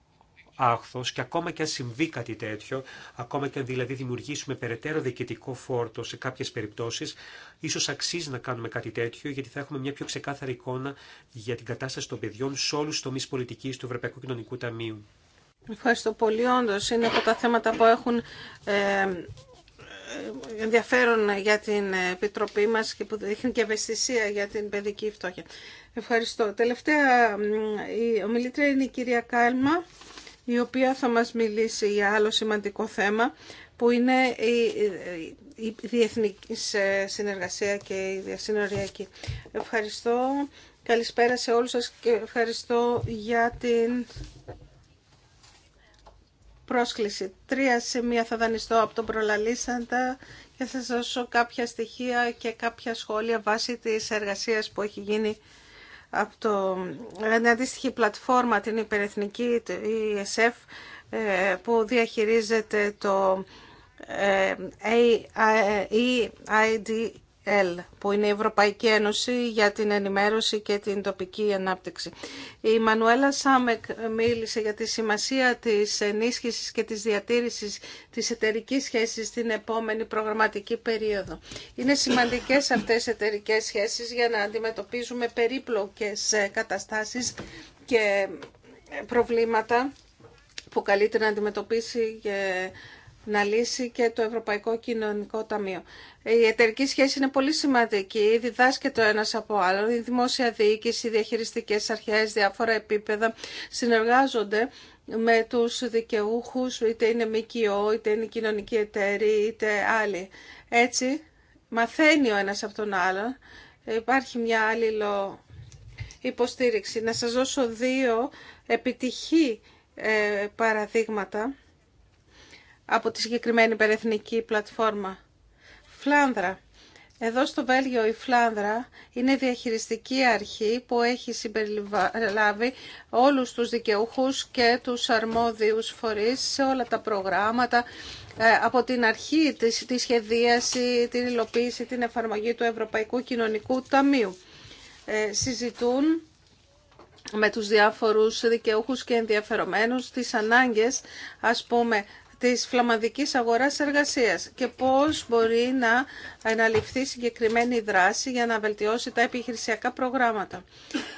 άχθος και ακόμα και αν συμβεί κάτι τέτοιο, ακόμα και αν δηλαδή δημιουργήσουμε περαιτέρω διοικητικό φόρτο σε κάποιες περιπτώσεις, ίσως αξίζει να κάνουμε κάτι τέτοιο γιατί θα έχουμε μια πιο ξεκάθαρη εικόνα για την κατάσταση των παιδιών σε όλους τους τομείς πολιτικής του Ευρωπαϊκού Κοινωνικού Ταμείου. Ευχαριστώ πολύ. Όντω είναι από τα θέματα που έχουν ε, ενδιαφέρον για την Επιτροπή μας και που δείχνει και ευαισθησία για την παιδική φτώχεια. Ευχαριστώ. Τελευταία η ομιλήτρια είναι η κυρία Κάλμα η οποία θα μας μιλήσει για άλλο σημαντικό θέμα που είναι η διεθνή συνεργασία και η διασυνοριακή. Ευχαριστώ. Καλησπέρα σε όλους σας και ευχαριστώ για την πρόσκληση. Τρία σημεία θα δανειστώ από τον προλαλήσαντα και θα σας δώσω κάποια στοιχεία και κάποια σχόλια βάσει της εργασίας που έχει γίνει από το, την αντίστοιχη πλατφόρμα την υπερεθνική η ESF ε, που διαχειρίζεται το ε, ε, EID που είναι η Ευρωπαϊκή Ένωση για την ενημέρωση και την τοπική ανάπτυξη. Η Μανουέλα Σάμεκ μίλησε για τη σημασία της ενίσχυσης και της διατήρησης της εταιρική σχέσης στην επόμενη προγραμματική περίοδο. Είναι σημαντικές αυτές οι εταιρικέ σχέσεις για να αντιμετωπίζουμε περίπλοκες καταστάσεις και προβλήματα που καλύτερα να αντιμετωπίσει και να λύσει και το Ευρωπαϊκό Κοινωνικό Ταμείο. Η εταιρική σχέση είναι πολύ σημαντική, διδάσκεται ο ένας από άλλον, η δημόσια διοίκηση, οι διαχειριστικές αρχές, διάφορα επίπεδα συνεργάζονται με τους δικαιούχους, είτε είναι ΜΚΟ, είτε είναι κοινωνική εταιρή, είτε άλλοι. Έτσι, μαθαίνει ο ένας από τον άλλον. Υπάρχει μια άλλη υποστήριξη. Να σας δώσω δύο επιτυχή ε, παραδείγματα από τη συγκεκριμένη υπερεθνική πλατφόρμα. Φλάνδρα. Εδώ στο Βέλγιο η Φλάνδρα είναι διαχειριστική αρχή που έχει συμπεριλάβει όλους τους δικαιούχους και τους αρμόδιους φορείς σε όλα τα προγράμματα ε, από την αρχή της, τη σχεδίαση, την υλοποίηση, την εφαρμογή του Ευρωπαϊκού Κοινωνικού Ταμείου. Ε, συζητούν με τους διάφορους δικαιούχους και ενδιαφερομένους τις ανάγκες, ας πούμε, της φλαμαδικής αγοράς εργασίας και πώς μπορεί να αναλυφθεί συγκεκριμένη δράση για να βελτιώσει τα επιχειρησιακά προγράμματα.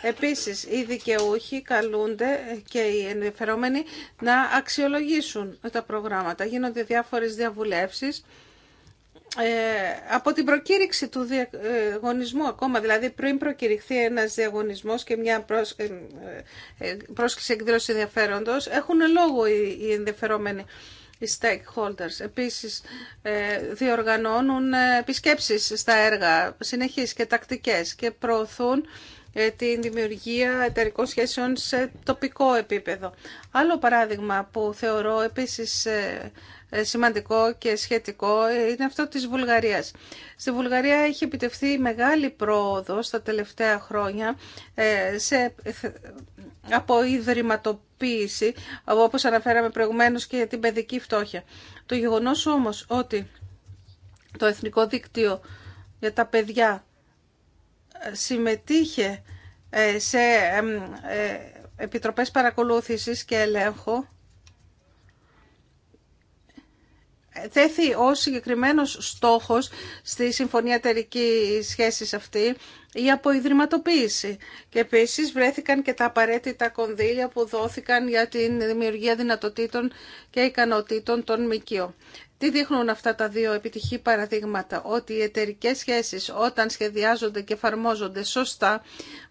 Επίσης, οι δικαιούχοι καλούνται και οι ενδιαφερόμενοι να αξιολογήσουν τα προγράμματα. Γίνονται διάφορες διαβουλεύσεις ε, από την προκήρυξη του διαγωνισμού ακόμα, δηλαδή πριν προκηρυχθεί ένας διαγωνισμός και μια ε, ε, πρόσκληση εκδήλωση ενδιαφέροντος, έχουν λόγο οι ενδιαφερόμενοι οι stakeholders. Επίσης, ε, διοργανώνουν ε, επισκέψεις στα έργα, συνεχείς και τακτικές και προωθούν ε, την δημιουργία εταιρικών σχέσεων σε τοπικό επίπεδο. Άλλο παράδειγμα που θεωρώ επίσης ε, ε, σημαντικό και σχετικό είναι αυτό της Βουλγαρίας. Στη Βουλγαρία έχει επιτευχθεί μεγάλη πρόοδο στα τελευταία χρόνια σε, από ιδρυματοποίηση, όπως αναφέραμε προηγουμένως και για την παιδική φτώχεια. Το γεγονός όμως ότι το Εθνικό Δίκτυο για τα παιδιά συμμετείχε ε, σε ε, επιτροπές παρακολούθησης και ελέγχου θέθη ως συγκεκριμένο στόχος στη συμφωνία εταιρική σχέσης αυτή η αποϊδρυματοποίηση. Και επίσης βρέθηκαν και τα απαραίτητα κονδύλια που δόθηκαν για τη δημιουργία δυνατοτήτων και ικανοτήτων των ΜΚΙΟ. Τι δείχνουν αυτά τα δύο επιτυχή παραδείγματα, ότι οι εταιρικέ σχέσεις όταν σχεδιάζονται και εφαρμόζονται σωστά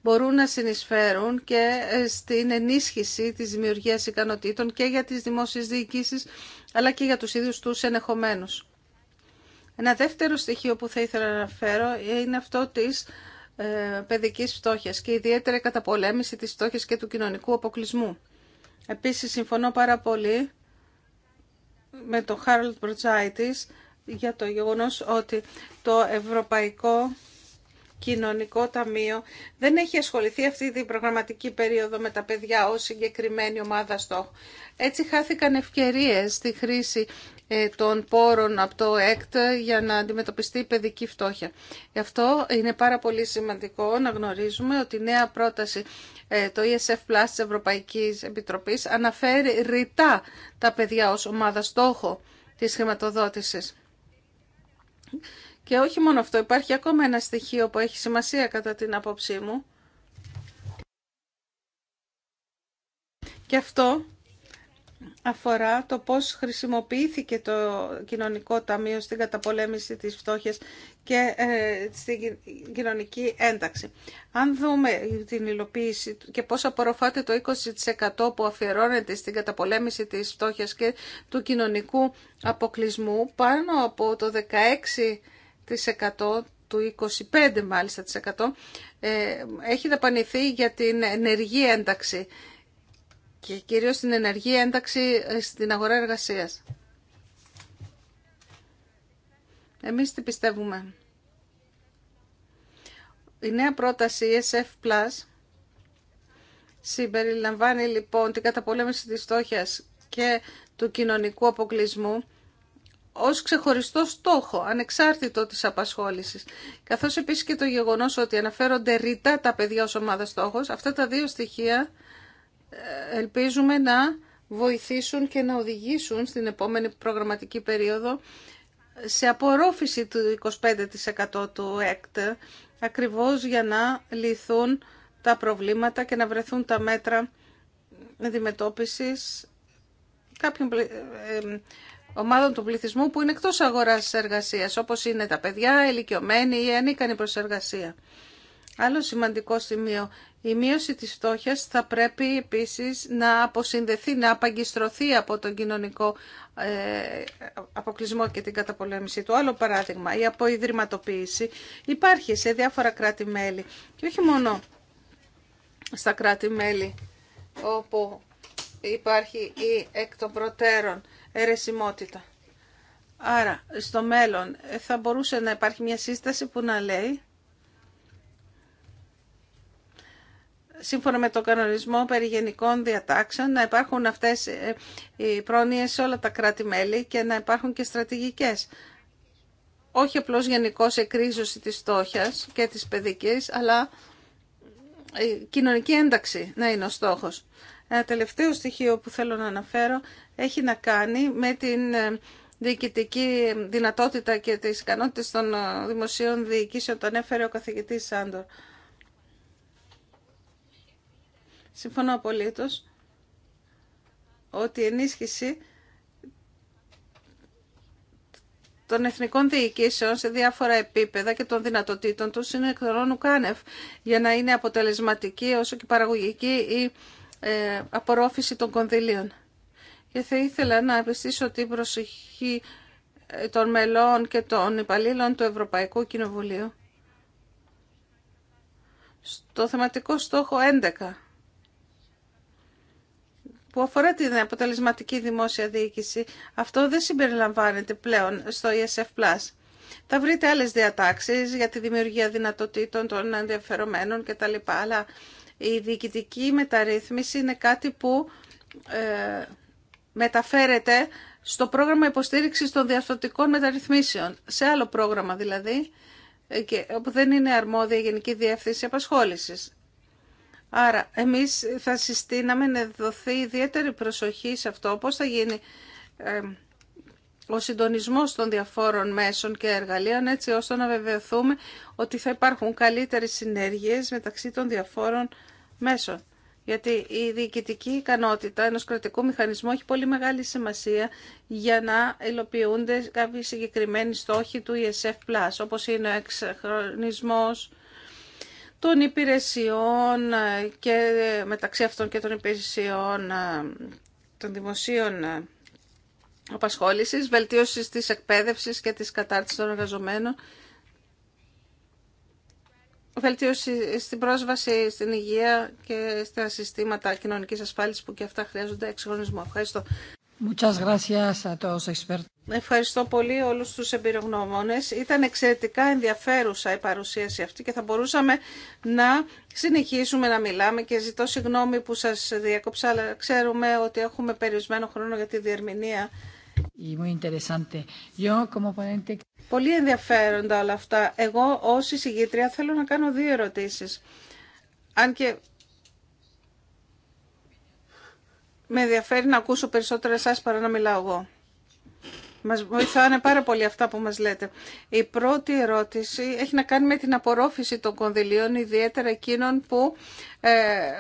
μπορούν να συνεισφέρουν και ε, στην ενίσχυση της δημιουργίας ικανοτήτων και για τις δημόσιες διοικήσεις αλλά και για τους ίδιους τους ενεχομένους. Ένα δεύτερο στοιχείο που θα ήθελα να αναφέρω είναι αυτό της ε, παιδικής φτώχειας και ιδιαίτερα η καταπολέμηση της φτώχειας και του κοινωνικού αποκλεισμού. Επίσης συμφωνώ πάρα πολύ με τον Χάρολτ Μπροτσάιτης για το γεγονός ότι το Ευρωπαϊκό κοινωνικό ταμείο δεν έχει ασχοληθεί αυτή την προγραμματική περίοδο με τα παιδιά ως συγκεκριμένη ομάδα στόχου. Έτσι χάθηκαν ευκαιρίες στη χρήση ε, των πόρων από το ΕΚΤ για να αντιμετωπιστεί η παιδική φτώχεια. Γι' αυτό είναι πάρα πολύ σημαντικό να γνωρίζουμε ότι η νέα πρόταση ε, το ESF Plus της Ευρωπαϊκής Επιτροπής αναφέρει ρητά τα παιδιά ως ομάδα στόχο της χρηματοδότησης και όχι μόνο αυτό, υπάρχει ακόμα ένα στοιχείο που έχει σημασία κατά την άποψή μου. Και αυτό αφορά το πώς χρησιμοποιήθηκε το κοινωνικό ταμείο στην καταπολέμηση της φτώχειας και ε, στην κοινωνική ένταξη. Αν δούμε την υλοποίηση και πώς απορροφάται το 20% που αφιερώνεται στην καταπολέμηση της φτώχειας και του κοινωνικού αποκλεισμού, πάνω από το του 25% μάλιστα ε, έχει δαπανηθεί για την ενεργή ένταξη και κυρίως την ενεργή ένταξη ε, στην αγορά εργασίας. Εμείς τι πιστεύουμε. Η νέα πρόταση ESF Plus συμπεριλαμβάνει λοιπόν την καταπολέμηση της στόχιας και του κοινωνικού αποκλεισμού ως ξεχωριστό στόχο, ανεξάρτητο της απασχόλησης. Καθώς επίσης και το γεγονός ότι αναφέρονται ρητά τα παιδιά ως ομάδα στόχος, αυτά τα δύο στοιχεία ε, ελπίζουμε να βοηθήσουν και να οδηγήσουν στην επόμενη προγραμματική περίοδο σε απορρόφηση του 25% του ΕΚΤ, ακριβώς για να λυθούν τα προβλήματα και να βρεθούν τα μέτρα αντιμετώπισης κάποιων ε, ε, ομάδων του πληθυσμού που είναι εκτός αγοράς εργασίας, όπως είναι τα παιδιά, ηλικιωμένοι ή ανίκανοι προς εργασία. Άλλο σημαντικό σημείο, η μείωση της φτώχειας θα πρέπει επίσης να αποσυνδεθεί, να απαγκιστρωθεί από τον κοινωνικό ε, αποκλεισμό και την καταπολέμηση του. Άλλο παράδειγμα, η αποϊδρυματοποίηση υπάρχει σε διάφορα κράτη-μέλη και όχι μόνο στα κράτη-μέλη όπου υπάρχει η εκ των προτέρων αιρεσιμότητα. Άρα, στο μέλλον ε, θα μπορούσε να υπάρχει μια σύσταση που να λέει σύμφωνα με τον κανονισμό περί γενικών διατάξεων, να υπάρχουν αυτές ε, οι πρόνοιες σε όλα τα κράτη-μέλη και να υπάρχουν και στρατηγικές. Όχι απλώ γενικώ εκρίζωση της στόχιας και της παιδικής, αλλά η ε, κοινωνική ένταξη να είναι ο στόχος. Ένα τελευταίο στοιχείο που θέλω να αναφέρω έχει να κάνει με την ε, διοικητική δυνατότητα και τις ικανότητες των ε, δημοσίων διοικήσεων, τον έφερε ο καθηγητής Σάντορ. Συμφωνώ απολύτως ότι η ενίσχυση των εθνικών διοικήσεων σε διάφορα επίπεδα και των δυνατοτήτων τους είναι εκ των για να είναι αποτελεσματική όσο και παραγωγική η ε, απορρόφηση των κονδυλίων. Και θα ήθελα να επιστήσω την προσοχή ε, των μελών και των υπαλλήλων του Ευρωπαϊκού Κοινοβουλίου στο θεματικό στόχο 11 που αφορά την αποτελεσματική δημόσια διοίκηση. Αυτό δεν συμπεριλαμβάνεται πλέον στο ESF+. Θα βρείτε άλλες διατάξεις για τη δημιουργία δυνατοτήτων των ενδιαφερομένων κτλ. Αλλά η διοικητική μεταρρύθμιση είναι κάτι που ε, μεταφέρεται στο πρόγραμμα υποστήριξης των διαφθορτικών μεταρρυθμίσεων, σε άλλο πρόγραμμα δηλαδή, ε, και, όπου δεν είναι αρμόδια η Γενική Διεύθυνση Απασχόλησης. Άρα, εμείς θα συστήναμε να δοθεί ιδιαίτερη προσοχή σε αυτό, πώς θα γίνει ε, ο συντονισμός των διαφόρων μέσων και εργαλείων έτσι ώστε να βεβαιωθούμε ότι θα υπάρχουν καλύτερες συνέργειες μεταξύ των διαφόρων μέσων. Γιατί η διοικητική ικανότητα ενός κρατικού μηχανισμού έχει πολύ μεγάλη σημασία για να υλοποιούνται κάποιοι συγκεκριμένοι στόχοι του ESF+, όπως είναι ο εξχρονισμός των υπηρεσιών και μεταξύ αυτών και των υπηρεσιών ε, των δημοσίων ε, Βελτίωση βελτίωσης της εκπαίδευσης και τη κατάρτιση των εργαζομένων, βελτίωση στην πρόσβαση στην υγεία και στα συστήματα κοινωνική ασφάλισης που και αυτά χρειάζονται εξυγχρονισμό. Ευχαριστώ. Ευχαριστώ πολύ όλους τους εμπειρογνώμονες. Ήταν εξαιρετικά ενδιαφέρουσα η παρουσίαση αυτή και θα μπορούσαμε να συνεχίσουμε να μιλάμε και ζητώ συγγνώμη που σας διέκοψα, αλλά ξέρουμε ότι έχουμε περιορισμένο χρόνο για τη διερμηνία. Πολύ ενδιαφέροντα όλα αυτά. Εγώ ως εισηγήτρια θέλω να κάνω δύο ερωτήσεις. Αν και με ενδιαφέρει να ακούσω περισσότερα εσάς παρά να μιλάω εγώ. Μας βοηθάνε πάρα πολύ αυτά που μας λέτε. Η πρώτη ερώτηση έχει να κάνει με την απορρόφηση των κονδυλίων, ιδιαίτερα εκείνων που ε,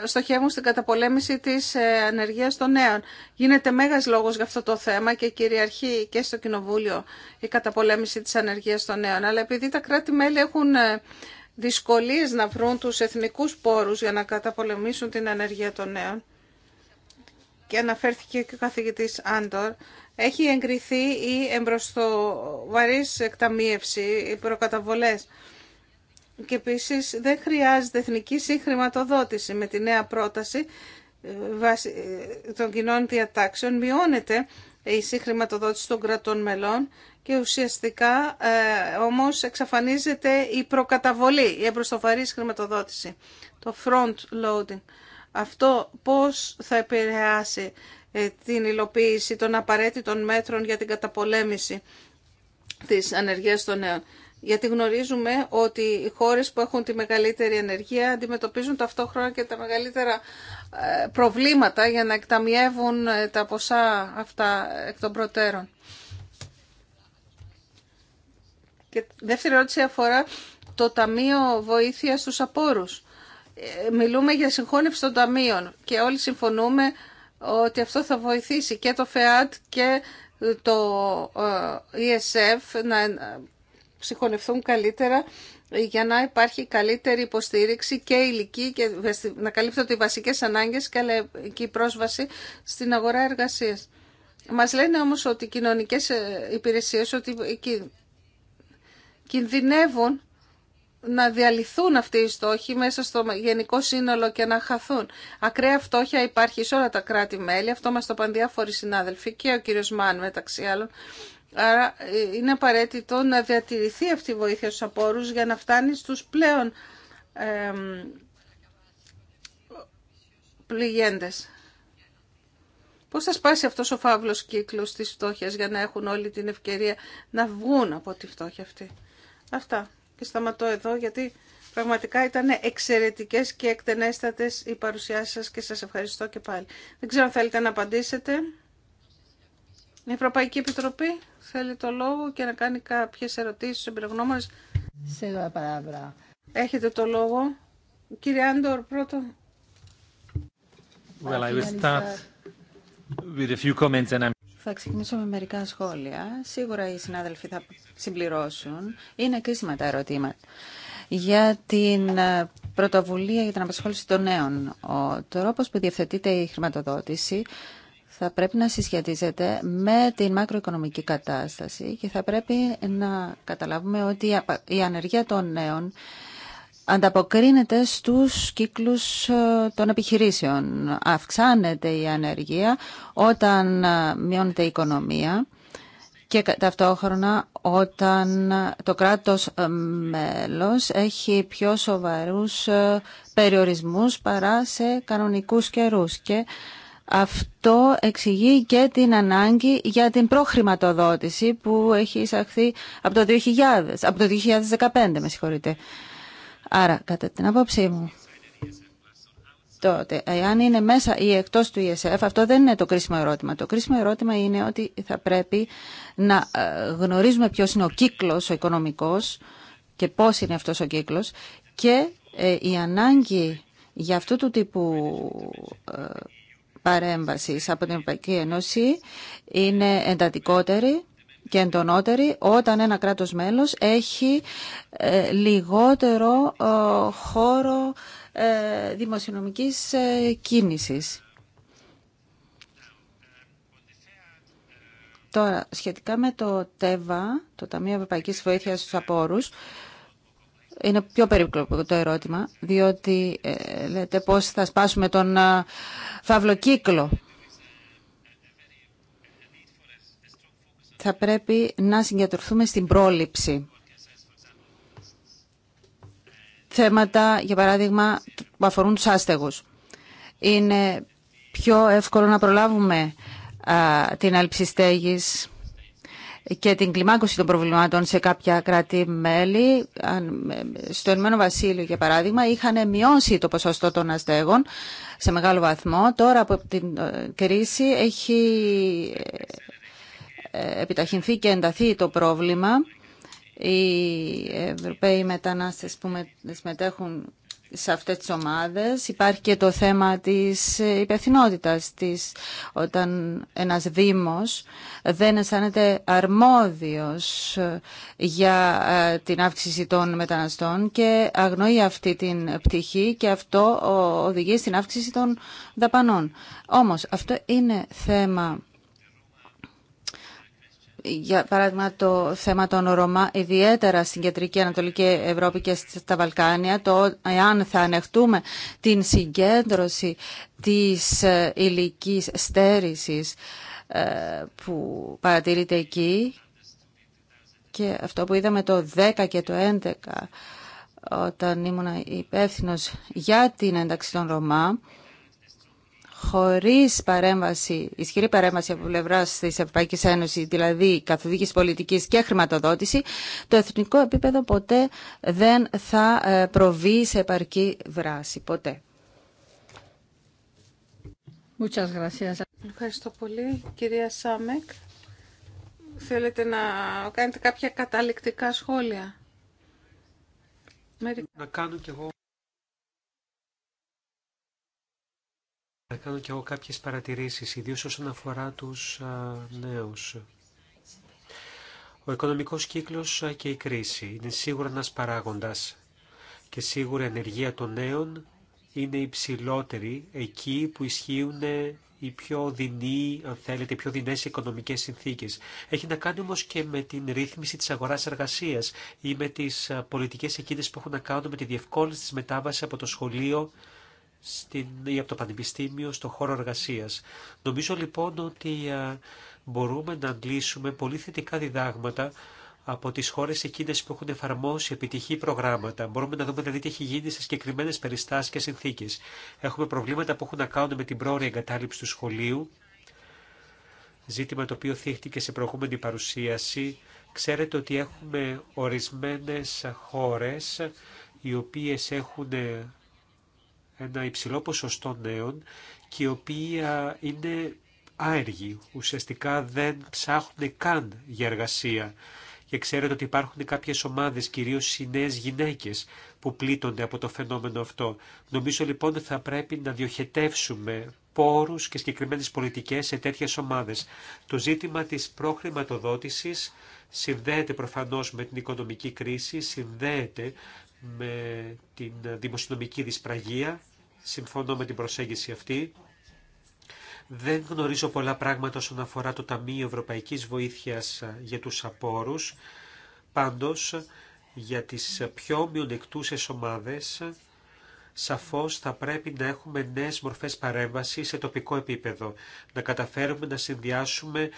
στοχεύουν στην καταπολέμηση της ε, ανεργίας των νέων. Γίνεται μέγας λόγος για αυτό το θέμα και κυριαρχεί και στο Κοινοβούλιο η καταπολέμηση της ανεργίας των νέων. Αλλά επειδή τα κράτη-μέλη έχουν ε, δυσκολίες να βρουν τους εθνικούς πόρους για να καταπολεμήσουν την ανεργία των νέων και αναφέρθηκε και ο καθηγητής Άντορ, έχει εγκριθεί η εμπροστοβαρής εκταμίευση, οι προκαταβολές. Και επίσης δεν χρειάζεται εθνική συγχρηματοδότηση. Με τη νέα πρόταση ε, ε, των κοινών διατάξεων μειώνεται η συγχρηματοδότηση των κρατών μελών και ουσιαστικά ε, όμως εξαφανίζεται η προκαταβολή, η εμπροστοβαρής χρηματοδότηση, το front loading αυτό πώς θα επηρεάσει ε, την υλοποίηση των απαραίτητων μέτρων για την καταπολέμηση της ανεργίας των νέων. Γιατί γνωρίζουμε ότι οι χώρες που έχουν τη μεγαλύτερη ανεργία αντιμετωπίζουν ταυτόχρονα και τα μεγαλύτερα ε, προβλήματα για να εκταμιεύουν ε, τα ποσά αυτά εκ των προτέρων. Και δεύτερη ερώτηση αφορά το Ταμείο Βοήθειας στους Απόρους μιλούμε για συγχώνευση των ταμείων και όλοι συμφωνούμε ότι αυτό θα βοηθήσει και το ΦΕΑΤ και το ESF ε, να ε, συγχωνευθούν καλύτερα για να υπάρχει καλύτερη υποστήριξη και ηλική και να καλύπτονται οι βασικές ανάγκες και η πρόσβαση στην αγορά εργασίας. Μας λένε όμως ότι οι κοινωνικές ε, υπηρεσίες ότι κινδυνεύουν να διαλυθούν αυτοί οι στόχοι μέσα στο γενικό σύνολο και να χαθούν. Ακραία φτώχεια υπάρχει σε όλα τα κράτη-μέλη, αυτό μας το είπαν συνάδελφοι και ο κύριος Μάν μεταξύ άλλων. Άρα ε, είναι απαραίτητο να διατηρηθεί αυτή η βοήθεια στους απόρους για να φτάνει στους πλέον ε, πληγέντες. Πώς θα σπάσει αυτός ο φαύλος κύκλος της φτώχειας για να έχουν όλη την ευκαιρία να βγουν από τη φτώχεια αυτή. Αυτά και σταματώ εδώ γιατί πραγματικά ήταν εξαιρετικές και εκτενέστατες οι παρουσιάσεις σας και σας ευχαριστώ και πάλι. Δεν ξέρω αν θέλετε να απαντήσετε. Η Ευρωπαϊκή Επιτροπή θέλει το λόγο και να κάνει κάποιες ερωτήσεις στους εμπειρογνώμονες. Σε Έχετε το λόγο. Κύριε Άντορ, πρώτο. few comments and θα ξεκινήσω με μερικά σχόλια. Σίγουρα οι συνάδελφοι θα συμπληρώσουν. Είναι κρίσιμα τα ερωτήματα. Για την ε, πρωτοβουλία για την απασχόληση των νέων, ο τρόπος που διευθετείται η χρηματοδότηση θα πρέπει να συσχετίζεται με την μακροοικονομική κατάσταση και θα πρέπει να καταλάβουμε ότι η ανεργία των νέων ανταποκρίνεται στους κύκλους ε, των επιχειρήσεων. Αυξάνεται η ανεργία όταν ε, μειώνεται η οικονομία και ταυτόχρονα όταν ε, το κράτος μέλος έχει πιο σοβαρούς περιορισμούς παρά σε κανονικούς καιρούς. Και αυτό εξηγεί και την ανάγκη για την προχρηματοδότηση που έχει εισαχθεί από το, 2000, από το 2015. Με συγχωρείτε. Άρα, κατά την άποψή μου, τότε, εάν είναι μέσα ή εκτός του ESF, αυτό δεν είναι το κρίσιμο ερώτημα. Το κρίσιμο ερώτημα είναι ότι θα πρέπει να ε, γνωρίζουμε ποιος είναι ο κύκλος, ο οικονομικός και πώς είναι αυτός ο κύκλος και ε, η ανάγκη για αυτού του τύπου ε, παρέμβασης από την Ευρωπαϊκή Ένωση είναι εντατικότερη και εντονότερη όταν ένα κράτος μέλος έχει ε, λιγότερο ε, χώρο ε, δημοσιονομικής κίνησης. Τώρα, σχετικά με το ΤΕΒΑ, το Ταμείο Ευρωπαϊκής Βοήθειας στους Απόρους, είναι πιο περίπλοκο το ερώτημα, διότι λέτε πώς θα σπάσουμε τον φαύλο θα πρέπει να συγκεντρωθούμε στην πρόληψη. Θέματα, για παράδειγμα, που αφορούν τους άστεγους. Είναι πιο εύκολο να προλάβουμε την στέγης και την κλιμάκωση των προβλημάτων σε κάποια κράτη-μέλη. Στο Ηνωμένο Βασίλειο, για παράδειγμα, είχαν μειώσει το ποσοστό των αστέγων σε μεγάλο βαθμό. Τώρα από την ε, κρίση έχει επιταχυνθεί και ενταθεί το πρόβλημα. Οι Ευρωπαίοι μετανάστες που συμμετέχουν σε αυτές τις ομάδες υπάρχει και το θέμα της υπευθυνότητας της όταν ένας δήμος δεν αισθάνεται αρμόδιος ε, για ε, την αύξηση των μεταναστών και αγνοεί αυτή την πτυχή και αυτό οδηγεί στην αύξηση των δαπανών. Όμως αυτό είναι θέμα για παράδειγμα το θέμα των Ρωμά, ιδιαίτερα στην Κεντρική Ανατολική Ευρώπη και στα Βαλκάνια, το εάν θα ανεχτούμε την συγκέντρωση της ηλικής ε, στέρησης ε, που παρατηρείται εκεί και αυτό που είδαμε το 10 και το 11 όταν ήμουν υπεύθυνο για την ένταξη των Ρωμά, χωρίς παρέμβαση, ισχυρή παρέμβαση από πλευρά τη Ευρωπαϊκή Ένωση, δηλαδή καθοδήγηση πολιτική και χρηματοδότηση, το εθνικό επίπεδο ποτέ δεν θα ε, προβεί σε επαρκή δράση. Ποτέ. Ευχαριστώ πολύ, κυρία Σάμεκ. Θέλετε να κάνετε κάποια καταληκτικά σχόλια. Να κάνω εγώ Θα κάνω κι εγώ κάποιες παρατηρήσεις, ιδίως όσον αφορά τους νέους. Ο οικονομικός κύκλος και η κρίση είναι σίγουρα ένας παράγοντας και σίγουρα η ενεργεία των νέων είναι υψηλότερη εκεί που ισχύουν οι πιο δεινοί, αν θέλετε, οι πιο δεινές οικονομικές συνθήκες. Έχει να κάνει όμως και με την ρύθμιση της αγοράς εργασίας ή με τις πολιτικές εκείνες που έχουν να κάνουν με τη διευκόλυνση της μετάβασης από το σχολείο στην, ή από το Πανεπιστήμιο στον χώρο εργασία. Νομίζω λοιπόν ότι μπορούμε να αντλήσουμε πολύ θετικά διδάγματα από τις χώρες εκείνες που έχουν εφαρμόσει επιτυχή προγράμματα. Μπορούμε να δούμε δηλαδή τι έχει γίνει σε συγκεκριμένε περιστάσεις και συνθήκες. Έχουμε προβλήματα που έχουν να κάνουν με την πρόορια εγκατάλειψη του σχολείου, ζήτημα το οποίο θίχτηκε σε προηγούμενη παρουσίαση. Ξέρετε ότι έχουμε ορισμένες χώρες οι οποίες έχουν ένα υψηλό ποσοστό νέων και οι οποίοι είναι άεργοι, ουσιαστικά δεν ψάχνουν καν για εργασία. Και ξέρετε ότι υπάρχουν κάποιες ομάδες, κυρίως οι νέες γυναίκες, που πλήττονται από το φαινόμενο αυτό. Νομίζω λοιπόν ότι θα πρέπει να διοχετεύσουμε πόρους και συγκεκριμένες πολιτικές σε τέτοιες ομάδες. Το ζήτημα της προχρηματοδότησης συνδέεται προφανώς με την οικονομική κρίση, συνδέεται με την δημοσιονομική δυσπραγία. Συμφωνώ με την προσέγγιση αυτή. Δεν γνωρίζω πολλά πράγματα όσον αφορά το Ταμείο Ευρωπαϊκής Βοήθειας για τους απόρους. Πάντως, για τις πιο μειονεκτούσες ομάδες, σαφώς θα πρέπει να έχουμε νέες μορφές παρέμβαση σε τοπικό επίπεδο. Να καταφέρουμε να συνδυάσουμε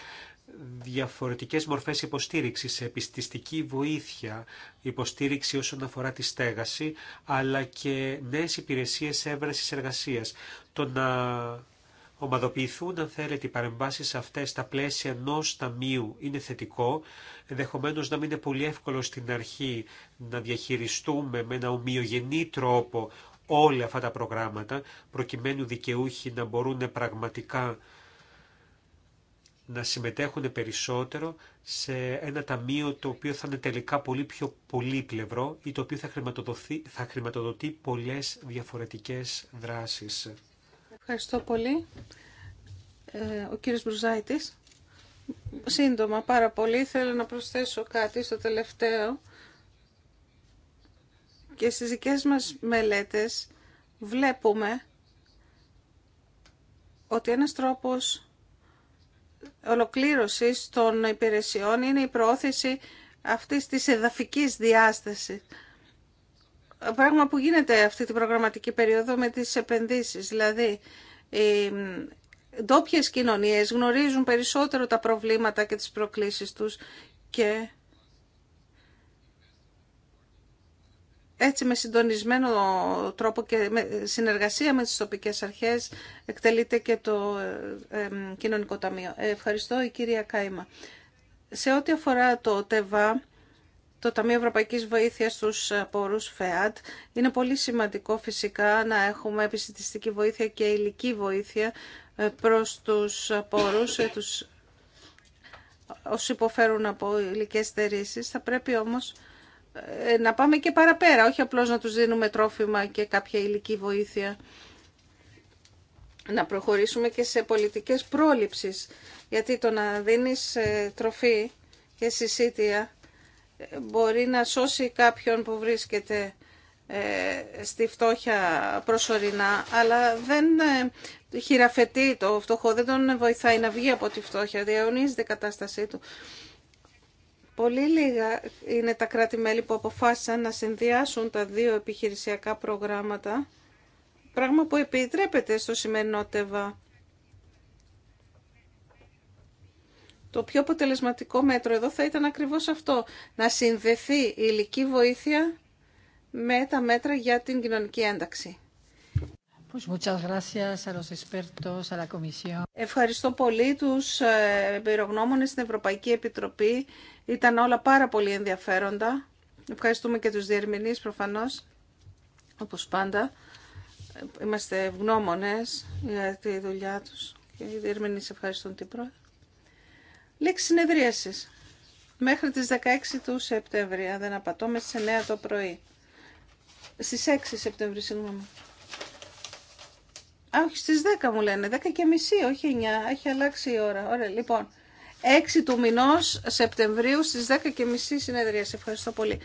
διαφορετικές μορφές υποστήριξης, επιστηστική βοήθεια, υποστήριξη όσον αφορά τη στέγαση, αλλά και νέες υπηρεσίες έβρασης εργασίας. Το να ομαδοποιηθούν, αν θέλετε, οι παρεμβάσεις αυτές στα πλαίσια ενό ταμείου είναι θετικό, ενδεχομένω να μην είναι πολύ εύκολο στην αρχή να διαχειριστούμε με ένα ομοιογενή τρόπο όλα αυτά τα προγράμματα, προκειμένου δικαιούχοι να μπορούν πραγματικά να συμμετέχουν περισσότερο σε ένα ταμείο το οποίο θα είναι τελικά πολύ πιο πολύπλευρο ή το οποίο θα, θα χρηματοδοτεί πολλές διαφορετικές δράσεις. Ευχαριστώ πολύ. Ε, ο κύριος Μπρουζάητης. Σύντομα, πάρα πολύ. Θέλω να προσθέσω κάτι στο τελευταίο. Και στις δικές μας μελέτες βλέπουμε ότι ένας τρόπος ολοκλήρωσης των υπηρεσιών είναι η προώθηση αυτής της εδαφικής διάστασης. Πράγμα που γίνεται αυτή την προγραμματική περίοδο με τις επενδύσεις. Δηλαδή, οι ντόπιες κοινωνίες γνωρίζουν περισσότερο τα προβλήματα και τις προκλήσεις τους και έτσι με συντονισμένο τρόπο και με συνεργασία με τις τοπικές αρχές εκτελείται και το ε, ε, Κοινωνικό Ταμείο. Ε, ευχαριστώ η κυρία Κάιμα. Σε ό,τι αφορά το ΤΕΒΑ, το Ταμείο Ευρωπαϊκής Βοήθειας στους πόρους ΦΕΑΤ, είναι πολύ σημαντικό φυσικά να έχουμε επιστημιστική βοήθεια και υλική βοήθεια προς τους πόρους, τους όσοι υποφέρουν από υλικές στερήσεις. Θα πρέπει όμως ε, να πάμε και παραπέρα, όχι απλώς να τους δίνουμε τρόφιμα και κάποια υλική βοήθεια. Να προχωρήσουμε και σε πολιτικές πρόληψεις γιατί το να δίνεις ε, τροφή και συσίτια ε, μπορεί να σώσει κάποιον που βρίσκεται στη φτώχεια προσωρινά, αλλά δεν χειραφετεί το φτωχό, δεν τον βοηθάει να βγει από τη φτώχεια, διαιωνίζεται η κατάστασή του. Πολύ λίγα είναι τα κράτη-μέλη που αποφάσισαν να συνδυάσουν τα δύο επιχειρησιακά προγράμματα, πράγμα που επιτρέπεται στο σημερινό ΤΕΒΑ. Το πιο αποτελεσματικό μέτρο εδώ θα ήταν ακριβώς αυτό, να συνδεθεί η ηλική βοήθεια με τα μέτρα για την κοινωνική ένταξη. Ευχαριστώ πολύ τους ε, εμπειρογνώμονες στην Ευρωπαϊκή Επιτροπή ήταν όλα πάρα πολύ ενδιαφέροντα. Ευχαριστούμε και τους διερμηνείς προφανώς, όπως πάντα. Είμαστε ευγνώμονες για τη δουλειά τους και οι διερμηνείς ευχαριστούν την πρώτη. Λήξη συνεδρίασης. Μέχρι τις 16 του Σεπτέμβρη, δεν απατώ, με σε 9 το πρωί. Στις 6 Σεπτέμβρη, συγγνώμη. Α, όχι, στις 10 μου λένε, 10 και μισή, όχι 9, έχει αλλάξει η ώρα. Ωραία, λοιπόν. 6 του μηνός Σεπτεμβρίου στις 10.30 συνεδρία. Ευχαριστώ πολύ.